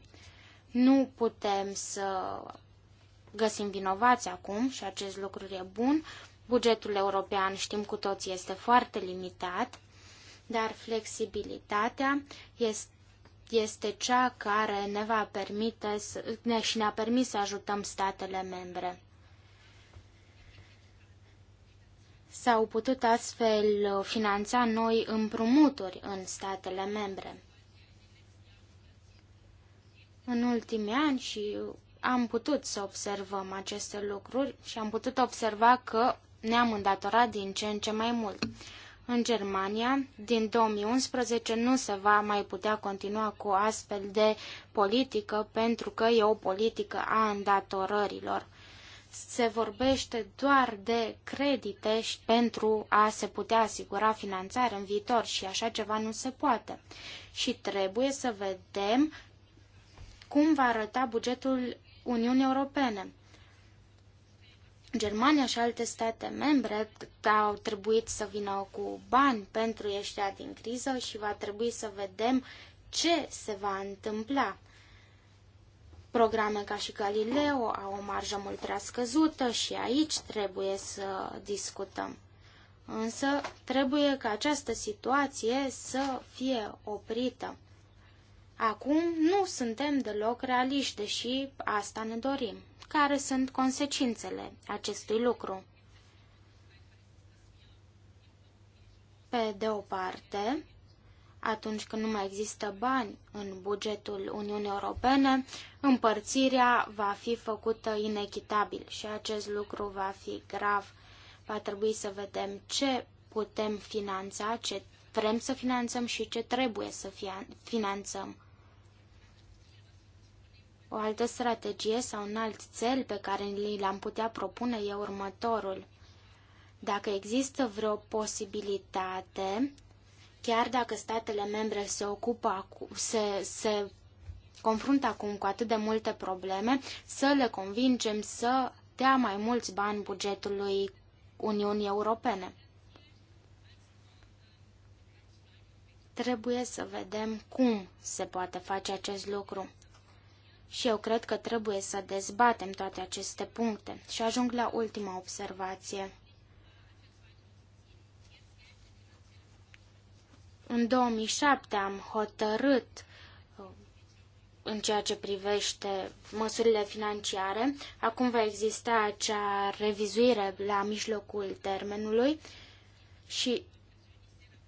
Nu putem să găsim vinovați acum și acest lucru e bun. Bugetul european, știm cu toții, este foarte limitat, dar flexibilitatea este este cea care ne va permite să ne, și ne-a permis să ajutăm statele membre. S-au putut astfel uh, finanța noi împrumuturi în statele membre. În ultimii ani și am putut să observăm aceste lucruri și am putut observa că ne-am îndatorat din ce în ce mai mult. În Germania, din 2011 nu se va mai putea continua cu astfel de politică pentru că e o politică a îndatorărilor se vorbește doar de credite și pentru a se putea asigura finanțare în viitor și așa ceva nu se poate. Și trebuie să vedem cum va arăta bugetul Uniunii Europene. Germania și alte state membre au trebuit să vină cu bani pentru ieșirea din criză și va trebui să vedem ce se va întâmpla. Programe ca și Galileo au o marjă mult prea scăzută și aici trebuie să discutăm. Însă trebuie ca această situație să fie oprită. Acum nu suntem deloc realiști, deși asta ne dorim. Care sunt consecințele acestui lucru? Pe de o parte, atunci când nu mai există bani în bugetul Uniunii Europene, împărțirea va fi făcută inechitabil și acest lucru va fi grav. Va trebui să vedem ce putem finanța, ce vrem să finanțăm și ce trebuie să finanțăm. O altă strategie sau un alt cel pe care l-am putea propune e următorul. Dacă există vreo posibilitate Chiar dacă statele membre se ocupă, se, se confruntă acum cu atât de multe probleme, să le convingem să dea mai mulți bani bugetului Uniunii Europene. Trebuie să vedem cum se poate face acest lucru. Și eu cred că trebuie să dezbatem toate aceste puncte și ajung la ultima observație. În 2007 am hotărât uh, în ceea ce privește măsurile financiare. Acum va exista acea revizuire la mijlocul termenului și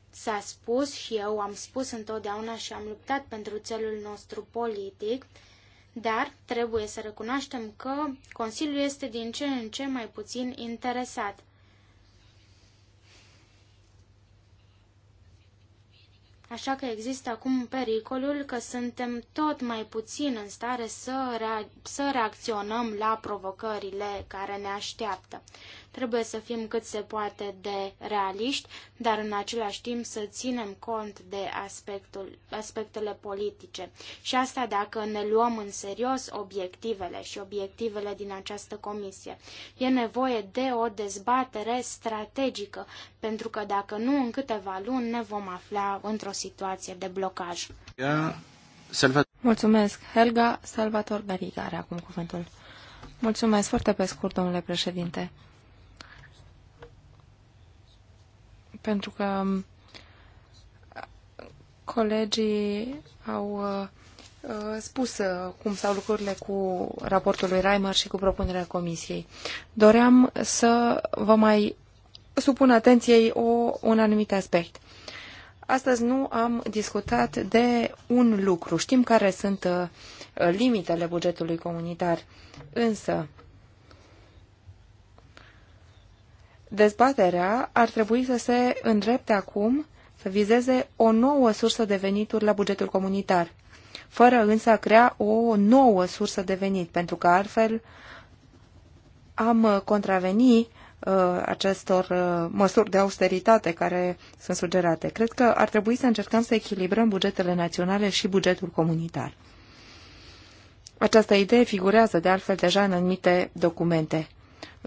s-a spus și eu am spus întotdeauna și am luptat pentru țelul nostru politic, dar trebuie să recunoaștem că Consiliul este din ce în ce mai puțin interesat. Așa că există acum pericolul că suntem tot mai puțin în stare să, rea- să reacționăm la provocările care ne așteaptă. Trebuie să fim cât se poate de realiști, dar în același timp să ținem cont de aspectul, aspectele politice. Și asta dacă ne luăm în serios obiectivele și obiectivele din această comisie. E nevoie de o dezbatere strategică, pentru că dacă nu, în câteva luni ne vom afla într-o situație de blocaj. Mulțumesc. Helga Salvator Gariga acum cuvântul. Mulțumesc foarte pe scurt, domnule președinte. pentru că um, colegii au uh, uh, spus uh, cum stau lucrurile cu raportul lui Reimer și cu propunerea comisiei. Doream să vă mai supun atenției o, un anumit aspect. Astăzi nu am discutat de un lucru. Știm care sunt limitele bugetului comunitar, însă Dezbaterea ar trebui să se îndrepte acum să vizeze o nouă sursă de venituri la bugetul comunitar, fără însă a crea o nouă sursă de venit, pentru că altfel am contraveni uh, acestor uh, măsuri de austeritate care sunt sugerate. Cred că ar trebui să încercăm să echilibrăm bugetele naționale și bugetul comunitar. Această idee figurează de altfel deja în anumite documente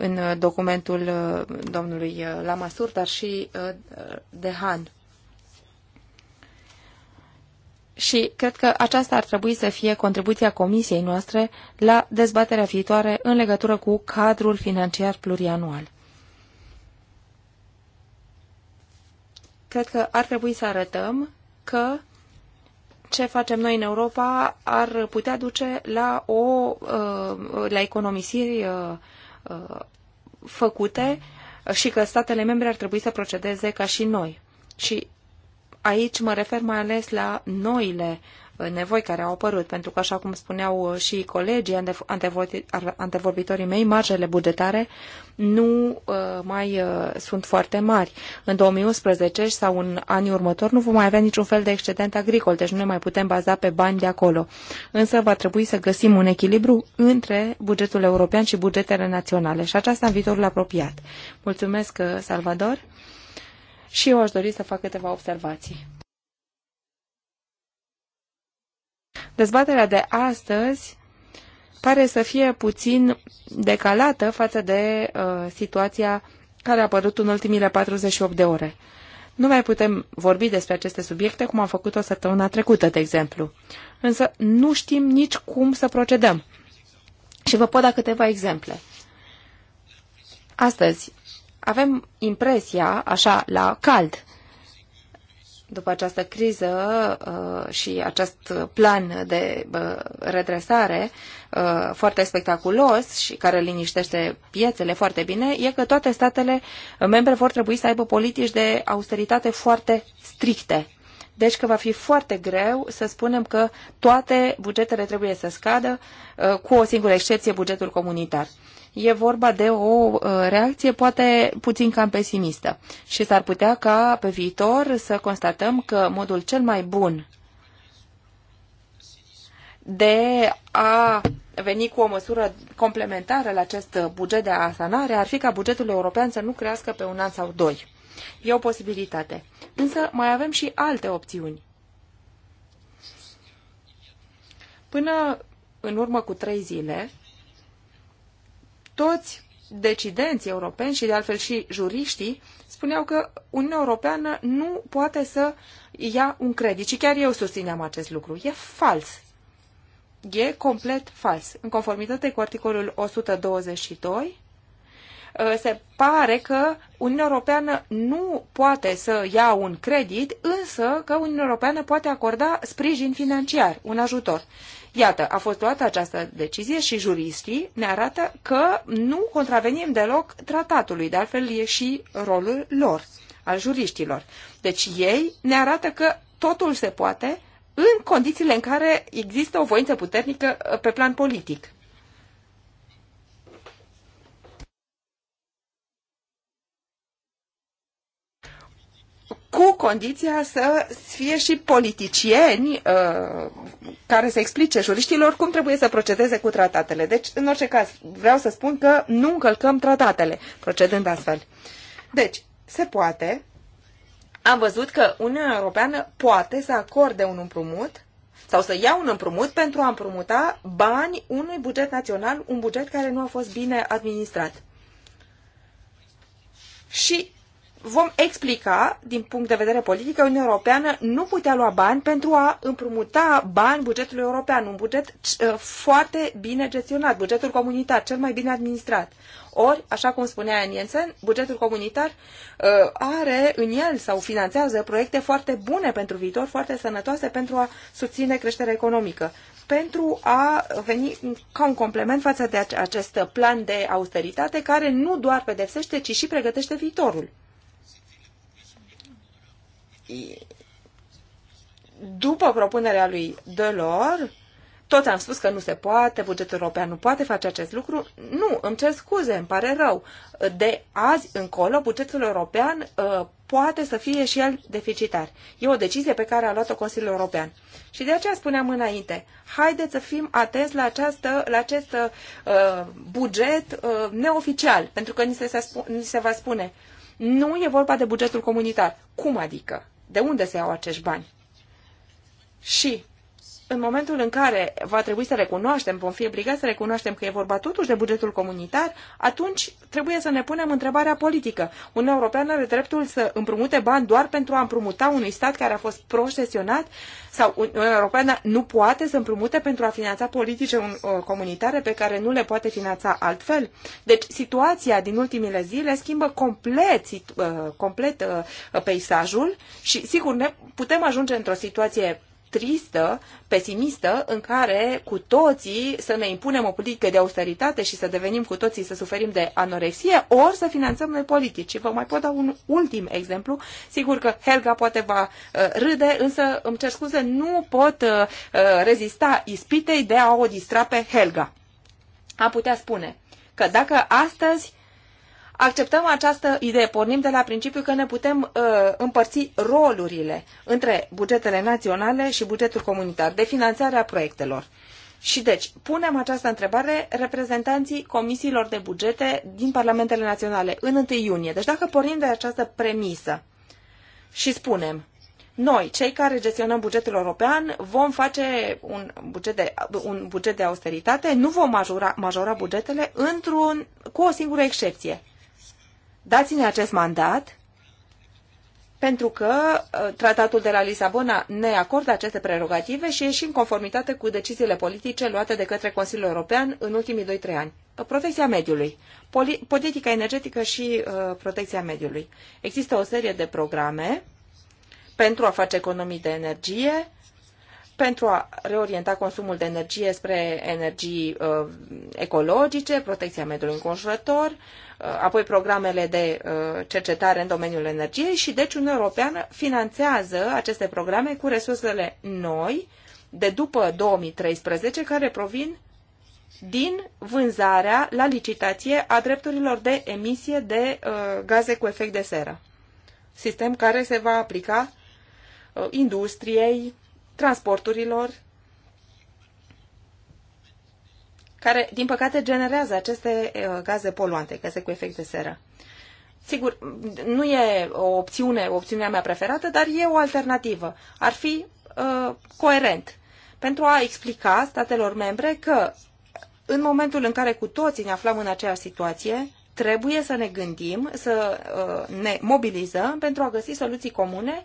în uh, documentul uh, domnului uh, Lamasur, dar și de Han. Și cred că aceasta ar trebui să fie contribuția comisiei noastre la dezbaterea viitoare în legătură cu cadrul financiar plurianual. Cred că ar trebui să arătăm că ce facem noi în Europa ar putea duce la, o, la economisiri Uh, făcute și că statele membre ar trebui să procedeze ca și noi. Și aici mă refer mai ales la noile nevoi care au apărut, pentru că, așa cum spuneau uh, și colegii antevorbitorii mei, marjele bugetare nu uh, mai uh, sunt foarte mari. În 2011 sau în anii următori nu vom mai avea niciun fel de excedent agricol, deci nu ne mai putem baza pe bani de acolo. Însă va trebui să găsim un echilibru între bugetul european și bugetele naționale și aceasta în viitorul apropiat. Mulțumesc, Salvador, și eu aș dori să fac câteva observații. Dezbaterea de astăzi pare să fie puțin decalată față de uh, situația care a apărut în ultimile 48 de ore. Nu mai putem vorbi despre aceste subiecte cum am făcut-o săptămâna trecută, de exemplu. Însă nu știm nici cum să procedăm. Și vă pot da câteva exemple. Astăzi avem impresia, așa, la cald, după această criză uh, și acest plan de uh, redresare uh, foarte spectaculos și care liniștește piețele foarte bine, e că toate statele membre vor trebui să aibă politici de austeritate foarte stricte. Deci că va fi foarte greu să spunem că toate bugetele trebuie să scadă, uh, cu o singură excepție, bugetul comunitar e vorba de o uh, reacție poate puțin cam pesimistă și s-ar putea ca pe viitor să constatăm că modul cel mai bun de a veni cu o măsură complementară la acest buget de asanare ar fi ca bugetul european să nu crească pe un an sau doi. E o posibilitate. Însă mai avem și alte opțiuni. Până în urmă cu trei zile, toți decidenții europeni și de altfel și juriștii spuneau că Uniunea Europeană nu poate să ia un credit și chiar eu susțineam acest lucru. E fals. E complet fals. În conformitate cu articolul 122, uh, se pare că Uniunea Europeană nu poate să ia un credit, însă că Uniunea Europeană poate acorda sprijin financiar, un ajutor. Iată, a fost luată această decizie și juriștii ne arată că nu contravenim deloc tratatului, de altfel e și rolul lor, al juriștilor. Deci ei ne arată că totul se poate în condițiile în care există o voință puternică uh, pe plan politic. cu condiția să fie și politicieni uh, care să explice juriștilor cum trebuie să procedeze cu tratatele. Deci, în orice caz, vreau să spun că nu încălcăm tratatele procedând astfel. Deci, se poate. Am văzut că Uniunea Europeană poate să acorde un împrumut sau să ia un împrumut pentru a împrumuta bani unui buget național, un buget care nu a fost bine administrat. Și vom explica, din punct de vedere politic, că Uniunea Europeană nu putea lua bani pentru a împrumuta bani bugetului european, un buget uh, foarte bine gestionat, bugetul comunitar, cel mai bine administrat. Ori, așa cum spunea Jensen, bugetul comunitar uh, are în el sau finanțează proiecte foarte bune pentru viitor, foarte sănătoase pentru a susține creșterea economică pentru a veni ca un complement față de acest plan de austeritate care nu doar pedepsește, ci și pregătește viitorul după propunerea lui Delors, toți am spus că nu se poate, bugetul european nu poate face acest lucru. Nu, îmi cer scuze, îmi pare rău. De azi încolo, bugetul european uh, poate să fie și el deficitar. E o decizie pe care a luat-o Consiliul European. Și de aceea spuneam înainte, haideți să fim atenți la, această, la acest uh, buget uh, neoficial, pentru că ni se, se, spu- ni se va spune, nu e vorba de bugetul comunitar. Cum adică? de unde se iau acești bani. Și în momentul în care va trebui să recunoaștem, vom fi obligați să recunoaștem că e vorba totuși de bugetul comunitar, atunci trebuie să ne punem întrebarea politică. Un european are dreptul să împrumute bani doar pentru a împrumuta unui stat care a fost procesionat sau un european nu poate să împrumute pentru a finanța politice uh, comunitare pe care nu le poate finanța altfel. Deci situația din ultimile zile schimbă complet, uh, complet uh, peisajul și sigur ne putem ajunge într-o situație tristă, pesimistă, în care cu toții să ne impunem o politică de austeritate și să devenim cu toții să suferim de anorexie, ori să finanțăm noi politici. Și vă mai pot da un ultim exemplu. Sigur că Helga poate va uh, râde, însă îmi cer scuze, nu pot uh, uh, rezista ispitei de a o distra pe Helga. Am putea spune că dacă astăzi acceptăm această idee. Pornim de la principiul că ne putem uh, împărți rolurile între bugetele naționale și bugetul comunitar de finanțare a proiectelor. Și deci, punem această întrebare reprezentanții comisiilor de bugete din Parlamentele Naționale în 1 iunie. Deci dacă pornim de această premisă și spunem, noi, cei care gestionăm bugetul european, vom face un buget de, un buget de austeritate, nu vom majora, majora bugetele într-un, cu o singură excepție dați-ne acest mandat pentru că uh, tratatul de la Lisabona ne acordă aceste prerogative și e și în conformitate cu deciziile politice luate de către Consiliul European în ultimii 2-3 ani. Uh, protecția mediului, politica energetică și uh, protecția mediului. Există o serie de programe pentru a face economii de energie, pentru a reorienta consumul de energie spre energii uh, ecologice, protecția mediului înconjurător, uh, Uh, apoi programele de uh, cercetare în domeniul energiei și deci Uniunea Europeană finanțează aceste programe cu resursele noi de după 2013 care provin din vânzarea la licitație a drepturilor de emisie de uh, gaze cu efect de seră. Sistem care se va aplica industriei, transporturilor, care, din păcate, generează aceste eh, gaze poluante, gaze cu efect de seră. Sigur, nu e o opțiune, opțiunea mea preferată, dar e o alternativă. Ar fi uh, coerent pentru a explica statelor membre că în momentul în care cu toții ne aflăm în aceeași situație, trebuie să ne gândim, să uh, ne mobilizăm pentru a găsi soluții comune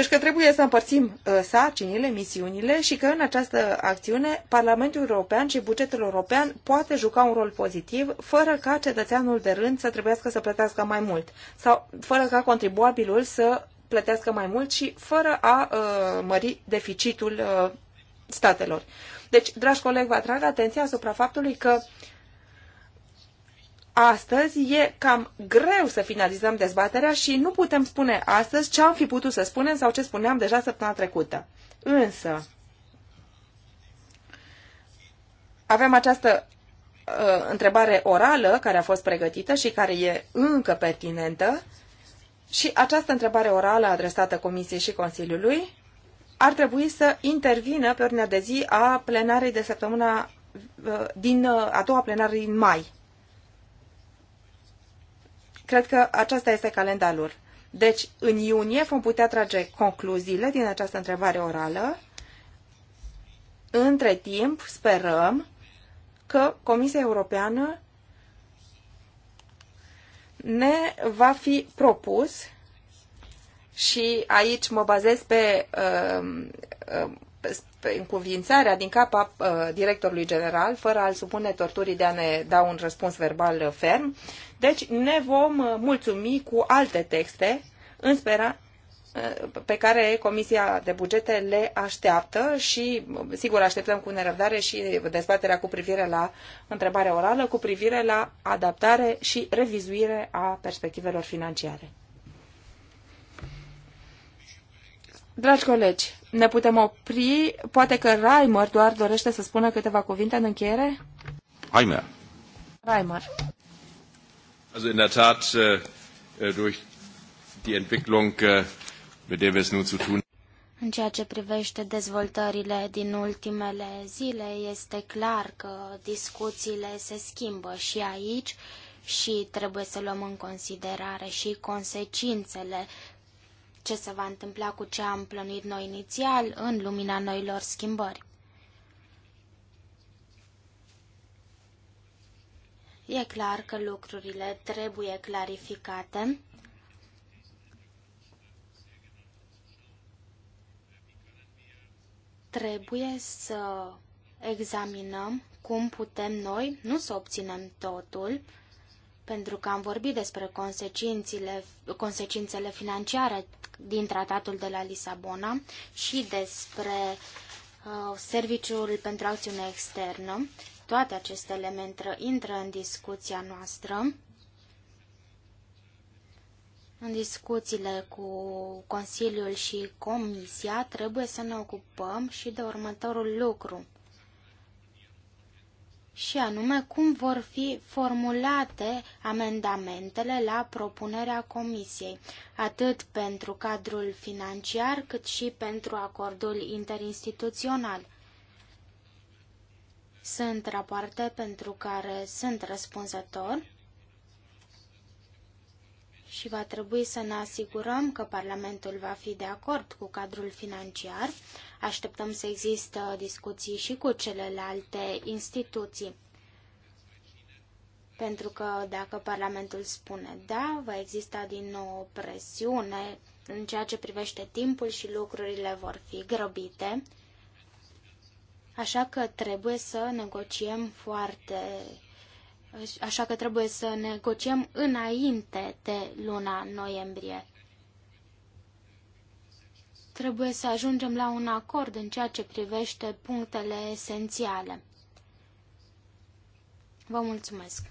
deci că trebuie să împărțim uh, sarcinile, misiunile și că în această acțiune Parlamentul European și bugetul european poate juca un rol pozitiv fără ca cetățeanul de rând să trebuiască să plătească mai mult sau fără ca contribuabilul să plătească mai mult și fără a uh, mări deficitul uh, statelor. Deci, dragi colegi, vă atrag atenția asupra faptului că uh, astăzi e cam greu să finalizăm dezbaterea și nu putem spune astăzi ce am fi putut să spunem sau ce spuneam deja săptămâna trecută. Însă, avem această uh, întrebare orală care a fost pregătită și care e încă pertinentă și această întrebare orală adresată Comisiei și Consiliului ar trebui să intervină pe ordinea de zi a plenarei de săptămâna uh, din uh, a doua plenară din mai. Cred că aceasta este calendarul. Deci, în iunie vom putea trage concluziile din această întrebare orală. Între timp, sperăm că Comisia Europeană ne va fi propus și aici mă bazez pe, um, um, pe încuvințarea din capa uh, directorului general, fără a-l supune torturii de a ne da un răspuns verbal ferm, deci ne vom uh, mulțumi cu alte texte în spera uh, pe care Comisia de Bugete le așteaptă și, uh, sigur, așteptăm cu nerăbdare și dezbaterea cu privire la întrebarea orală, cu privire la adaptare și revizuire a perspectivelor financiare. Dragi colegi, ne putem opri? Poate că Raimer doar dorește să spună câteva cuvinte în încheiere? Raimer. Raimer. Also in der Tat äh, äh, durch die Entwicklung, äh, mit der wir es nun zu tun în ceea ce privește dezvoltările din ultimele zile, este clar că discuțiile se schimbă și aici și trebuie să luăm în considerare și consecințele ce se va întâmpla cu ce am plănuit noi inițial în lumina noilor schimbări. E clar că lucrurile trebuie clarificate. Trebuie să examinăm cum putem noi, nu să obținem totul, pentru că am vorbit despre consecințele, consecințele financiare din tratatul de la Lisabona și despre uh, Serviciul pentru Acțiune Externă toate aceste elemente intră în discuția noastră, în discuțiile cu Consiliul și Comisia trebuie să ne ocupăm și de următorul lucru, și anume cum vor fi formulate amendamentele la propunerea Comisiei, atât pentru cadrul financiar cât și pentru acordul interinstituțional. Sunt rapoarte pentru care sunt răspunzător și va trebui să ne asigurăm că Parlamentul va fi de acord cu cadrul financiar. Așteptăm să există discuții și cu celelalte instituții. Pentru că dacă Parlamentul spune da, va exista din nou o presiune în ceea ce privește timpul și lucrurile vor fi grăbite. Așa că trebuie să negociem foarte Așa că trebuie să negociem înainte de luna noiembrie. Trebuie să ajungem la un acord în ceea ce privește punctele esențiale. Vă mulțumesc.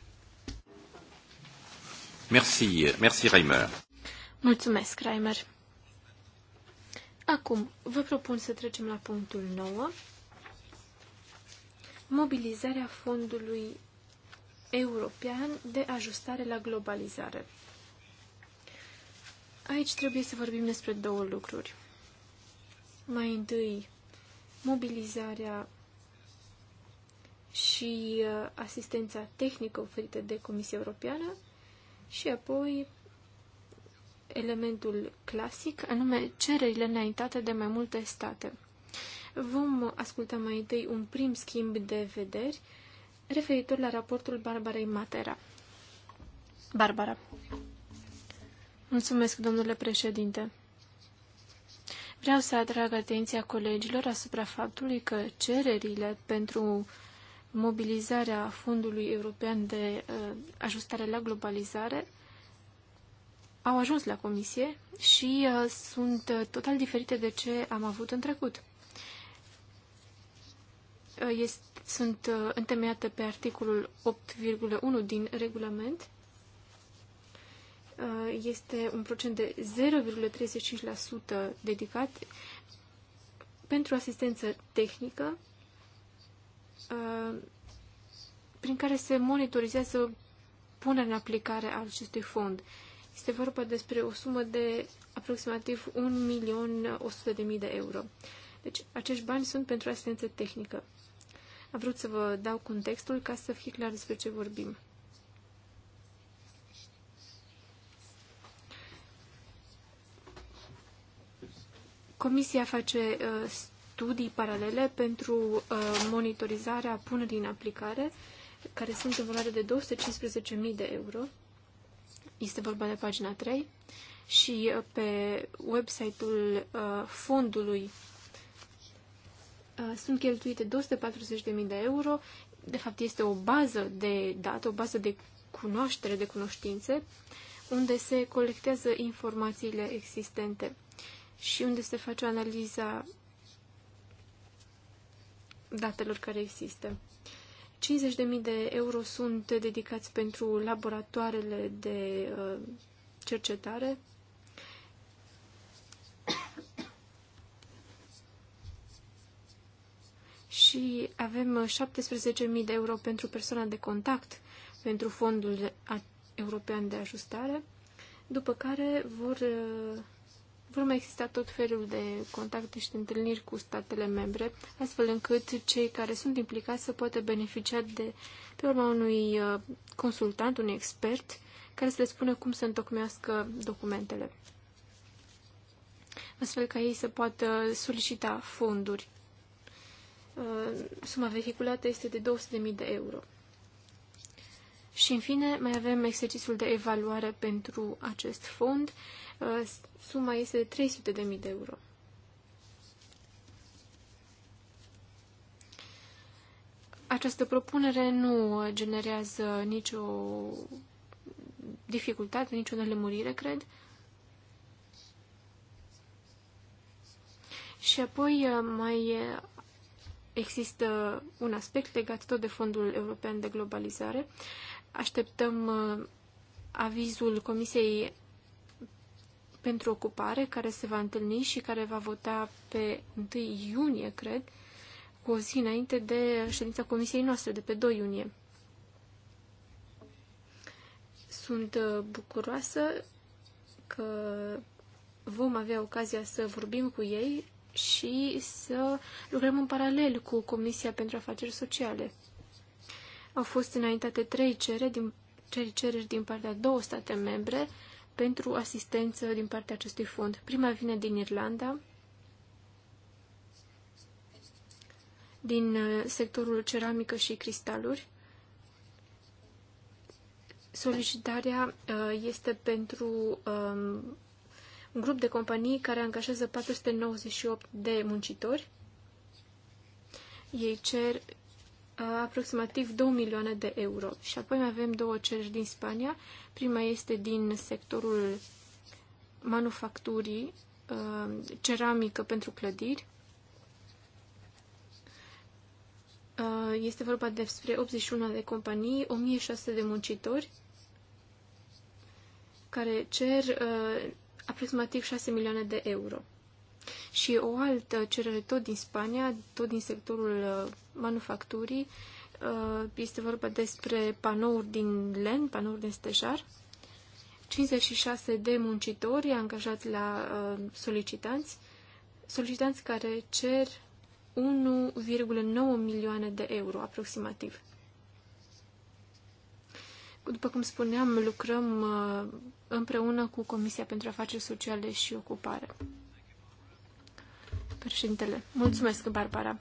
Merci, merci Reimer. Mulțumesc, Reimer. Acum, vă propun să trecem la punctul 9 mobilizarea fondului european de ajustare la globalizare. Aici trebuie să vorbim despre două lucruri. Mai întâi, mobilizarea și uh, asistența tehnică oferită de Comisia Europeană și apoi elementul clasic, anume cererile înaintate de mai multe state. Vom asculta mai întâi un prim schimb de vederi referitor la raportul Barbarei Matera. Barbara. Mulțumesc, domnule președinte. Vreau să atrag atenția colegilor asupra faptului că cererile pentru mobilizarea Fondului European de uh, Ajustare la Globalizare au ajuns la comisie și uh, sunt uh, total diferite de ce am avut în trecut. Uh, este, sunt uh, întemeiate pe articolul 8,1 din regulament. Uh, este un procent de 0,35% dedicat pentru asistență tehnică prin care se monitorizează punerea în aplicare a acestui fond. Este vorba despre o sumă de aproximativ 1.100.000 de euro. Deci, acești bani sunt pentru asistență tehnică. Am vrut să vă dau contextul ca să fie clar despre ce vorbim. Comisia face uh, studii paralele pentru uh, monitorizarea punerii în aplicare, care sunt în valoare de 215.000 de euro. Este vorba de pagina 3 și uh, pe website-ul uh, fondului Uh, sunt cheltuite 240.000 de euro. De fapt, este o bază de date, o bază de cunoaștere, de cunoștințe, unde se colectează informațiile existente și unde se face analiza datelor care există. 50.000 de euro sunt dedicați pentru laboratoarele de uh, cercetare, și avem 17.000 de euro pentru persoana de contact pentru fondul european de ajustare, după care vor, uh, vor mai exista tot felul de contacte și de întâlniri cu statele membre, astfel încât cei care sunt implicați să poată beneficia de pe urma unui uh, consultant, un expert, care să le spună cum să întocmească documentele astfel ca ei să poată solicita fonduri. Uh, suma vehiculată este de 200.000 de euro. Și în fine, mai avem exercițiul de evaluare pentru acest fond. Uh, suma este de 300.000 de euro. Această propunere nu generează nicio dificultate, nicio nelămurire, cred. Și apoi uh, mai există un aspect legat tot de Fondul European de Globalizare. Așteptăm uh, avizul Comisiei pentru Ocupare, care se va întâlni și care va vota pe 1 iunie, cred, cu o zi înainte de ședința Comisiei noastre, de pe 2 iunie. Sunt uh, bucuroasă că vom avea ocazia să vorbim cu ei și să lucrăm în paralel cu Comisia pentru Afaceri Sociale. Au fost înaintate trei cereri din, trei cereri din partea două state membre pentru asistență din partea acestui fond. Prima vine din Irlanda, din uh, sectorul ceramică și cristaluri. Solicitarea uh, este pentru um, un grup de companii care angajează 498 de muncitori. Ei cer uh, aproximativ 2 milioane de euro. Și apoi mai avem două cereri din Spania. Prima este din sectorul manufacturii, uh, ceramică pentru clădiri. Uh, este vorba despre 81 de companii, 1600 de muncitori care cer aproximativ 6 milioane de euro. Și o altă cerere tot din Spania, tot din sectorul uh, manufacturii, uh, este vorba despre panouri din len, panouri din stejar. 56 de muncitori angajați la uh, solicitanți, solicitanți care cer 1,9 milioane de euro aproximativ. După cum spuneam, lucrăm uh, împreună cu Comisia pentru Afaceri Sociale și Ocupare. Președintele, mulțumesc, Barbara.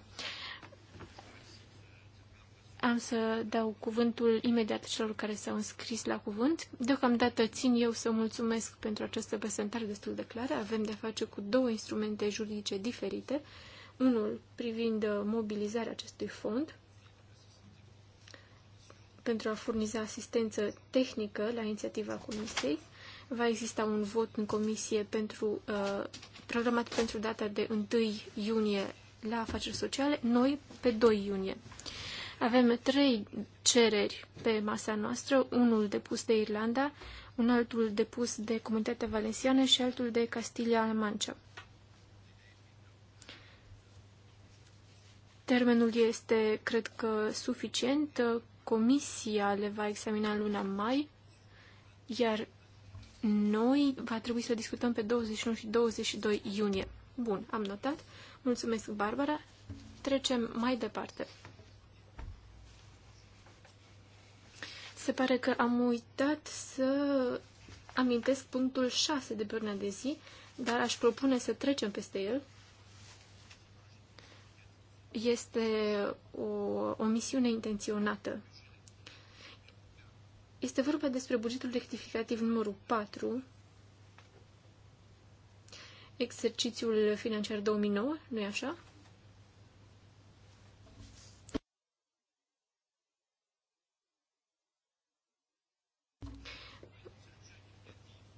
Am să dau cuvântul imediat celor care s-au înscris la cuvânt. Deocamdată țin eu să mulțumesc pentru această prezentare destul de clară. Avem de face cu două instrumente juridice diferite. Unul privind mobilizarea acestui fond pentru a furniza asistență tehnică la inițiativa Comisiei. Va exista un vot în Comisie pentru, uh, programat pentru data de 1 iunie la afaceri sociale, noi pe 2 iunie. Avem trei cereri pe masa noastră, unul depus de Irlanda, un altul depus de Comunitatea Valenciană și altul de Castilia-La Mancha. Termenul este, cred că, suficient. Comisia le va examina luna mai, iar noi va trebui să discutăm pe 21 și 22 iunie. Bun, am notat. Mulțumesc, Barbara. Trecem mai departe. Se pare că am uitat să amintesc punctul 6 de pe de zi, dar aș propune să trecem peste el. Este o, o misiune intenționată este vorba despre bugetul rectificativ numărul 4, exercițiul financiar 2009, nu-i așa?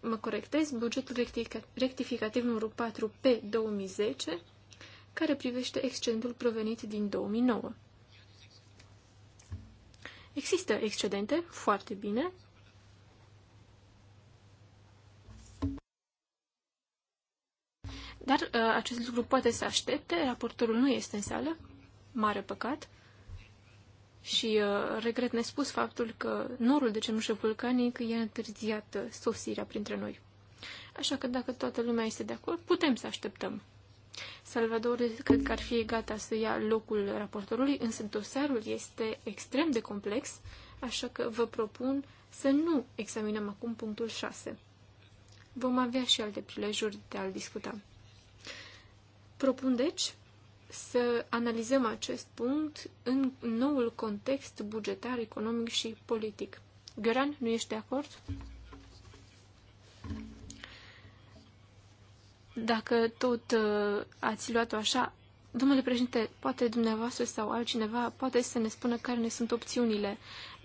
Mă corectez, bugetul rectificativ numărul 4 pe 2010, care privește excedentul provenit din 2009. Există excedente, foarte bine. Dar uh, acest lucru poate să aștepte, raportorul nu este în sală, mare păcat. Și uh, regret nespus faptul că norul de cenușă vulcanic e întârziat uh, sosirea printre noi. Așa că dacă toată lumea este de acord, putem să așteptăm. Salvador cred că ar fi gata să ia locul raportorului, însă dosarul este extrem de complex, așa că vă propun să nu examinăm acum punctul 6. Vom avea și alte prilejuri de a-l discuta. Propun, deci, să analizăm acest punct în noul context bugetar, economic și politic. Găran, nu ești de acord? Dacă tot uh, ați luat-o așa, domnule președinte, poate dumneavoastră sau altcineva poate să ne spună care ne sunt opțiunile.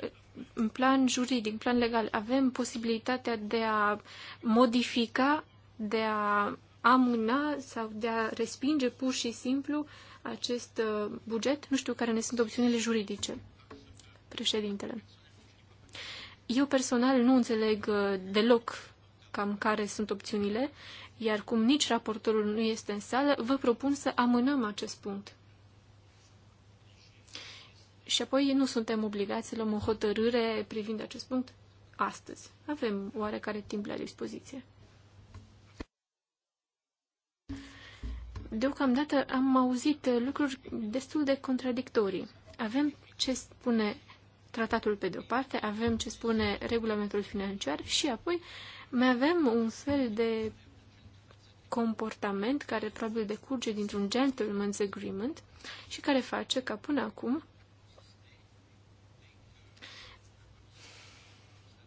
Uh, în plan juridic, în plan legal, avem posibilitatea de a modifica, de a amâna sau de a respinge pur și simplu acest uh, buget? Nu știu care ne sunt opțiunile juridice. Președintele. Eu personal nu înțeleg uh, deloc cam care sunt opțiunile iar cum nici raportorul nu este în sală, vă propun să amânăm acest punct. Și apoi nu suntem obligați să luăm o hotărâre privind acest punct astăzi. Avem oarecare timp la dispoziție. Deocamdată am auzit lucruri destul de contradictorii. Avem ce spune tratatul pe de-o parte, avem ce spune regulamentul financiar și apoi mai avem un fel de comportament care probabil decurge dintr-un gentleman's agreement și care face ca până acum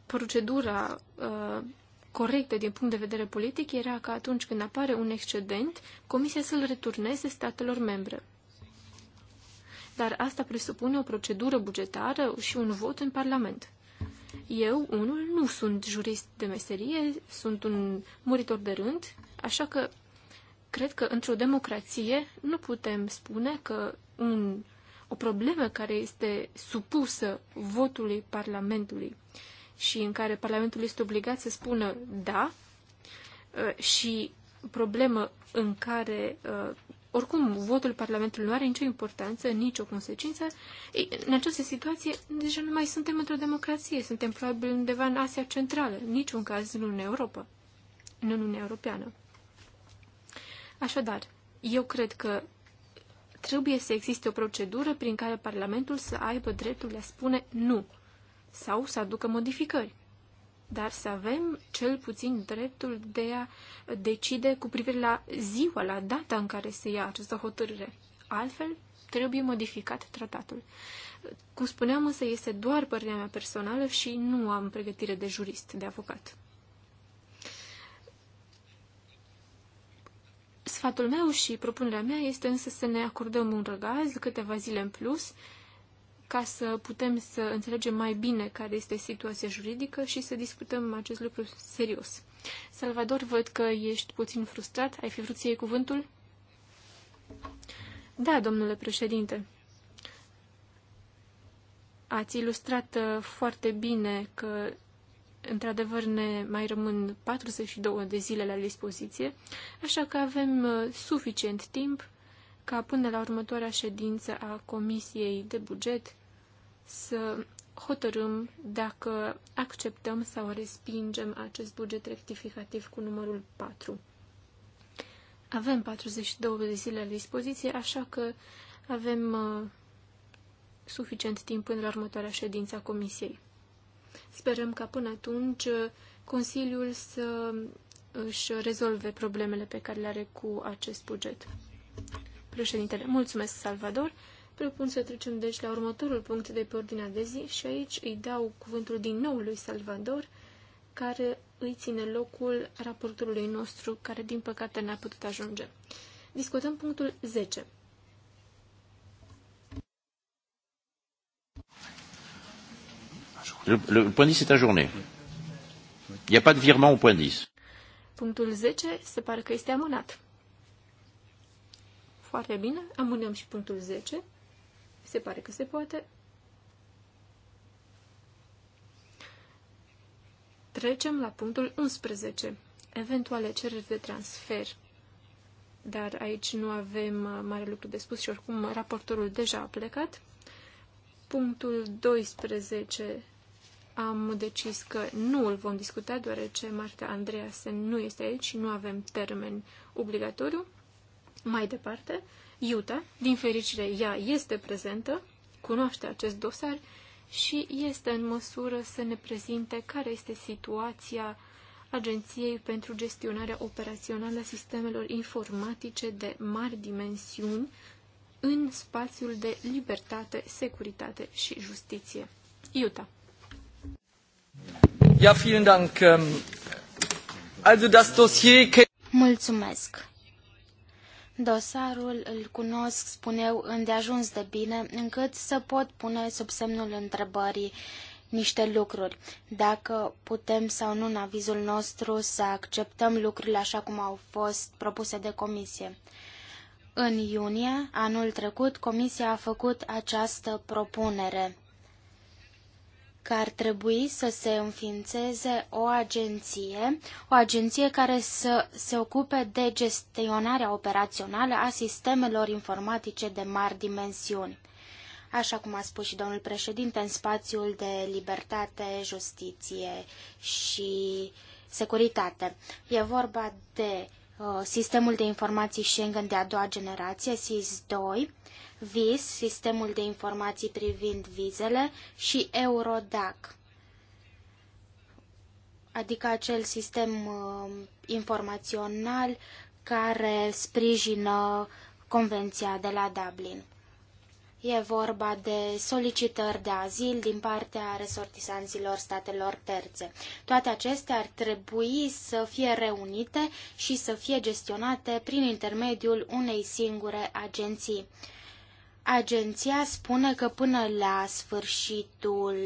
procedura uh, corectă din punct de vedere politic era că atunci când apare un excedent, Comisia să-l returneze statelor membre. Dar asta presupune o procedură bugetară și un vot în Parlament. Eu, unul, nu sunt jurist de meserie, sunt un muritor de rând, așa că cred că într-o democrație nu putem spune că un, o problemă care este supusă votului Parlamentului și în care Parlamentul este obligat să spună da uh, și problemă în care uh, oricum votul Parlamentului nu are nicio importanță, nicio consecință, Ei, în această situație deja nu mai suntem într-o democrație, suntem probabil undeva în Asia Centrală, niciun caz nu în Europa, nu în Uniunea Europeană. Așadar, eu cred că trebuie să existe o procedură prin care Parlamentul să aibă dreptul de a spune nu sau să aducă modificări dar să avem cel puțin dreptul de a decide cu privire la ziua, la data în care se ia această hotărâre. Altfel, trebuie modificat tratatul. Cum spuneam, însă, este doar părerea mea personală și nu am pregătire de jurist, de avocat. Sfatul meu și propunerea mea este însă să ne acordăm un răgaz câteva zile în plus ca să putem să înțelegem mai bine care este situația juridică și să discutăm acest lucru serios. Salvador, văd că ești puțin frustrat. Ai fi vrut să iei cuvântul? Da, domnule președinte. Ați ilustrat uh, foarte bine că, într-adevăr, ne mai rămân 42 de zile la dispoziție, așa că avem uh, suficient timp ca până la următoarea ședință a Comisiei de Buget să hotărâm dacă acceptăm sau respingem acest buget rectificativ cu numărul 4. Avem 42 de zile la dispoziție, așa că avem uh, suficient timp până la următoarea ședință a Comisiei. Sperăm ca până atunci uh, Consiliul să își rezolve problemele pe care le are cu acest buget. Președintele, mulțumesc, Salvador! Propun să trecem deci la următorul punct de pe ordinea de zi și aici îi dau cuvântul din nou lui Salvador, care îi ține locul raportului nostru, care din păcate n-a putut ajunge. Discutăm punctul 10. Le, le point 10 est ajourné. Il n'y a pas de virement au point 10. Punctul 10 se pare că este amânat. Foarte bine, amânăm și punctul 10. Se pare că se poate. Trecem la punctul 11. Eventuale cereri de transfer. Dar aici nu avem uh, mare lucru de spus și oricum raportorul deja a plecat. Punctul 12 am decis că nu îl vom discuta, deoarece Marta Andreasen nu este aici și nu avem termen obligatoriu. Mai departe, Iuta, din fericire, ea este prezentă, cunoaște acest dosar și este în măsură să ne prezinte care este situația Agenției pentru gestionarea operațională a sistemelor informatice de mari dimensiuni în spațiul de libertate, securitate și justiție. Iuta. Ja, vielen Dank. Ähm, also das Dossier Mulțumesc. Dosarul îl cunosc, spun eu, îndeajuns de bine, încât să pot pune sub semnul întrebării niște lucruri. Dacă putem sau nu în avizul nostru să acceptăm lucrurile așa cum au fost propuse de comisie. În iunie anul trecut, comisia a făcut această propunere că ar trebui să se înființeze o agenție, o agenție care să se ocupe de gestionarea operațională a sistemelor informatice de mari dimensiuni. Așa cum a spus și domnul președinte, în spațiul de libertate, justiție și securitate. E vorba de Uh, sistemul de informații Schengen de a doua generație, SIS-2, VIS, sistemul de informații privind vizele și Eurodac, adică acel sistem uh, informațional care sprijină Convenția de la Dublin. E vorba de solicitări de azil din partea resortisanților statelor terțe. Toate acestea ar trebui să fie reunite și să fie gestionate prin intermediul unei singure agenții. Agenția spune că până la sfârșitul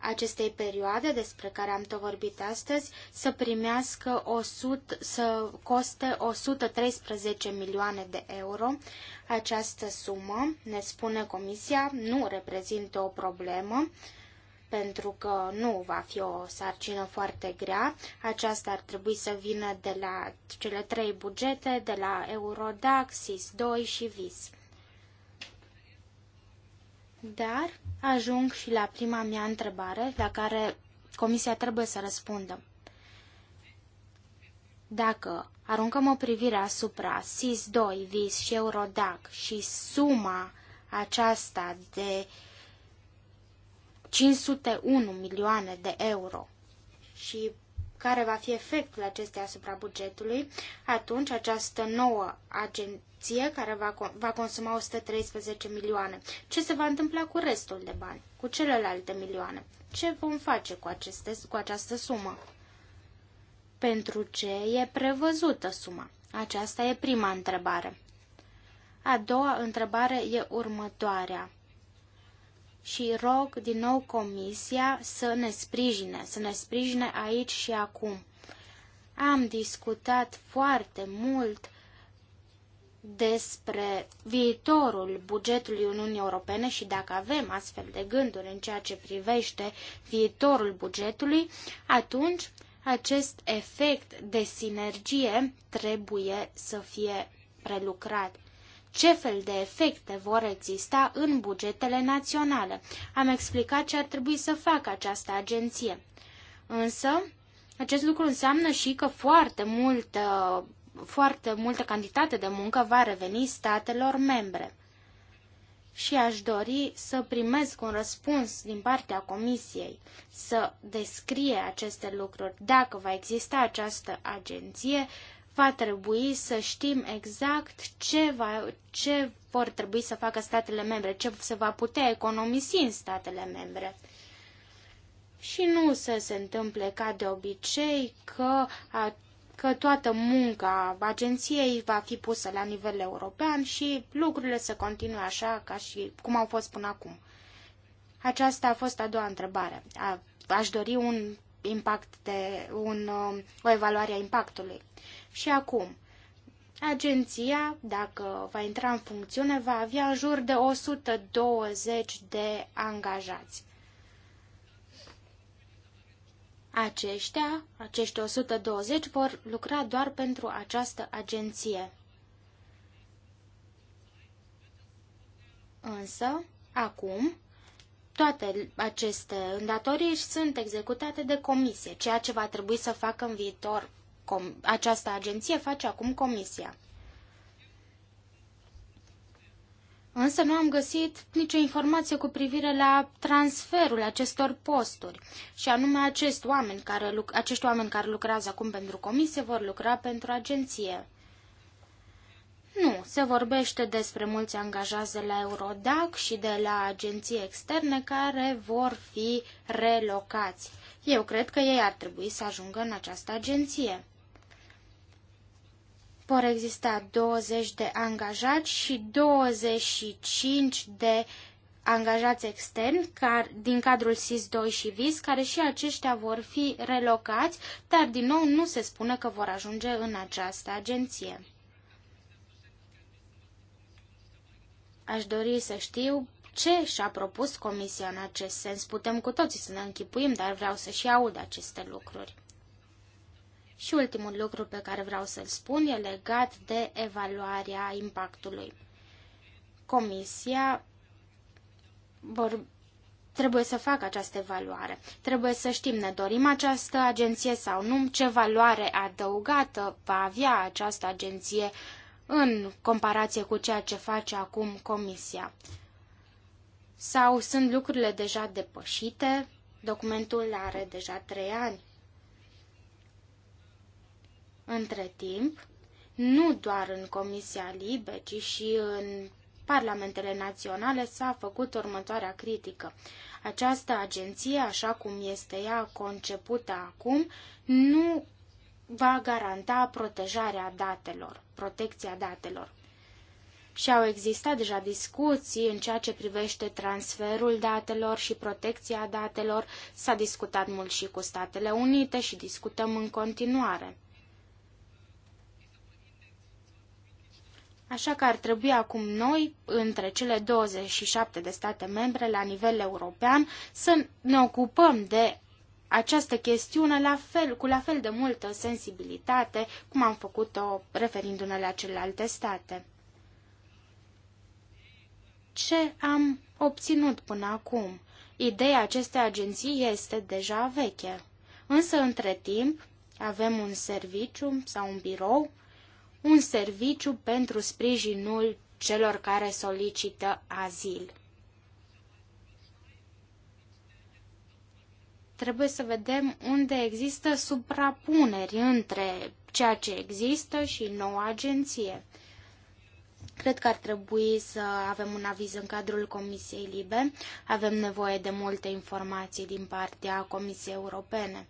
acestei perioade despre care am tot vorbit astăzi să primească 100, să coste 113 milioane de euro. Această sumă, ne spune Comisia, nu reprezintă o problemă pentru că nu va fi o sarcină foarte grea. Aceasta ar trebui să vină de la cele trei bugete, de la Eurodac, SIS 2 și VIS. Dar ajung și la prima mea întrebare, la care Comisia trebuie să răspundă. Dacă aruncăm o privire asupra SIS-2, VIS și Eurodac și suma aceasta de 501 milioane de euro și care va fi efectul acestei asupra bugetului, atunci această nouă agenție care va, va consuma 113 milioane. Ce se va întâmpla cu restul de bani, cu celelalte milioane? Ce vom face cu, aceste, cu această sumă? Pentru ce e prevăzută suma? Aceasta e prima întrebare. A doua întrebare e următoarea și rog din nou Comisia să ne sprijine, să ne sprijine aici și acum. Am discutat foarte mult despre viitorul bugetului Uniunii Europene și dacă avem astfel de gânduri în ceea ce privește viitorul bugetului, atunci acest efect de sinergie trebuie să fie prelucrat ce fel de efecte vor exista în bugetele naționale. Am explicat ce ar trebui să facă această agenție. Însă, acest lucru înseamnă și că foarte multă, foarte multă cantitate de muncă va reveni statelor membre. Și aș dori să primesc un răspuns din partea Comisiei să descrie aceste lucruri, dacă va exista această agenție, va trebui să știm exact ce, va, ce vor trebui să facă statele membre, ce se va putea economisi în statele membre. Și nu să se întâmple ca de obicei că, a, că toată munca agenției va fi pusă la nivel european și lucrurile să continue așa ca și cum au fost până acum. Aceasta a fost a doua întrebare. A, aș dori un impact de un, o evaluare a impactului. Și acum, agenția, dacă va intra în funcțiune, va avea în jur de 120 de angajați. Aceștia, acești 120, vor lucra doar pentru această agenție. Însă, acum, toate aceste îndatoriri sunt executate de comisie, ceea ce va trebui să facă în viitor această agenție face acum Comisia. Însă nu am găsit nicio informație cu privire la transferul acestor posturi, și anume acest oameni care, acești oameni care lucrează acum pentru comisie vor lucra pentru agenție. Nu, se vorbește despre mulți angajați de la Eurodac și de la agenții externe care vor fi relocați. Eu cred că ei ar trebui să ajungă în această agenție vor exista 20 de angajați și 25 de angajați externi din cadrul SIS-2 și VIS, care și aceștia vor fi relocați, dar din nou nu se spune că vor ajunge în această agenție. Aș dori să știu ce și-a propus Comisia în acest sens. Putem cu toții să ne închipuim, dar vreau să și aud aceste lucruri. Și ultimul lucru pe care vreau să-l spun e legat de evaluarea impactului. Comisia vor, trebuie să facă această evaluare. Trebuie să știm, ne dorim această agenție sau nu, ce valoare adăugată va avea această agenție în comparație cu ceea ce face acum Comisia. Sau sunt lucrurile deja depășite, documentul are deja trei ani. Între timp, nu doar în Comisia Libe, ci și în parlamentele naționale s-a făcut următoarea critică. Această agenție, așa cum este ea concepută acum, nu va garanta protejarea datelor, protecția datelor. Și au existat deja discuții în ceea ce privește transferul datelor și protecția datelor. S-a discutat mult și cu Statele Unite și discutăm în continuare. Așa că ar trebui acum noi, între cele 27 de state membre la nivel european, să ne ocupăm de această chestiune la fel, cu la fel de multă sensibilitate cum am făcut-o referindu-ne la celelalte state. Ce am obținut până acum? Ideea acestei agenții este deja veche, însă între timp avem un serviciu sau un birou un serviciu pentru sprijinul celor care solicită azil. Trebuie să vedem unde există suprapuneri între ceea ce există și noua agenție. Cred că ar trebui să avem un aviz în cadrul Comisiei Libe. Avem nevoie de multe informații din partea Comisiei Europene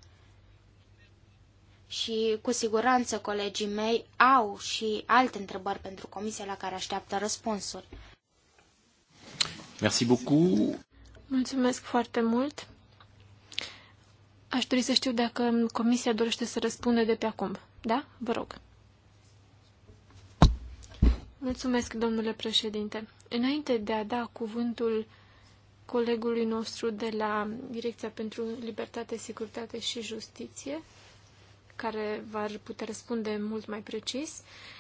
și cu siguranță colegii mei au și alte întrebări pentru comisie la care așteaptă răspunsuri. Merci beaucoup. Mulțumesc foarte mult. Aș dori să știu dacă comisia dorește să răspundă de pe acum. Da? Vă rog. Mulțumesc, domnule președinte. Înainte de a da cuvântul colegului nostru de la Direcția pentru Libertate, Securitate și Justiție, care v-ar putea răspunde mult mai precis.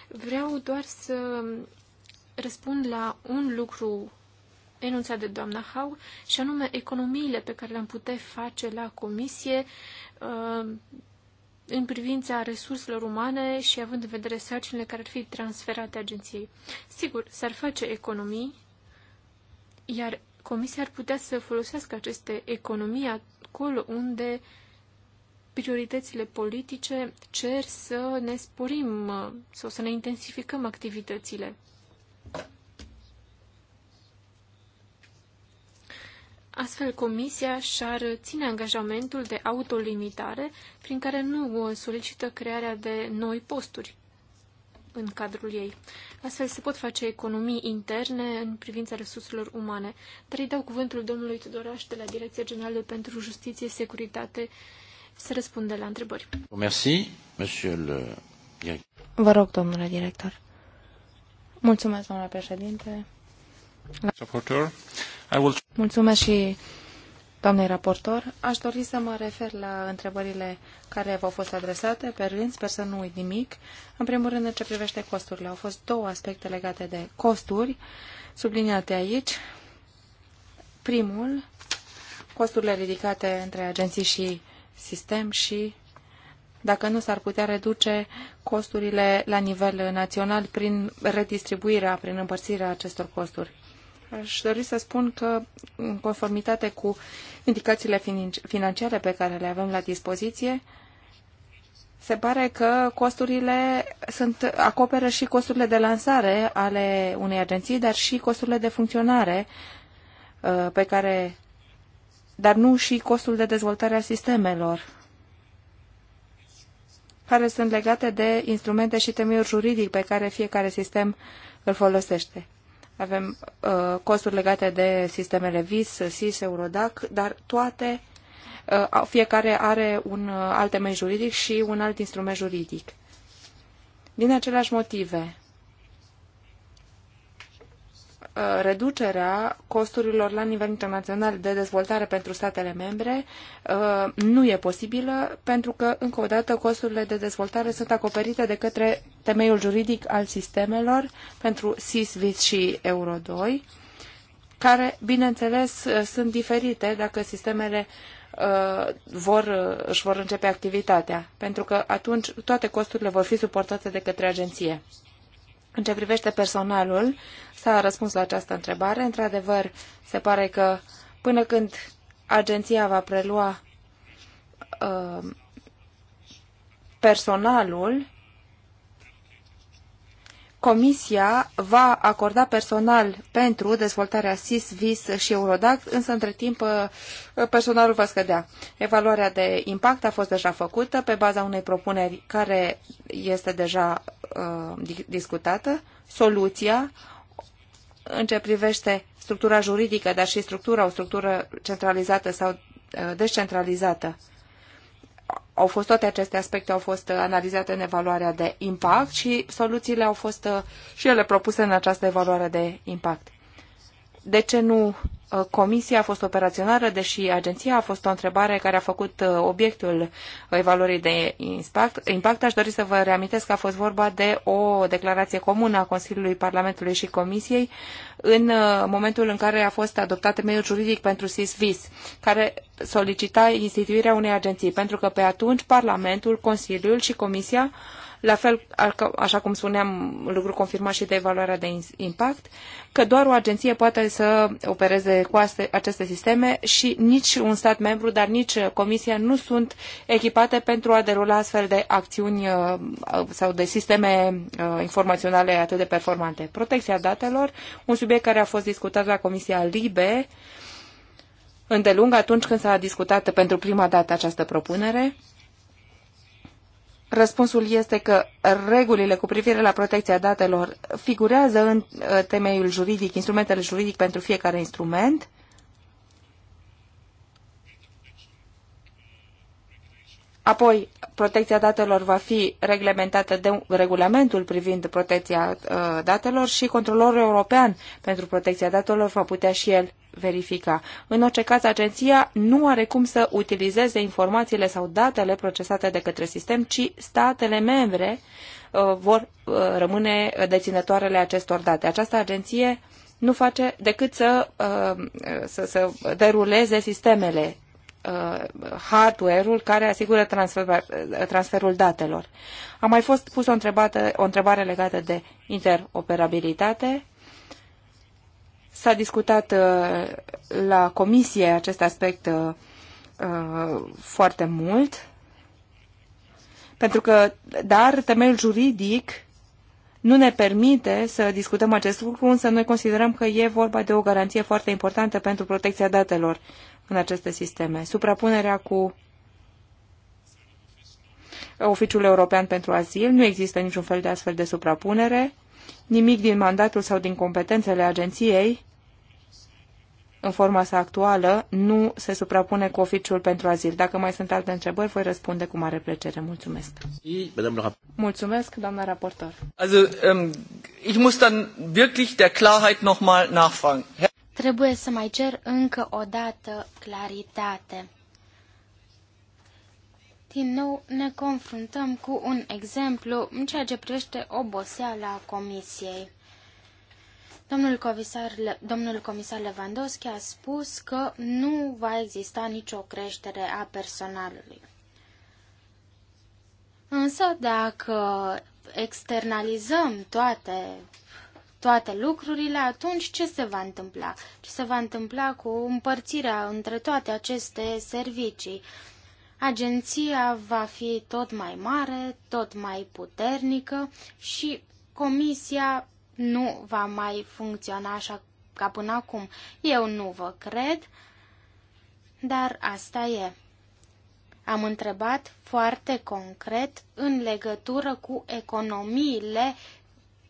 Vreau doar să răspund la un lucru enunțat de doamna Hau, și anume economiile pe care le-am putea face la comisie uh, în privința resurselor umane și având în vedere sarcinile care ar fi transferate agenției. Sigur, s-ar face economii, iar comisia ar putea să folosească aceste economii acolo unde uh, prioritățile politice cer să ne sporim sau să ne intensificăm activitățile. Astfel, Comisia și-ar ține angajamentul de autolimitare prin care nu solicită crearea de noi posturi în cadrul ei. Astfel se pot face economii interne în privința resurselor umane. Dar îi dau cuvântul domnului Tudoraș de la Direcția Generală pentru Justiție, Securitate să răspundă la întrebări. Merci, monsieur le director. Vă rog, domnule director. Mulțumesc, domnule președinte. Raportor. Will... Mulțumesc și doamnei raportor. Aș dori să mă refer la întrebările care v-au fost adresate pe rând. Sper să nu uit nimic. În primul rând, în ce privește costurile. Au fost două aspecte legate de costuri subliniate aici. Primul, costurile ridicate între agenții și sistem și dacă nu s-ar putea reduce costurile la nivel național prin redistribuirea, prin împărțirea acestor costuri. Aș dori să spun că, în conformitate cu indicațiile financiare pe care le avem la dispoziție, se pare că costurile sunt, acoperă și costurile de lansare ale unei agenții, dar și costurile de funcționare uh, pe care dar nu și costul de dezvoltare a sistemelor, care sunt legate de instrumente și temeiuri juridic pe care fiecare sistem îl folosește. Avem uh, costuri legate de sistemele VIS, SIS, Eurodac, dar toate, uh, fiecare are un uh, alt temei juridic și un alt instrument juridic. Din aceleași motive, Uh, reducerea costurilor la nivel internațional de dezvoltare pentru statele membre uh, nu e posibilă pentru că, încă o dată, costurile de dezvoltare sunt acoperite de către temeiul juridic al sistemelor pentru SIS, VIS și Euro 2, care, bineînțeles, uh, sunt diferite dacă sistemele vor, își vor începe activitatea, pentru că atunci toate costurile vor fi suportate de către agenție. În ce privește personalul, s-a răspuns la această întrebare. Într-adevăr, se pare că până când agenția va prelua uh, personalul, Comisia va acorda personal pentru dezvoltarea SIS, VIS și Eurodac, însă între timp uh, personalul va scădea. Evaluarea de impact a fost deja făcută pe baza unei propuneri care este deja uh, discutată. Soluția în ce privește structura juridică, dar și structura, o structură centralizată sau uh, descentralizată au fost toate aceste aspecte au fost uh, analizate în evaluarea de impact și soluțiile au fost uh, și ele propuse în această evaluare de impact de ce nu uh, comisia a fost operațională, deși agenția a fost o întrebare care a făcut uh, obiectul evaluării de impact. impact. Aș dori să vă reamintesc că a fost vorba de o declarație comună a Consiliului Parlamentului și Comisiei în uh, momentul în care a fost adoptat temeiul juridic pentru SIS-VIS, care solicita instituirea unei agenții, pentru că pe atunci Parlamentul, Consiliul și Comisia la fel, așa cum spuneam, lucru confirmat și de evaluarea de impact, că doar o agenție poate să opereze cu aceste sisteme și nici un stat membru, dar nici Comisia nu sunt echipate pentru a derula astfel de acțiuni uh, uh, sau de sisteme uh, informaționale atât de performante. Protecția datelor, un subiect care a fost discutat la Comisia LIBE, îndelung atunci când s-a discutat pentru prima dată această propunere Răspunsul este că regulile cu privire la protecția datelor figurează în uh, temeiul juridic, instrumentele juridic pentru fiecare instrument. Apoi, protecția datelor va fi reglementată de regulamentul privind protecția uh, datelor și controlorul european pentru protecția datelor va putea și el verifica. În orice caz, agenția nu are cum să utilizeze informațiile sau datele procesate de către sistem, ci statele membre uh, vor uh, rămâne deținătoarele acestor date. Această agenție nu face decât să, uh, să, să deruleze sistemele, hardware-ul care asigură transfer, transferul datelor. A mai fost pusă o, întrebată, o întrebare legată de interoperabilitate S-a discutat uh, la comisie acest aspect uh, uh, foarte mult, pentru că, dar temeiul juridic nu ne permite să discutăm acest lucru, însă noi considerăm că e vorba de o garanție foarte importantă pentru protecția datelor în aceste sisteme. Suprapunerea cu Oficiul European pentru Azil, nu există niciun fel de astfel de suprapunere, nimic din mandatul sau din competențele agenției în forma sa actuală, nu se suprapune cu oficiul pentru azil. Dacă mai sunt alte întrebări, voi răspunde cu mare plăcere. Mulțumesc. Mulțumesc, doamna raportor. Also, um, ich muss dann wirklich der Klarheit nochmal nachfragen. Trebuie să mai cer încă o dată claritate. Din nou ne confruntăm cu un exemplu în ceea ce privește oboseala comisiei. Domnul comisar, domnul comisar Lewandowski a spus că nu va exista nicio creștere a personalului. Însă, dacă externalizăm toate, toate lucrurile, atunci ce se va întâmpla? Ce se va întâmpla cu împărțirea între toate aceste servicii? Agenția va fi tot mai mare, tot mai puternică și comisia nu va mai funcționa așa ca până acum. Eu nu vă cred, dar asta e. Am întrebat foarte concret în legătură cu economiile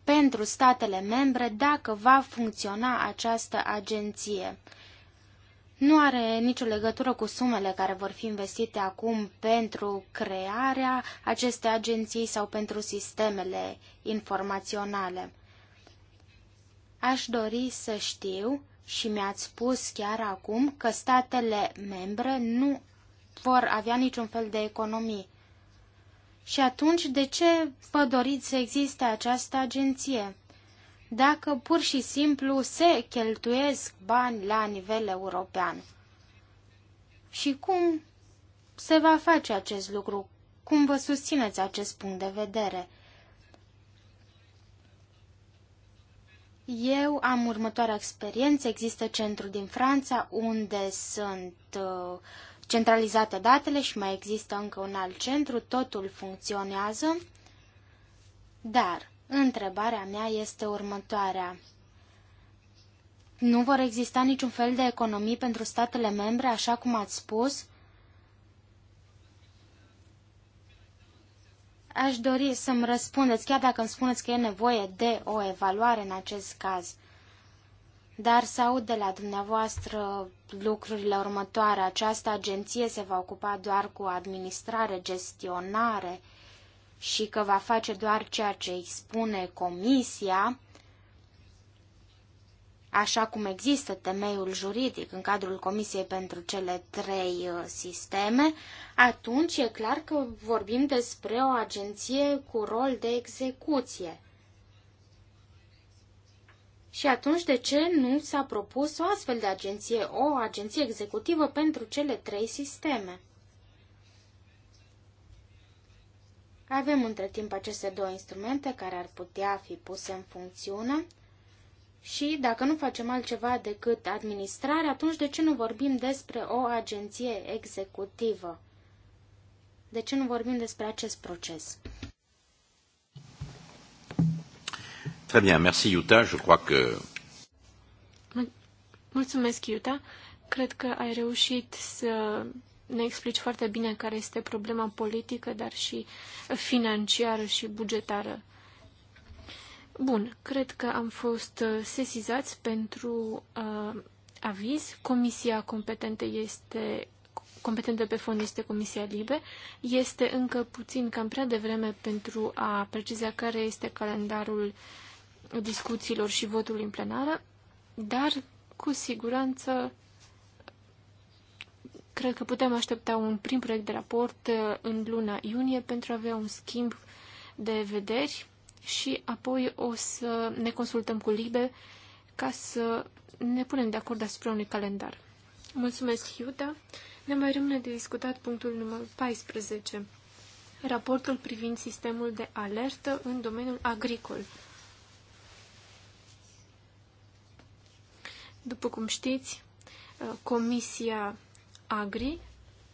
pentru statele membre dacă va funcționa această agenție. Nu are nicio legătură cu sumele care vor fi investite acum pentru crearea acestei agenții sau pentru sistemele informaționale. Aș dori să știu și mi-ați spus chiar acum că statele membre nu vor avea niciun fel de economii. Și atunci, de ce vă doriți să existe această agenție? Dacă pur și simplu se cheltuiesc bani la nivel european. Și cum se va face acest lucru? Cum vă susțineți acest punct de vedere? Eu am următoarea experiență. Există centru din Franța unde sunt uh, centralizate datele și mai există încă un alt centru. Totul funcționează. Dar întrebarea mea este următoarea. Nu vor exista niciun fel de economii pentru statele membre, așa cum ați spus? aș dori să-mi răspundeți, chiar dacă îmi spuneți că e nevoie de o evaluare în acest caz. Dar să aud de la dumneavoastră lucrurile următoare. Această agenție se va ocupa doar cu administrare, gestionare și că va face doar ceea ce îi spune comisia așa cum există temeiul juridic în cadrul Comisiei pentru cele trei uh, sisteme, atunci e clar că vorbim despre o agenție cu rol de execuție. Și atunci de ce nu s-a propus o astfel de agenție, o agenție executivă pentru cele trei sisteme? Avem între timp aceste două instrumente care ar putea fi puse în funcțiune și dacă nu facem altceva decât administrare, atunci de ce nu vorbim despre o agenție executivă? De ce nu vorbim despre acest proces? Très bien, merci Iuta. Je crois que... Mulțumesc, Iuta. Cred că ai reușit să ne explici foarte bine care este problema politică, dar și financiară și bugetară Bun, cred că am fost uh, sesizați pentru uh, aviz. Comisia competentă este competentă pe fond este Comisia Libe. Este încă puțin cam prea devreme pentru a preciza care este calendarul discuțiilor și votul în plenară, dar cu siguranță cred că putem aștepta un prim proiect de raport uh, în luna iunie pentru a avea un schimb de vederi și apoi o să ne consultăm cu Libe ca să ne punem de acord asupra unui calendar. Mulțumesc, Iuda. Ne mai rămâne de discutat punctul numărul 14. Raportul privind sistemul de alertă în domeniul agricol. După cum știți, uh, Comisia Agri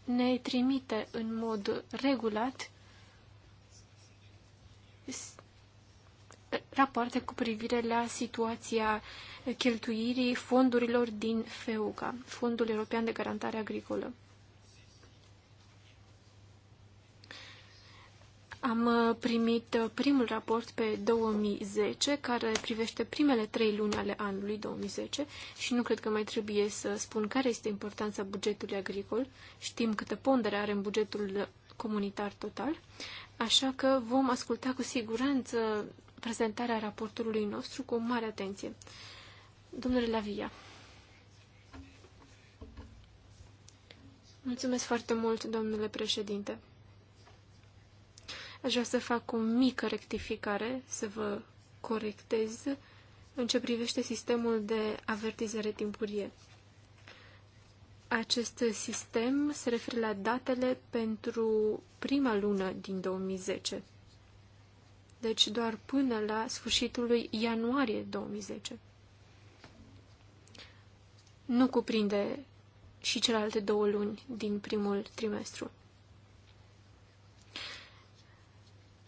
ne trimite în mod regulat rapoarte cu privire la situația cheltuirii fondurilor din FEUCA, Fondul European de Garantare Agricolă. Am uh, primit uh, primul raport pe 2010, care privește primele trei luni ale anului 2010 și nu cred că mai trebuie să spun care este importanța bugetului agricol. Știm câtă pondere are în bugetul comunitar total, așa că vom asculta cu siguranță prezentarea raportului nostru cu mare atenție. Domnule Lavia. Mulțumesc foarte mult, domnule președinte. Aș vrea să fac o mică rectificare, să vă corectez în ce privește sistemul de avertizare timpurie. Acest sistem se referă la datele pentru prima lună din 2010 deci doar până la sfârșitul lui ianuarie 2010. Nu cuprinde și celelalte două luni din primul trimestru.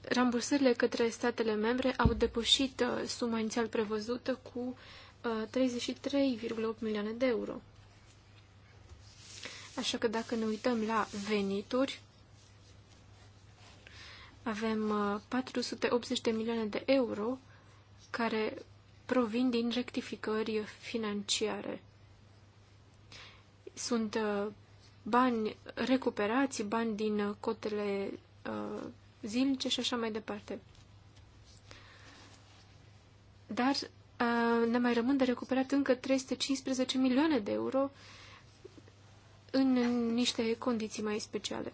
Rambursările către statele membre au depășit uh, suma inițial prevăzută cu 33,8 uh, milioane de euro. Așa că dacă ne uităm la venituri, avem 480 uh, de milioane de euro care provin din rectificări financiare. Sunt uh, bani recuperați, bani din uh, cotele zilnice și așa mai departe. Dar ne mai rămân de recuperat încă 315 milioane de euro în niște condiții mai speciale.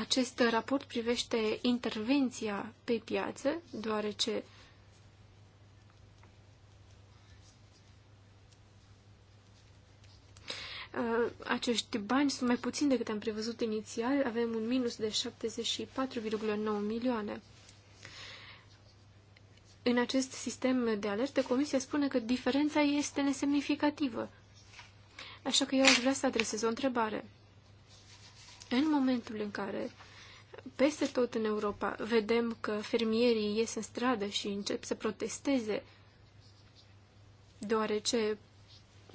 Acest raport privește intervenția pe piață, deoarece uh, acești bani sunt mai puțini decât am prevăzut inițial, avem un minus de 74,9 milioane. În acest sistem de alertă, Comisia spune că diferența este nesemnificativă. Așa că eu aș vrea să adresez o întrebare. În momentul în care peste tot în Europa vedem că fermierii ies în stradă și încep să protesteze, deoarece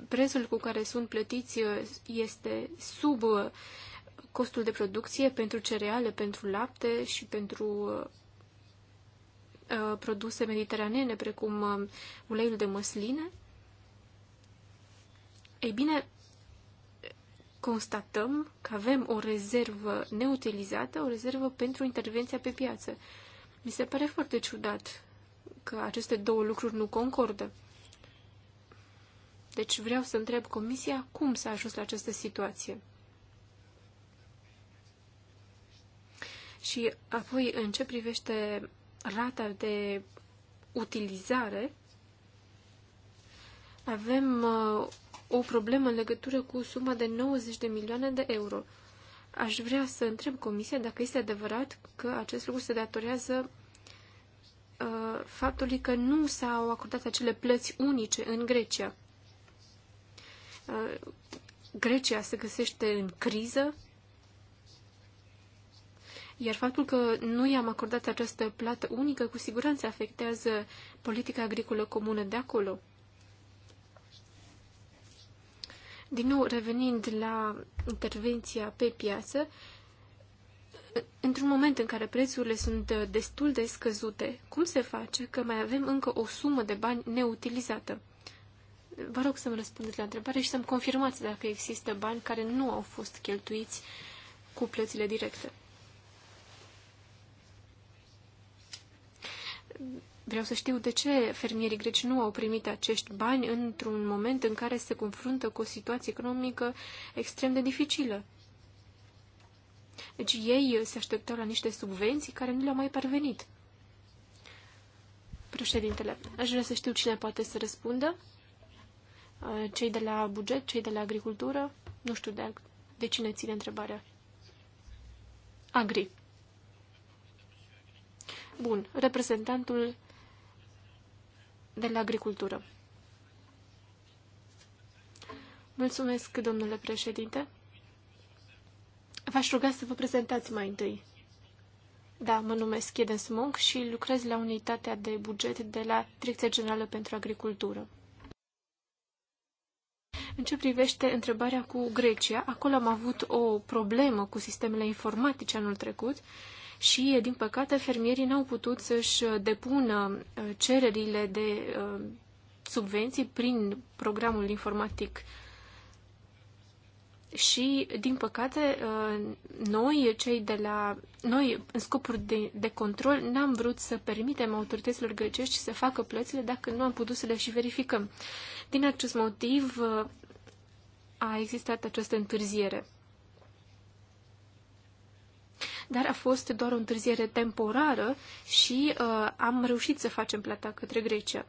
prețul cu care sunt plătiți uh, este sub uh, costul de producție pentru cereale, pentru lapte și pentru uh, produse mediteranene, precum uleiul de măsline, ei bine, constatăm că avem o rezervă neutilizată, o rezervă pentru intervenția pe piață. Mi se pare foarte ciudat că aceste două lucruri nu concordă. Deci vreau să întreb Comisia cum s-a ajuns la această situație. Și apoi, în ce privește rata de utilizare, avem uh, o problemă în legătură cu suma de 90 de milioane de euro. Aș vrea să întreb Comisia dacă este adevărat că acest lucru se datorează uh, faptului că nu s-au acordat acele plăți unice în Grecia. Uh, Grecia se găsește în criză, iar faptul că nu i-am acordat această plată unică, cu siguranță afectează politica agricolă comună de acolo. Din nou, revenind la intervenția pe piață, într-un moment în care prețurile sunt uh, destul de scăzute, cum se face că mai avem încă o sumă de bani neutilizată? Vă rog să-mi răspundeți la întrebare și să-mi confirmați dacă există bani care nu au fost cheltuiți cu plățile directe. Vreau să știu de ce fermierii greci nu au primit acești bani într-un moment în care se confruntă cu o situație economică extrem de dificilă. Deci ei se așteptau la niște subvenții care nu le-au mai parvenit. Președintele, aș vrea să știu cine poate să răspundă. Cei de la buget, cei de la agricultură, nu știu de, de cine ține întrebarea. Agri. Bun, reprezentantul de la agricultură. Mulțumesc, domnule președinte. V-aș ruga să vă prezentați mai întâi. Da, mă numesc Eden Smong și lucrez la unitatea de buget de la Direcția Generală pentru Agricultură. În ce privește întrebarea cu Grecia, acolo am avut o problemă cu sistemele informatice anul trecut și, din păcate, fermierii n-au putut să-și depună uh, cererile de uh, subvenții prin programul informatic. Și, din păcate, uh, noi, cei de la. Noi, în scopuri de, de control, n-am vrut să permitem autorităților grecești să facă plățile dacă nu am putut să le și verificăm. Din acest motiv, a existat această întârziere dar a fost doar o întârziere temporară și uh, am reușit să facem plata către Grecia.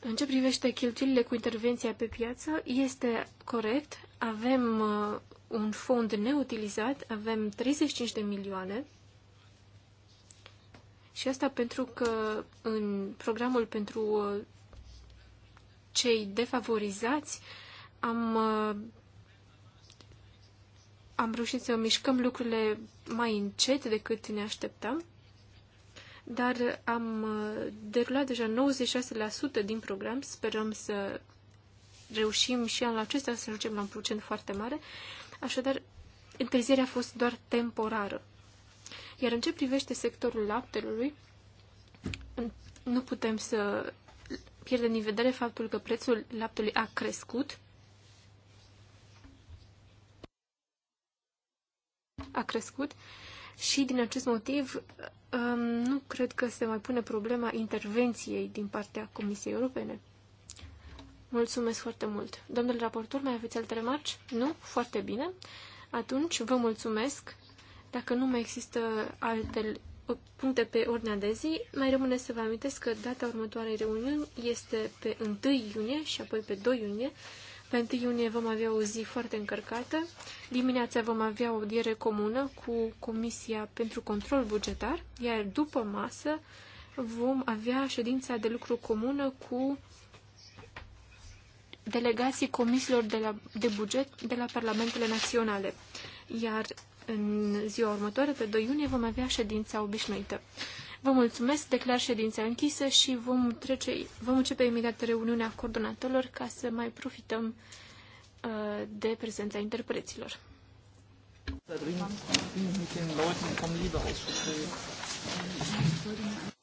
În ce privește cheltuielile cu intervenția pe piață, este corect, avem uh, un fond neutilizat, avem 35 de milioane și asta pentru că în programul pentru uh, cei defavorizați am uh, am reușit să mișcăm lucrurile mai încet decât ne așteptam, dar am uh, derulat deja 96% din program, sperăm să reușim și anul acesta să ajungem la un procent foarte mare, așadar întârzierea a fost doar temporară. Iar în ce privește sectorul laptelui, nu putem să pierdem din vedere faptul că prețul laptelui a crescut, a crescut și din acest motiv um, nu cred că se mai pune problema intervenției din partea Comisiei Europene. Mulțumesc foarte mult. Domnule raportor, mai aveți alte remarci? Nu? Foarte bine. Atunci, vă mulțumesc. Dacă nu mai există alte puncte pe ordinea de zi, mai rămâne să vă amintesc că data următoarei reuniuni este pe 1 iunie și apoi pe 2 iunie pe 1 iunie vom avea o zi foarte încărcată. Dimineața vom avea o audiere comună cu Comisia pentru Control Bugetar, iar după masă vom avea ședința de lucru comună cu delegații comisiilor de, la, de buget de la Parlamentele Naționale. Iar în ziua următoare, pe 2 iunie, vom avea ședința obișnuită. Vă mulțumesc, declar ședința închisă și vom, trece, vom începe imediat reuniunea coordonatorilor ca să mai profităm uh, de prezența interpreților. Da, da, da.